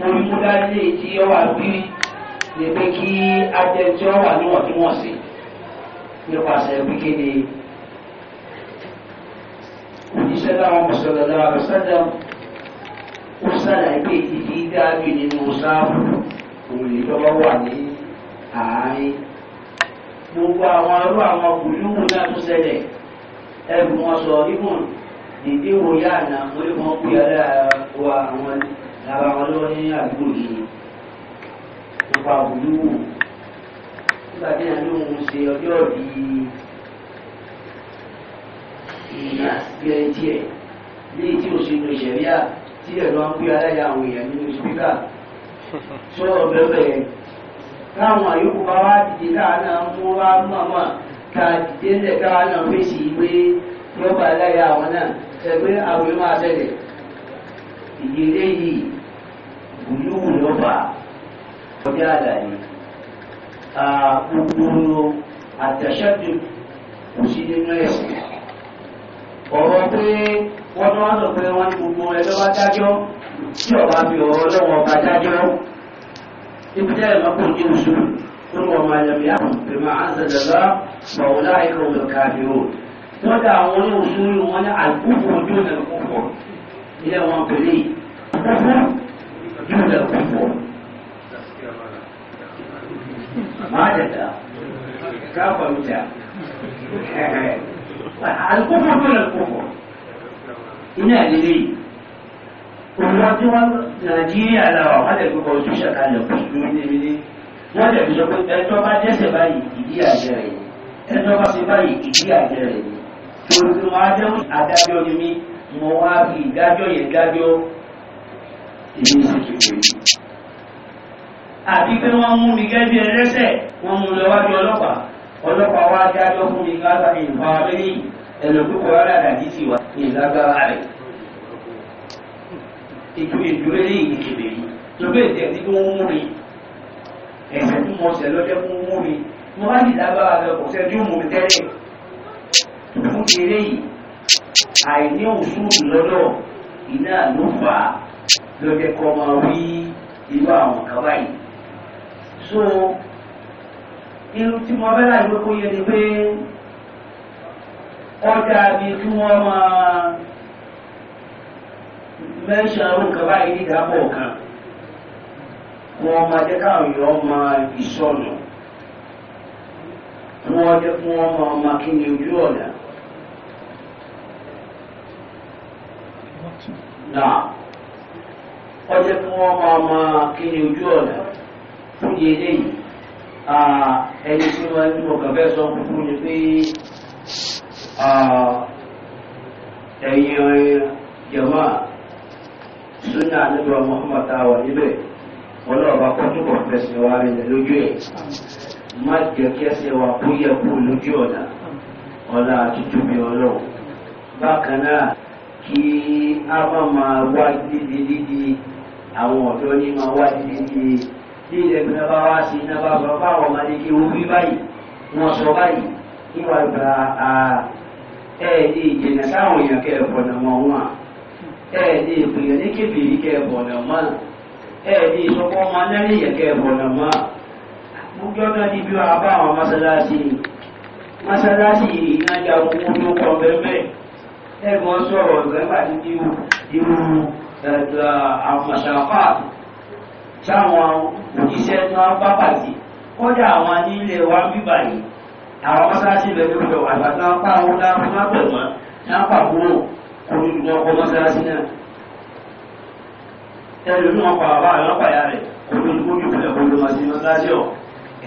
mo rí mú dálé tí ó wà bí lè pé kí ajẹjọ́ wà níwọ̀ntúnwọ̀nsì nípasẹ̀ pé kí ni òjíṣẹ́ láwọn mọ̀sọ̀lọ́lá àbẹ̀sẹ́dẹ̀mù ó ìdí dábì nínú sáàpù òun lè wà ní àárín gbogbo àwọn arú àwọn kùlùmù náà tó ṣẹlẹ̀ ẹrù wọn sọ ibùn dèdè wo yá àná mo lè mọ pé ara wa àwọn lára wọn lọ ní àdúgbò yìí nípa kùlùmù nígbà tí wọn lóun ṣe ọjọ́ ìdí ìyá díẹ̀ díẹ̀ léyìí tí ó ṣe lo ìṣẹ̀rí àná tí ẹ̀rọ ń gbé aláya àwọn èèyàn nínú spíkà sọ̀rọ̀ bẹ́ẹ̀ yẹn káwọn àyókù bá wá dìde káàná mú wá mọ̀mọ́ ká dìde ńlẹ̀ káàná fèsì pé yọba aláya àwọn náà ẹgbẹ́ àwọn máa ṣẹlẹ̀ ìdílé yìí ìlúwù lọ́fà ọjọ́ àdáyé gbogbo àtẹ̀ṣẹ́dù kò sí nínú ẹ̀sìn ọ̀rọ̀ pé wọ́n tó wá sọ pé wọ́n ní gbogbo ẹjọ́ bá dájọ́ tí ọba fi ọ̀rọ̀ lọ́wọ́ ọba dájọ́ ibi tẹ́ ẹ̀ ní oṣù tó lọ́wọ́ máa yẹ bíyà bímọ àǹsẹ̀dẹ̀lá láì kọ̀ ọ̀dọ̀ káàbí o wọ́n dá àwọn ní oṣù ní wọ́n ní àgbùkù ojú ọ̀nà kúkọ̀ ilé wọn pèlè ojú ọ̀nà kúkọ̀ máa dẹ̀dà káàbọ̀ lójà àgbùkù ojú ọ̀nà kúkọ̀ iná ìlélẹ̀ òun tí wọ́n nàìjíríà làwà wọ́n lè gbogbo ojú ṣàkàlẹ̀ fún ìlú nílé wọ́n lè sọ pé ẹjọ́ bá dẹ́sẹ̀ báyìí ìdí àjẹ́ rẹ̀ ẹjọ́ bá ti báyìí ìdí àjẹ́ rẹ̀ torí pé wọ́n á jẹ́ adájọ́ ni mí mo wá fi ìdájọ́ yẹn dájọ́ ìlú ìsìnkú àti pé wọ́n mú mi gẹ́gẹ́ bí ẹlẹ́sẹ̀ wọ́n mú lọ wájú ọlọ́pàá ọlọ́pàá wá dájọ́ fún mi látàrí ẹnu púpọ̀ ara àdàdísì wa ní ìlágbára rẹ̀ ètò ìdúró lè ìkébè yìí lọ́gbẹ́ ìtẹ̀ tí wọ́n mú rí ẹ̀sẹ̀ tí mo ṣẹ̀ lọ́jọ́ fún mú rí mo wá ní ìlágbára lọ kò sẹ́jú mú mi tẹ́lẹ̀ fún kéré yìí àìní òṣùwù lọ́dọ̀ iná ló fà á lọ́jọ́ kọ́ máa rí irú àwọn kan báyìí so irú tí mo bẹ́ẹ̀ láì lóko yẹ ni pé ọjà bíi kí wọ́n máa mẹ́ṣàn orúkọ báyìí nígbàpọ̀ kan wọ́n máa jẹ́ káwọn èèyàn máa ìsọnù wọ́n jẹ́ fún wọn máa máa kí ni ojú ọ̀nà. náà wọ́n jẹ́ fún wọn máa máa kí ni ojú ọ̀nà fún yìí eléyìí ẹni tí wọ́n ń mọ̀ kàn sọ fún mi pé a ɗanyoyin jama'a suna nígbà muhammad awa níbẹ̀ wọ́n lọ bá kọ́tù kọ̀fẹ́sì wa rẹ̀ lójú ẹ̀ má jẹ́ kí ẹsẹ̀ wa kú yẹ kú lójú ọ̀nà ọ̀la àtútù mi ọlọ́run bákan náà kí a má máa wá dídí dídí àwọn ọ̀dọ́ ní máa wá dídí dídí bí ẹ̀ẹ́dì ìjìnà sáwọn èèyàn kẹ́ẹ̀bọ̀nà wọn wà ẹ̀ẹ́dì ìpìyàn ní kébìrì kẹ́ẹ̀bọ̀nà mọ́ ẹ̀ẹ́dì ìsọpọ̀ ọmọ lẹ́yìn kẹ́ẹ̀bọ̀nà mọ́ gbogbo ọ̀nà ní bí wàá bá àwọn mọ́sálásí mọ́sálásí ìnájà owó ló kọ́ bẹ́ẹ̀ ẹ̀gbọ́n sọ̀rọ̀ àwọn nílé wa àwọn mọ́sálásí ilẹ̀ lórí ọ̀wà àgbàtà apá àwọn láàrín lápẹ̀ mọ́ lápá àbúrò olùdùnú ọkọ̀ mọ́sálásí náà ẹlòmí ọkọ̀ àbá àlọ́pàá yà rẹ̀ olùdùnú ìpìlẹ̀ olùmọ̀sí mọ́sálásí ọ̀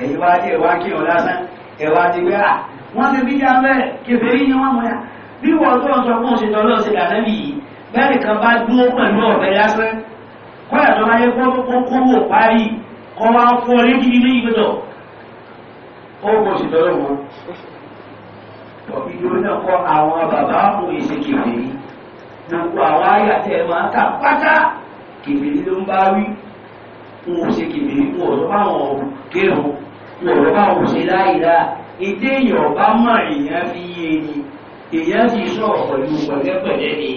ẹ̀yí wá dé ẹ̀wá kí ọ lásán ẹ̀wá ti gbé à wọ́n ti bí já bẹ́ẹ̀ kẹfẹ́rí ni wọ́n mọ̀ yà bí wọ́n tó lọ́sọ fún òṣèlú ọlọ́ọ̀sẹ̀ dànẹ́bì yìí bẹ́ẹ̀ kan bá dúró pẹ̀lú ọ̀fẹ́ lásán kọ́ ó kò sì tọ́lọ́ wo ìlú náà kọ́ àwọn bàbá mú èsì kìbìrì gbogbo àwọn àyà tẹ ẹ máa kà pátá kìbìrì ló ń bá wí n ò ṣe kìbìrì n ò lọ bá wọn kérò n ò lọ bá ṣe láìláà ètè èèyàn bá mọ èèyàn fi yé ni èèyàn ti sọ̀rọ̀ pẹ̀lú pẹ̀lẹ́pẹ̀lẹ́ ni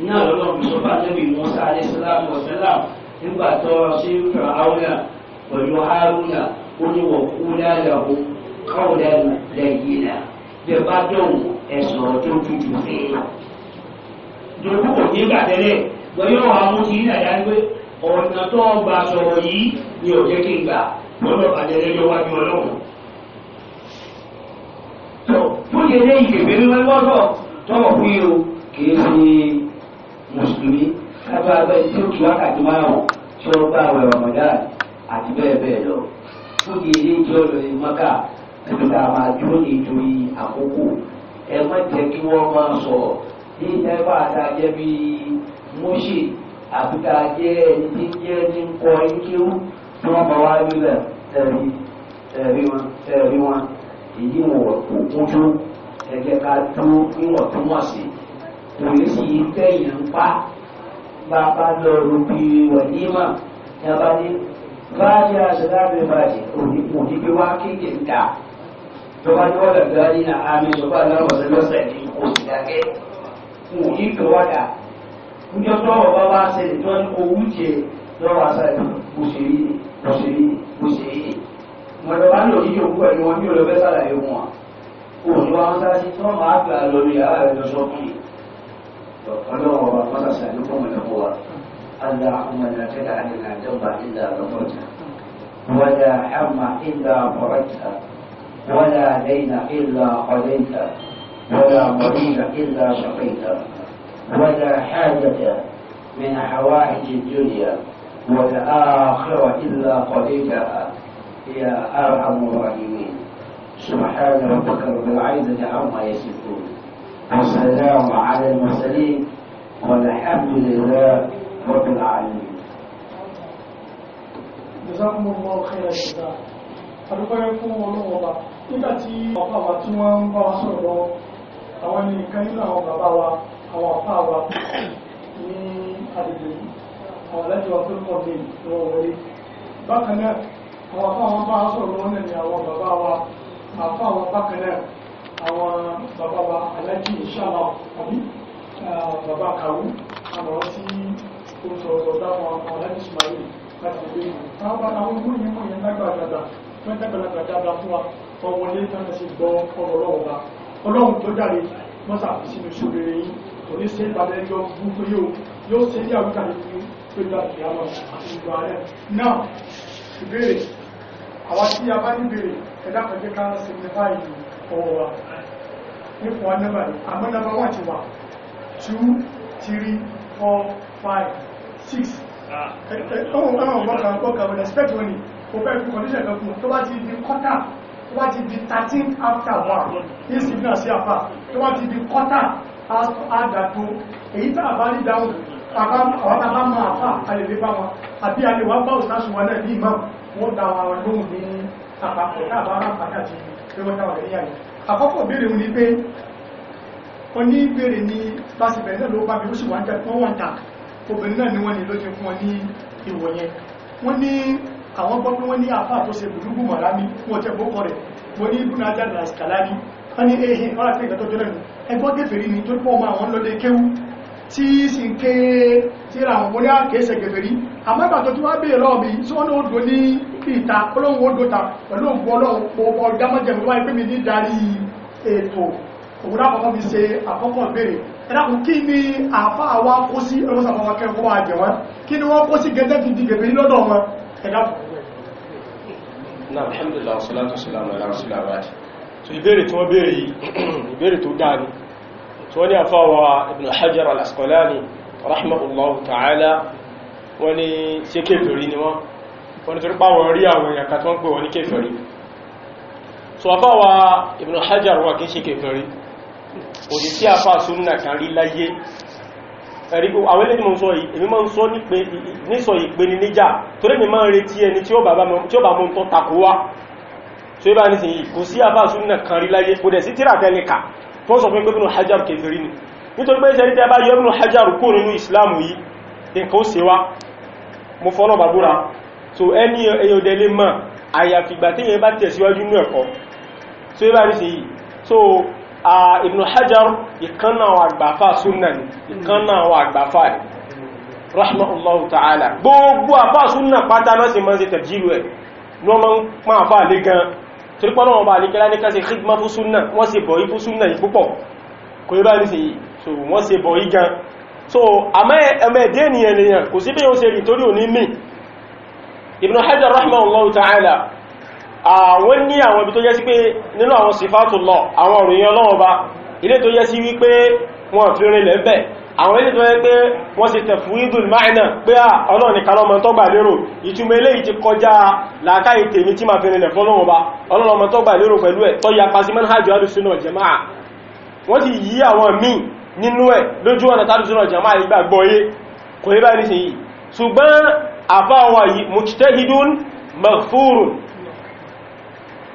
ní àlọ́lọ́run sọ bá lẹ́bi musa alẹ́sàlámù ọ̀sẹ́làm nígbà tó ṣe ń fẹ́ àwọn pẹ̀lú haruna ó ní wọ̀n kú lálẹ́ ọ̀hún káwọlẹ̀ lẹ́yìn náà bẹ́ẹ̀ bá dọ̀hùn ẹ̀sọ̀ tó tutù sí i. dòwú kò ní gbàtẹ́lẹ̀ gbọ́yọ̀ àwọn ti ní àyà pé ọ̀nà tó ń gbà sọ̀rọ̀ yìí ni ò jẹ́ kí n gbà lọ́dọ̀ àjẹlẹ́ yọ wájú ọlọ́run. tó fún yẹn lẹ́yìn kẹfẹ́ ní wọ́n tọ́wọ̀ fún yìí o kì í ṣe mùsùlùmí kájọ abẹ́ tí ó kí wákàtí márùn-ún tí ó bá àwẹ̀ ọ̀mọ̀dá àti bẹ́ẹ̀ bẹ́ẹ̀ lọ fún yẹn lẹ́yìn tí lọ nígbà máa jó ètò yìí àkókò ẹ má jẹ́ kí wọ́n máa sọ̀rọ̀ ní ẹ̀fà àtàjẹ́ bíi mọ́ṣì àbíká jẹ́ ẹni tí jẹ́ ní kọ́ ẹ̀kíw tí wọ́n bá wá nílẹ̀ ẹ̀rí ẹ̀rí wọn ẹ̀rí wọn èyí wọn kò kújú ẹ̀jẹ̀ ká dúró níwọ̀ntúnwọ̀nsì òye sì tẹ̀yìn ń pa bàbá lọ rúbi wẹ̀nímọ̀ ní abáyé báyà ṣẹlá rẹ̀ bàjẹ́ òní òní bí wá kéèké ń dà tó bá tó wọ́dà tó dájú náà àmì ìṣọ̀bá aláwọ̀ ọ̀sẹ̀ lọ́sẹ̀ ní oṣù dákẹ́ fún òyìn tó wọ́dà ní ọjọ́ ọ̀bá bá ṣẹlẹ̀ tó ní owó jẹ lọ́wọ́ àṣà ìbùsèrí ìbùsèrí ìbùsèrí mọ̀tọ́ bá lò yíyọ púpọ̀ ni wọ́n bí olóbẹ́ sàlàyé wọn òun wá ń sáájú tó máa gbà lórí yàrá rẹ̀ lọ́sọ́ fún yìí ọlọ́wọ́ ọba pátásà ولا دين إلا قضيته ولا مريض إلا شقيته ولا حاجة من حوائج الدنيا والآخرة إلا قضيتها يا أرحم الراحمين سبحان ربك رب العزة عما يصفون والسلام على المرسلين والحمد لله رب العالمين جزاكم الله خيرا جزاء أرجو يكون ولو nígbà tí ọ̀pá wa tí wọ́n ń bá wa sọ̀rọ̀ àwọn ní nǹkan nínú àwọn bàbá wa àwọn ọ̀pá wa ní agbègbè yìí àwọn alájọ wa tó ń pọ̀ bíi ìwọ̀n wọlé bákan náà àwọn ọ̀pá wọn bá wa sọ̀rọ̀ wọn ní àwọn bàbá wa àfá àwọn bákan náà àwọn bàbá wa alájì ìṣàlá àbí bàbá kàwú àwọn tí ó sọ̀rọ̀ dáwọn alájì ìsmaili láti ilé ìwé àwọn bá àwọn mú yẹn mú yẹn lágbàdàdà mẹ́tẹ́gbẹ̀lẹ́gbàdàdà fún wa ọmọdé tánà sí gbọ́ ọ̀rọ̀ ọlọ́run bá ọlọ́run tó jáde mọ́sà fi sínú ṣòrere yìí kò ní ṣe ìbàdẹ́ yọ bú pé yóò yóò ṣe ní àwùjá ní fún pẹ̀lú àkìyàmọ̀ àti ìlú ààrẹ náà ìbéèrè àwa tí a bá ní béèrè ẹ̀dá kan jẹ́ ká ṣe nípa ìlú ọwọ́ wa nípa wọn nọ́mbà yìí àmọ́ nọ́mbà wà ti wà two three four five six ẹ̀ẹ́dẹ́gbọ̀n ọ̀gbọ̀n kan ọ̀gbọ̀n kan respect wọn ni kò bẹ́ẹ̀ fi condition kan fún tó bá ti di quarter tó bá ti di 13 after one? ní ìsìnkú àṣí àpá tó bá ti di kọ́tà àdàtò èyí tàà bá rí dáhùn àwọn tàbá mọ́ àpá alèlé bá wọn àbí alèwà bá òsàṣù wọn náà ní ìmọ̀ wọ́n dá wọn lóhùn ní àpapọ̀ tàbá rápàdà ti lọ́wọ́ta wà níyàwó wọ́n wọ́n ta obìnrin àwọn gbọ́ pé wọ́n ní àfáà tó ṣe gbùdúgbù mọ̀rámi wọ́n tẹ́ bó kọ́ rẹ̀ mo ní ibùn ajá ní àṣìkàlámi wọ́n ní ehin wọ́n láti ìgbà jọ lẹ́nu ẹgbọ́n gẹ̀fẹ̀rí ni tó pọ̀ ọmọ àwọn lọ́dẹ kéwú tí sì ń ké tí ra àwọn wọlé àkẹ́sẹ̀ gẹ̀fẹ̀rí àmọ́ ìgbà tó tún wá bèèrè lọ́wọ́ mi tí wọ́n ní odò ní ìta olóhùn odò ta pẹ̀lú òǹkú ọlọ́run pọ̀ dámọ́jẹ̀ mi wáyé pé mi ní darí ètò òun náà kọ́kọ́ fi ṣe àkọ́kọ́ ìbéèrè ẹ̀dàkùn kí ni àfáà wa kó sí ọlọ́sàfáwà kẹ́kọ́ àjẹ̀wọ́n kí ni wọ́n kó sí gẹ́gẹ́ fi di gẹ̀gẹ́ lọ́dọ̀ wọn ẹ̀dàpọ̀ náà alhamdulillah salatu salamu ala rasulawati so ìbéèrè tí wọ́n béèrè yìí [CLEARS THROAT] ìbéèrè tó dáa ni tí wọ́n ní àfáwà ibn hajar al-asqalani rahimahullahu ta'ala wọ́n ní ṣe kéfèrí ni wọ́n wọ́n ní torí pàwọn rí àwọn èèyàn kan tí wọ́n pè wọ́n ní kéfèrí so àfáwà ibn hajar wọ́n kí ṣe kéfèrí òdí sí àfáà súnnà kan rí láyé ẹ̀rígbò àwọn ilé tí mo ń sọ yìí èmi máa ń sọ nísọ ìpeni níjà torí mi máa ń retí ẹni tí ó bá mọ́ tán takò wá tó yíba ní sìnyí kò sí àbá súnmọ́ kan rí láyé kò dẹ̀ sí tíra tẹ́lẹ̀ka tó sọ pé Ibn Hajar kèfèrí ni nítorí pé ìṣẹ́rí tẹ́ bá yọ Ibn Hajar kó nínú ìsìláàmù yìí nǹkan ó Ibn Hajar ìkànnà àwọn àgbàfà súnnà ni ìkànnà àwọn àgbàfà ni rahmanullahu ta'ala gbogbo àfà súnnà pátá náà sì máa ń ṣe tẹ̀jìlú ẹ̀ ní wọ́n máa fà lé gan torípọ́nà wọn bá lè kẹ́lá ní kásẹ̀ khidma fún súnnà wọ́n sì bọ̀ yí fún súnnà yìí púpọ̀ kò yí bá ní so wọ́n sì bọ̀ yí gan so àmọ́ ẹmẹ́ ẹ̀dẹ́ ènìyàn lèyàn kò sí bí ó ṣe rí torí òní mì Ibn Hajar rahmanullahu ta'ala àwọn ní àwọn ibi tó jẹ́ sí pé nínú àwọn sifatullah àwọn òròyìn ọlọ́run ba ilé tó jẹ́ sí wípé wọn fi rinlẹ̀ bẹ̀ àwọn ilé tó jẹ́ pé wọ́n sì tafwidul ma'na pé ọlọ́run nìkan ba ọlọ́run ọmọ tó gbà lérò pẹ̀lú ẹ̀ tó yapa jama'a wọ́n ti yí àwọn míì nínú ẹ̀ lójú ọ̀nà tàbísọ́nà jama ìgbàgbọ́ yé kò yé báyìí sí yìí ṣùgbọ́n àfáwà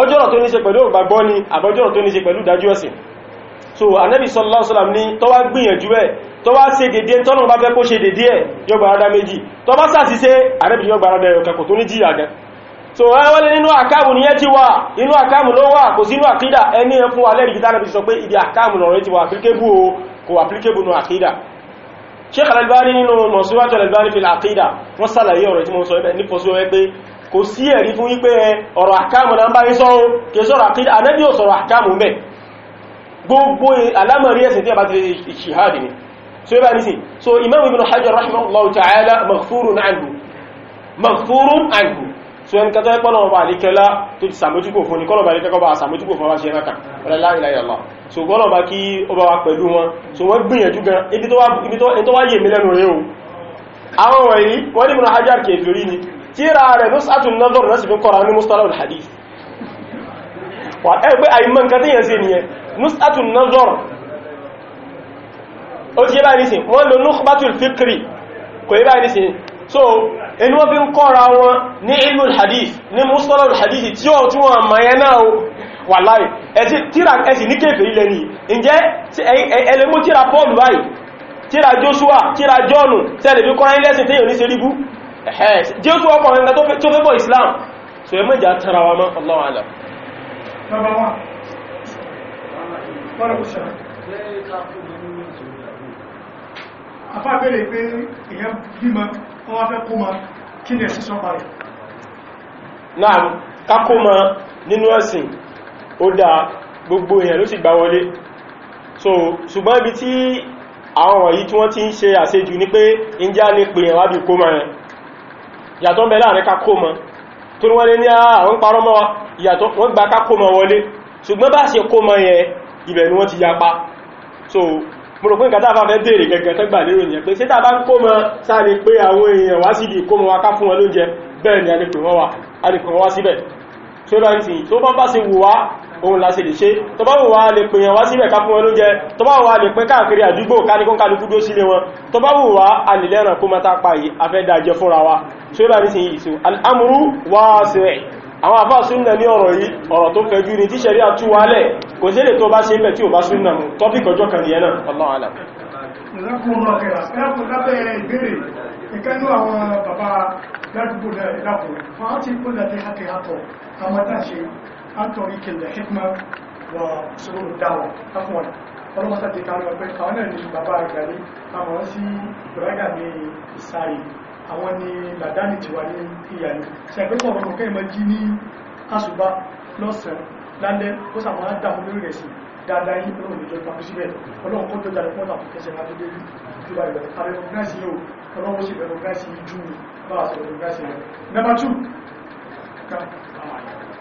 ọjọ́rọ̀ tó ní ṣe pẹ̀lú ìgbàgbọ́ ni àbọ́jọ́rọ̀ tó ní ṣe pẹ̀lú ìdájú ẹ̀sìn so anabi sallallahu alaihi wasallam ni tó wá gbìyànjú ẹ̀ tó wá ṣe dédé tọ́nà bá fẹ́ kó ṣe dédé ẹ̀ yóò gba rádá méjì tó bá ṣàṣìṣe anabi yóò gba rádá ẹ̀yọ̀ kan kò tó ní jìyà gan so ẹwọ́n nínú àkáàmù ni ẹ ti wà inú àkáàmù ló wà kò sínú àkídà ẹni ẹ fún alẹ́rìí títà anabi sọ pé ibi àkáàmù lọ̀rọ̀ ti kò sí ẹ̀rí fún wípé ọ̀rọ̀ àkáàmù náà ń bá yí sọ́rọ̀ kèsọ́rọ̀ àkídà anẹ́bí ò sọ̀rọ̀ àkáàmù mẹ́ gbogbo alámọ̀rí ẹ̀sìn tí a bá ti ìṣìhádì ni so yíba nísìn so imam ibn hajjar rahimahullahu ta'ala maghfurun anhu maghfurun anhu so yẹn kẹta àwọn wọ̀nyí wọ́n ní ibn hajjar kẹfìrí ni tíra rẹ̀ nus'atun nadhr náà sì fi kọ́ra ní mustalah al-hadith wà ẹ́ pé àìmọ́ nǹkan tí yẹn sí nìyẹn nus'atun nadhr ó ti yẹ báyìí nìsìn wọ́n lo nukhbatul fikri kò yẹ báyìí nìsìn so inú wọ́n fi ń kọ́ra wọn ní ilmul hadith ní mustalah al-hadith tí ó tún wọn mọ̀ yẹn náà wàláì ẹ̀sì tíra ẹ̀sì ní kéfèé ilẹ̀ ni ǹjẹ́ ẹlẹ́mú tíra Paul báyìí tíra Joshua tíra John tẹ́lẹ̀ bí kọ́ra ilẹ̀sìn tẹ́yàn ní seríbú ẹ̀hẹ́ jésù ọkọ̀ ẹ̀nà tó fẹ́ bọ́ islam so ẹ mẹ́jà tara wa mọ́ ọlọ́wọ́ alá afábẹ̀rẹ̀ pé èyàn bímọ wọ́n wá fẹ́ kó ma kí ni ẹ̀sìn sọ́pàá rẹ̀ náà kákó ma nínú ẹ̀sìn ó dá gbogbo èyàn ló sì gbá wọlé so ṣùgbọ́n ibi tí àwọn wọ̀nyí tí wọ́n ti ń ṣe àṣejù ní pé ìjá ní pèèyàn wábí kó ma rẹ̀ yàtọ̀ bẹ̀ láàrin kákó mọ́ tó ní wọ́n lé ní ah, àwọn parọ́ mọ́ wa yàtọ̀ wọ́n gba kákó mọ́ wọlé ṣùgbọ́n bá ṣe kó mọ́ yẹn ibẹ̀ ni wọ́n ti yapa so mo rò pé nǹkan táà bá fẹ́ béèrè gẹ̀gẹ̀ tó gbà lérò yẹn pé sétà bá ń kó mọ́ sáà ni pé àwọn èèyàn wá síbi kó mọ́ wa ká òun láti lè ṣe tọbáwò wà lè pè yàn wá síbẹ̀ ká fún wọn lóúnjẹ tọbáwò wà lè pẹ́ káàkiri àdúgbò káníkún kálukú dó sílé wọn tọbáwò wà alìlẹ́ràn kó mọ́ta pààyè afẹ́dájẹ fúnra wa ṣe bá ní sin yìí so al'amuru wá sílẹ̀ àwọn àfá súnnà ní ọ̀rọ̀ yìí ọ̀rọ̀ tó fẹ̀jú ní tíṣẹ̀rí àtúwálẹ̀ kò sí lè tó bá ṣe ń bẹ̀ tí ò bá súnnà mú tọ́pìkì ọjọ́ kan nìyẹn náà Allahu a'lam ìkẹ́lú àwọn bàbá ládùúgbò lẹ́ẹ̀dàpọ̀ fún àwọn tí kó lẹ́tẹ̀ hákẹ́ hákọ̀ àwọn tàṣe عن طريق الحكمة وسلوك الدعوة عفوا ọlọ́mọ sáà ti kárí ọpẹ́ àwọn náà ni bàbá àgbàlẹ́ àwọn sí ìrọ́gà ní ìsáyì àwọn ni làdáni ti wà ní ìyàlú ṣàgbékọ̀ ọmọ kẹ́ ìmọ̀ jí ní àṣùbá lọ́sàn lálẹ́ ó sàmọ́ dáhù lórí rẹ̀ sí dáadáa yí olóòrùn ìjọ ìpapọ̀ síbẹ̀ ọlọ́run kó tó jáde fún ọ̀nà kẹsẹ̀ láti yóò number two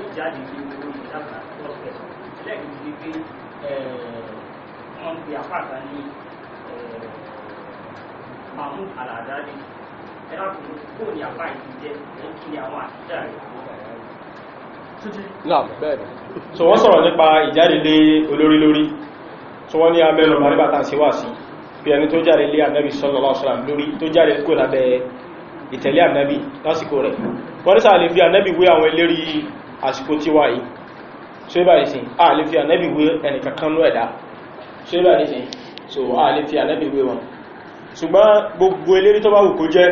yóò jáde ní owó ìdáka prospect lẹ́yìn ní pé eh, wọ́n pe apáta ní eh, mahmoud aladali ẹ̀rọ kò ní apá ìdí jẹ́ kí àwọn àtijọ́ rẹ̀ so wọ́n sọ̀rọ̀ nípa ìjáde olórí lórí so wọ́n ní abẹ́lọ maríbàtà sí wà sí bí ẹni tó jáde lé ànábì sallallahu alaihi lórí tó jáde kó lábẹ́ ìtẹ̀lé ànábì lásìkò rẹ̀ wọ́n ní sáà lè fi ànábì wé àwọn eléri àsìkò tí wáyé so ibà ní sin a lè fi ànábì wé ẹnìkankan ló ẹ̀dá so ibà ní sin so a lè fi ànábì wé wọn ṣùgbọ́n gbogbo eléré tó bá wù kó jẹ́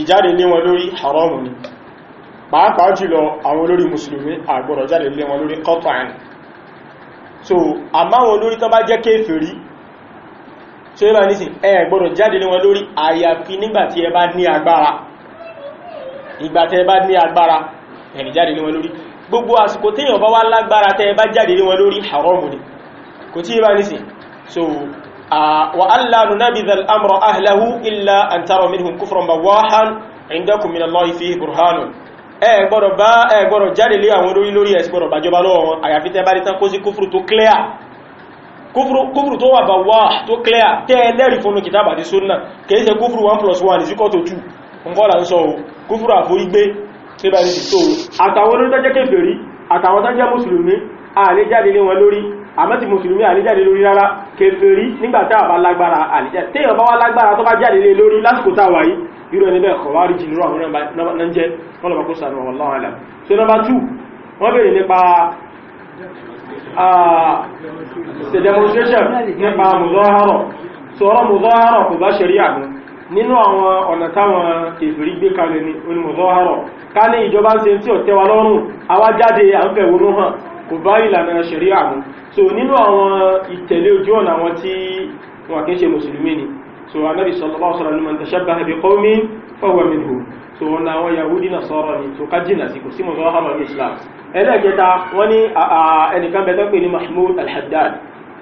ìjáde lé wọn lórí haramu ni pàápàá jùlọ àwọn olórí mùsùlùmí àgbọ̀rọ̀ jáde lé wọn lórí kọ́tọ̀ àìní so àmáwọn olórí tó bá jẹ́ kéfèrí so ibà ní sin ẹ gbọ́dọ̀ jáde lé wọn lórí àyàfi nígbàtí ẹ bá ní agbára ìgbàtí ẹ bá ní agbára ẹ̀rìn jáde lé wọn lórí gbogbo àsìkò téèyàn bá wá lágbára tẹ́ bá jáde lé wọn lórí haram ni kò tí bá nísìn so wa alla nunabidha al-amra ahlahu illa an tara minhum kufran bawahan indakum min allahi fihi burhanun ẹ gbọ́dọ̀ bá ẹ gbọ́dọ̀ jáde lé àwọn olórí lórí ẹ̀sì gbọ́dọ̀ bàjọba lọ́wọ́ wọn àyàfi tẹ́ bá rí tán kó sí kúfùrù tó clear kúfùrù tó wà bá wà tó clear tẹ́ ẹlẹ́rìí fún kìtàbà àti sunna kìí ṣe kúfùrù 1 plus 1 is equal 2 nǹkan là ń sọ kúfùrù àforígbé síbẹ̀ ní so àtàwọn olóòjẹ́ kèfèrí àtàwọn tó jẹ́ mùsùlùmí àléjáde lé wọn lórí àmọ́ ti mùsùlùmí lórí rárá kèfèrí nígbàtá àbá lágbára àléjáde téèyàn bá wá lágbára tó bá jáde lé lórí lásìkò táwà yìí irú ẹni bẹ́ẹ̀ demonstration nínú àwọn ọ̀nà táwọn kèfèrí gbé kalẹ̀ ní onímọ̀tọ́hárọ̀ ká ní ìjọba ṣe tí ò tẹ́wa lọ́rùn àwa jáde hàn kò bá ìlànà ṣẹ̀rí àmú so nínú àwọn ìtẹ̀lé ojú ọ̀nà àwọn tí wọn kì í ṣe mùsùlùmí ni so anabi sallallahu alaihi wasallam man tashabbaha bi qaumin so ọ̀nà àwọn yahudi nasara ni so ká jìnà sí kò sí mọ̀tọ́hárọ̀ ní islam ẹlẹ́ẹ̀kẹta wọ́n ní mahmud al-haddad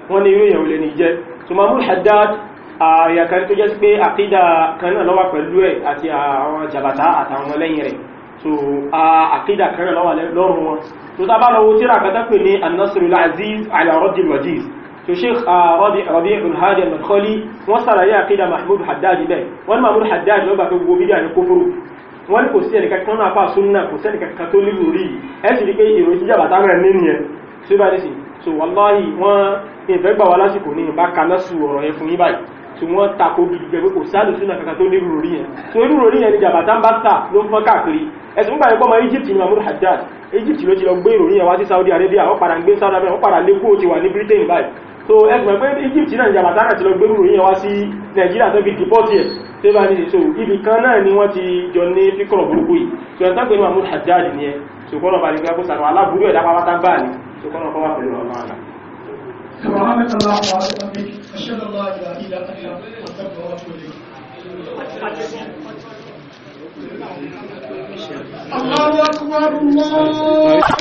wọ́n ní yóò yẹ̀wò so mahmud haddad ààyà kan tó jẹ́ sí pé àkídà kan náà lọ́wà pẹ̀lú ẹ̀ àti àwọn jàbàtà àtàwọn lẹ́yìn rẹ̀ so àkídà kan náà lọ́wà lọ́rùn wọn tó tá bá lọ́wọ́ tíra kan tẹ́pẹ̀ ní annasirul aziz ala raddil wajiz to sheikh rabi'ul hadi al-madkhali wọ́n sàlàyé àkídà mahmud haddad bẹ́ẹ̀ wọ́n mahmud haddad ló bá fẹ́ gbogbo bídíà ní kófúrú wọ́n kò sí ẹnìkan kan náà fà súnnà kò sẹ́nìkan kan tó nílùú so wàláhì wọ́n wa lásìkò ní ìbá kanásù ọ̀rọ̀ yẹn fún yín tí wọ́n tako gidi gẹ́gẹ́ kò sáàlù sínú àkàkà tó ní rúrí yẹn tó ní rúrí yẹn ni jàbàtà ń bá sà ló ń fọ́n káàkiri ẹ̀sùn nígbà yẹn pọ́ ma Egypt ni Mahmoud Haddad Egypt ló ti lọ gbé ìròyìn yẹn wá sí Saudi Arabia wọ́n padà ń gbé Saudi Arabia wọ́n padà lé kúrò ti wà ní Britain báyìí so ẹgbẹ́ pé Egypt náà jàbàtà náà ti lọ gbé ìròyìn yẹn wá sí Nàìjíríà tó fi deport yẹn tó bá ní ṣe so ibì kan náà ni wọ́n ti jọ ní fíkọ̀rọ̀ burúkú yìí so ẹ̀ tán pé Mahmoud Haddad ni ẹ so kọ́nà balẹ̀ gbẹ́ kó sàrọ̀ aláburú ẹ̀dá pátá so kọ́nà kọ́ wà pẹ̀lú ọmọ سبحانك اللهم وبحمدك أشهد أن لا إله إلا أنت أستغفرك وأتوب إليك الله أكبر الله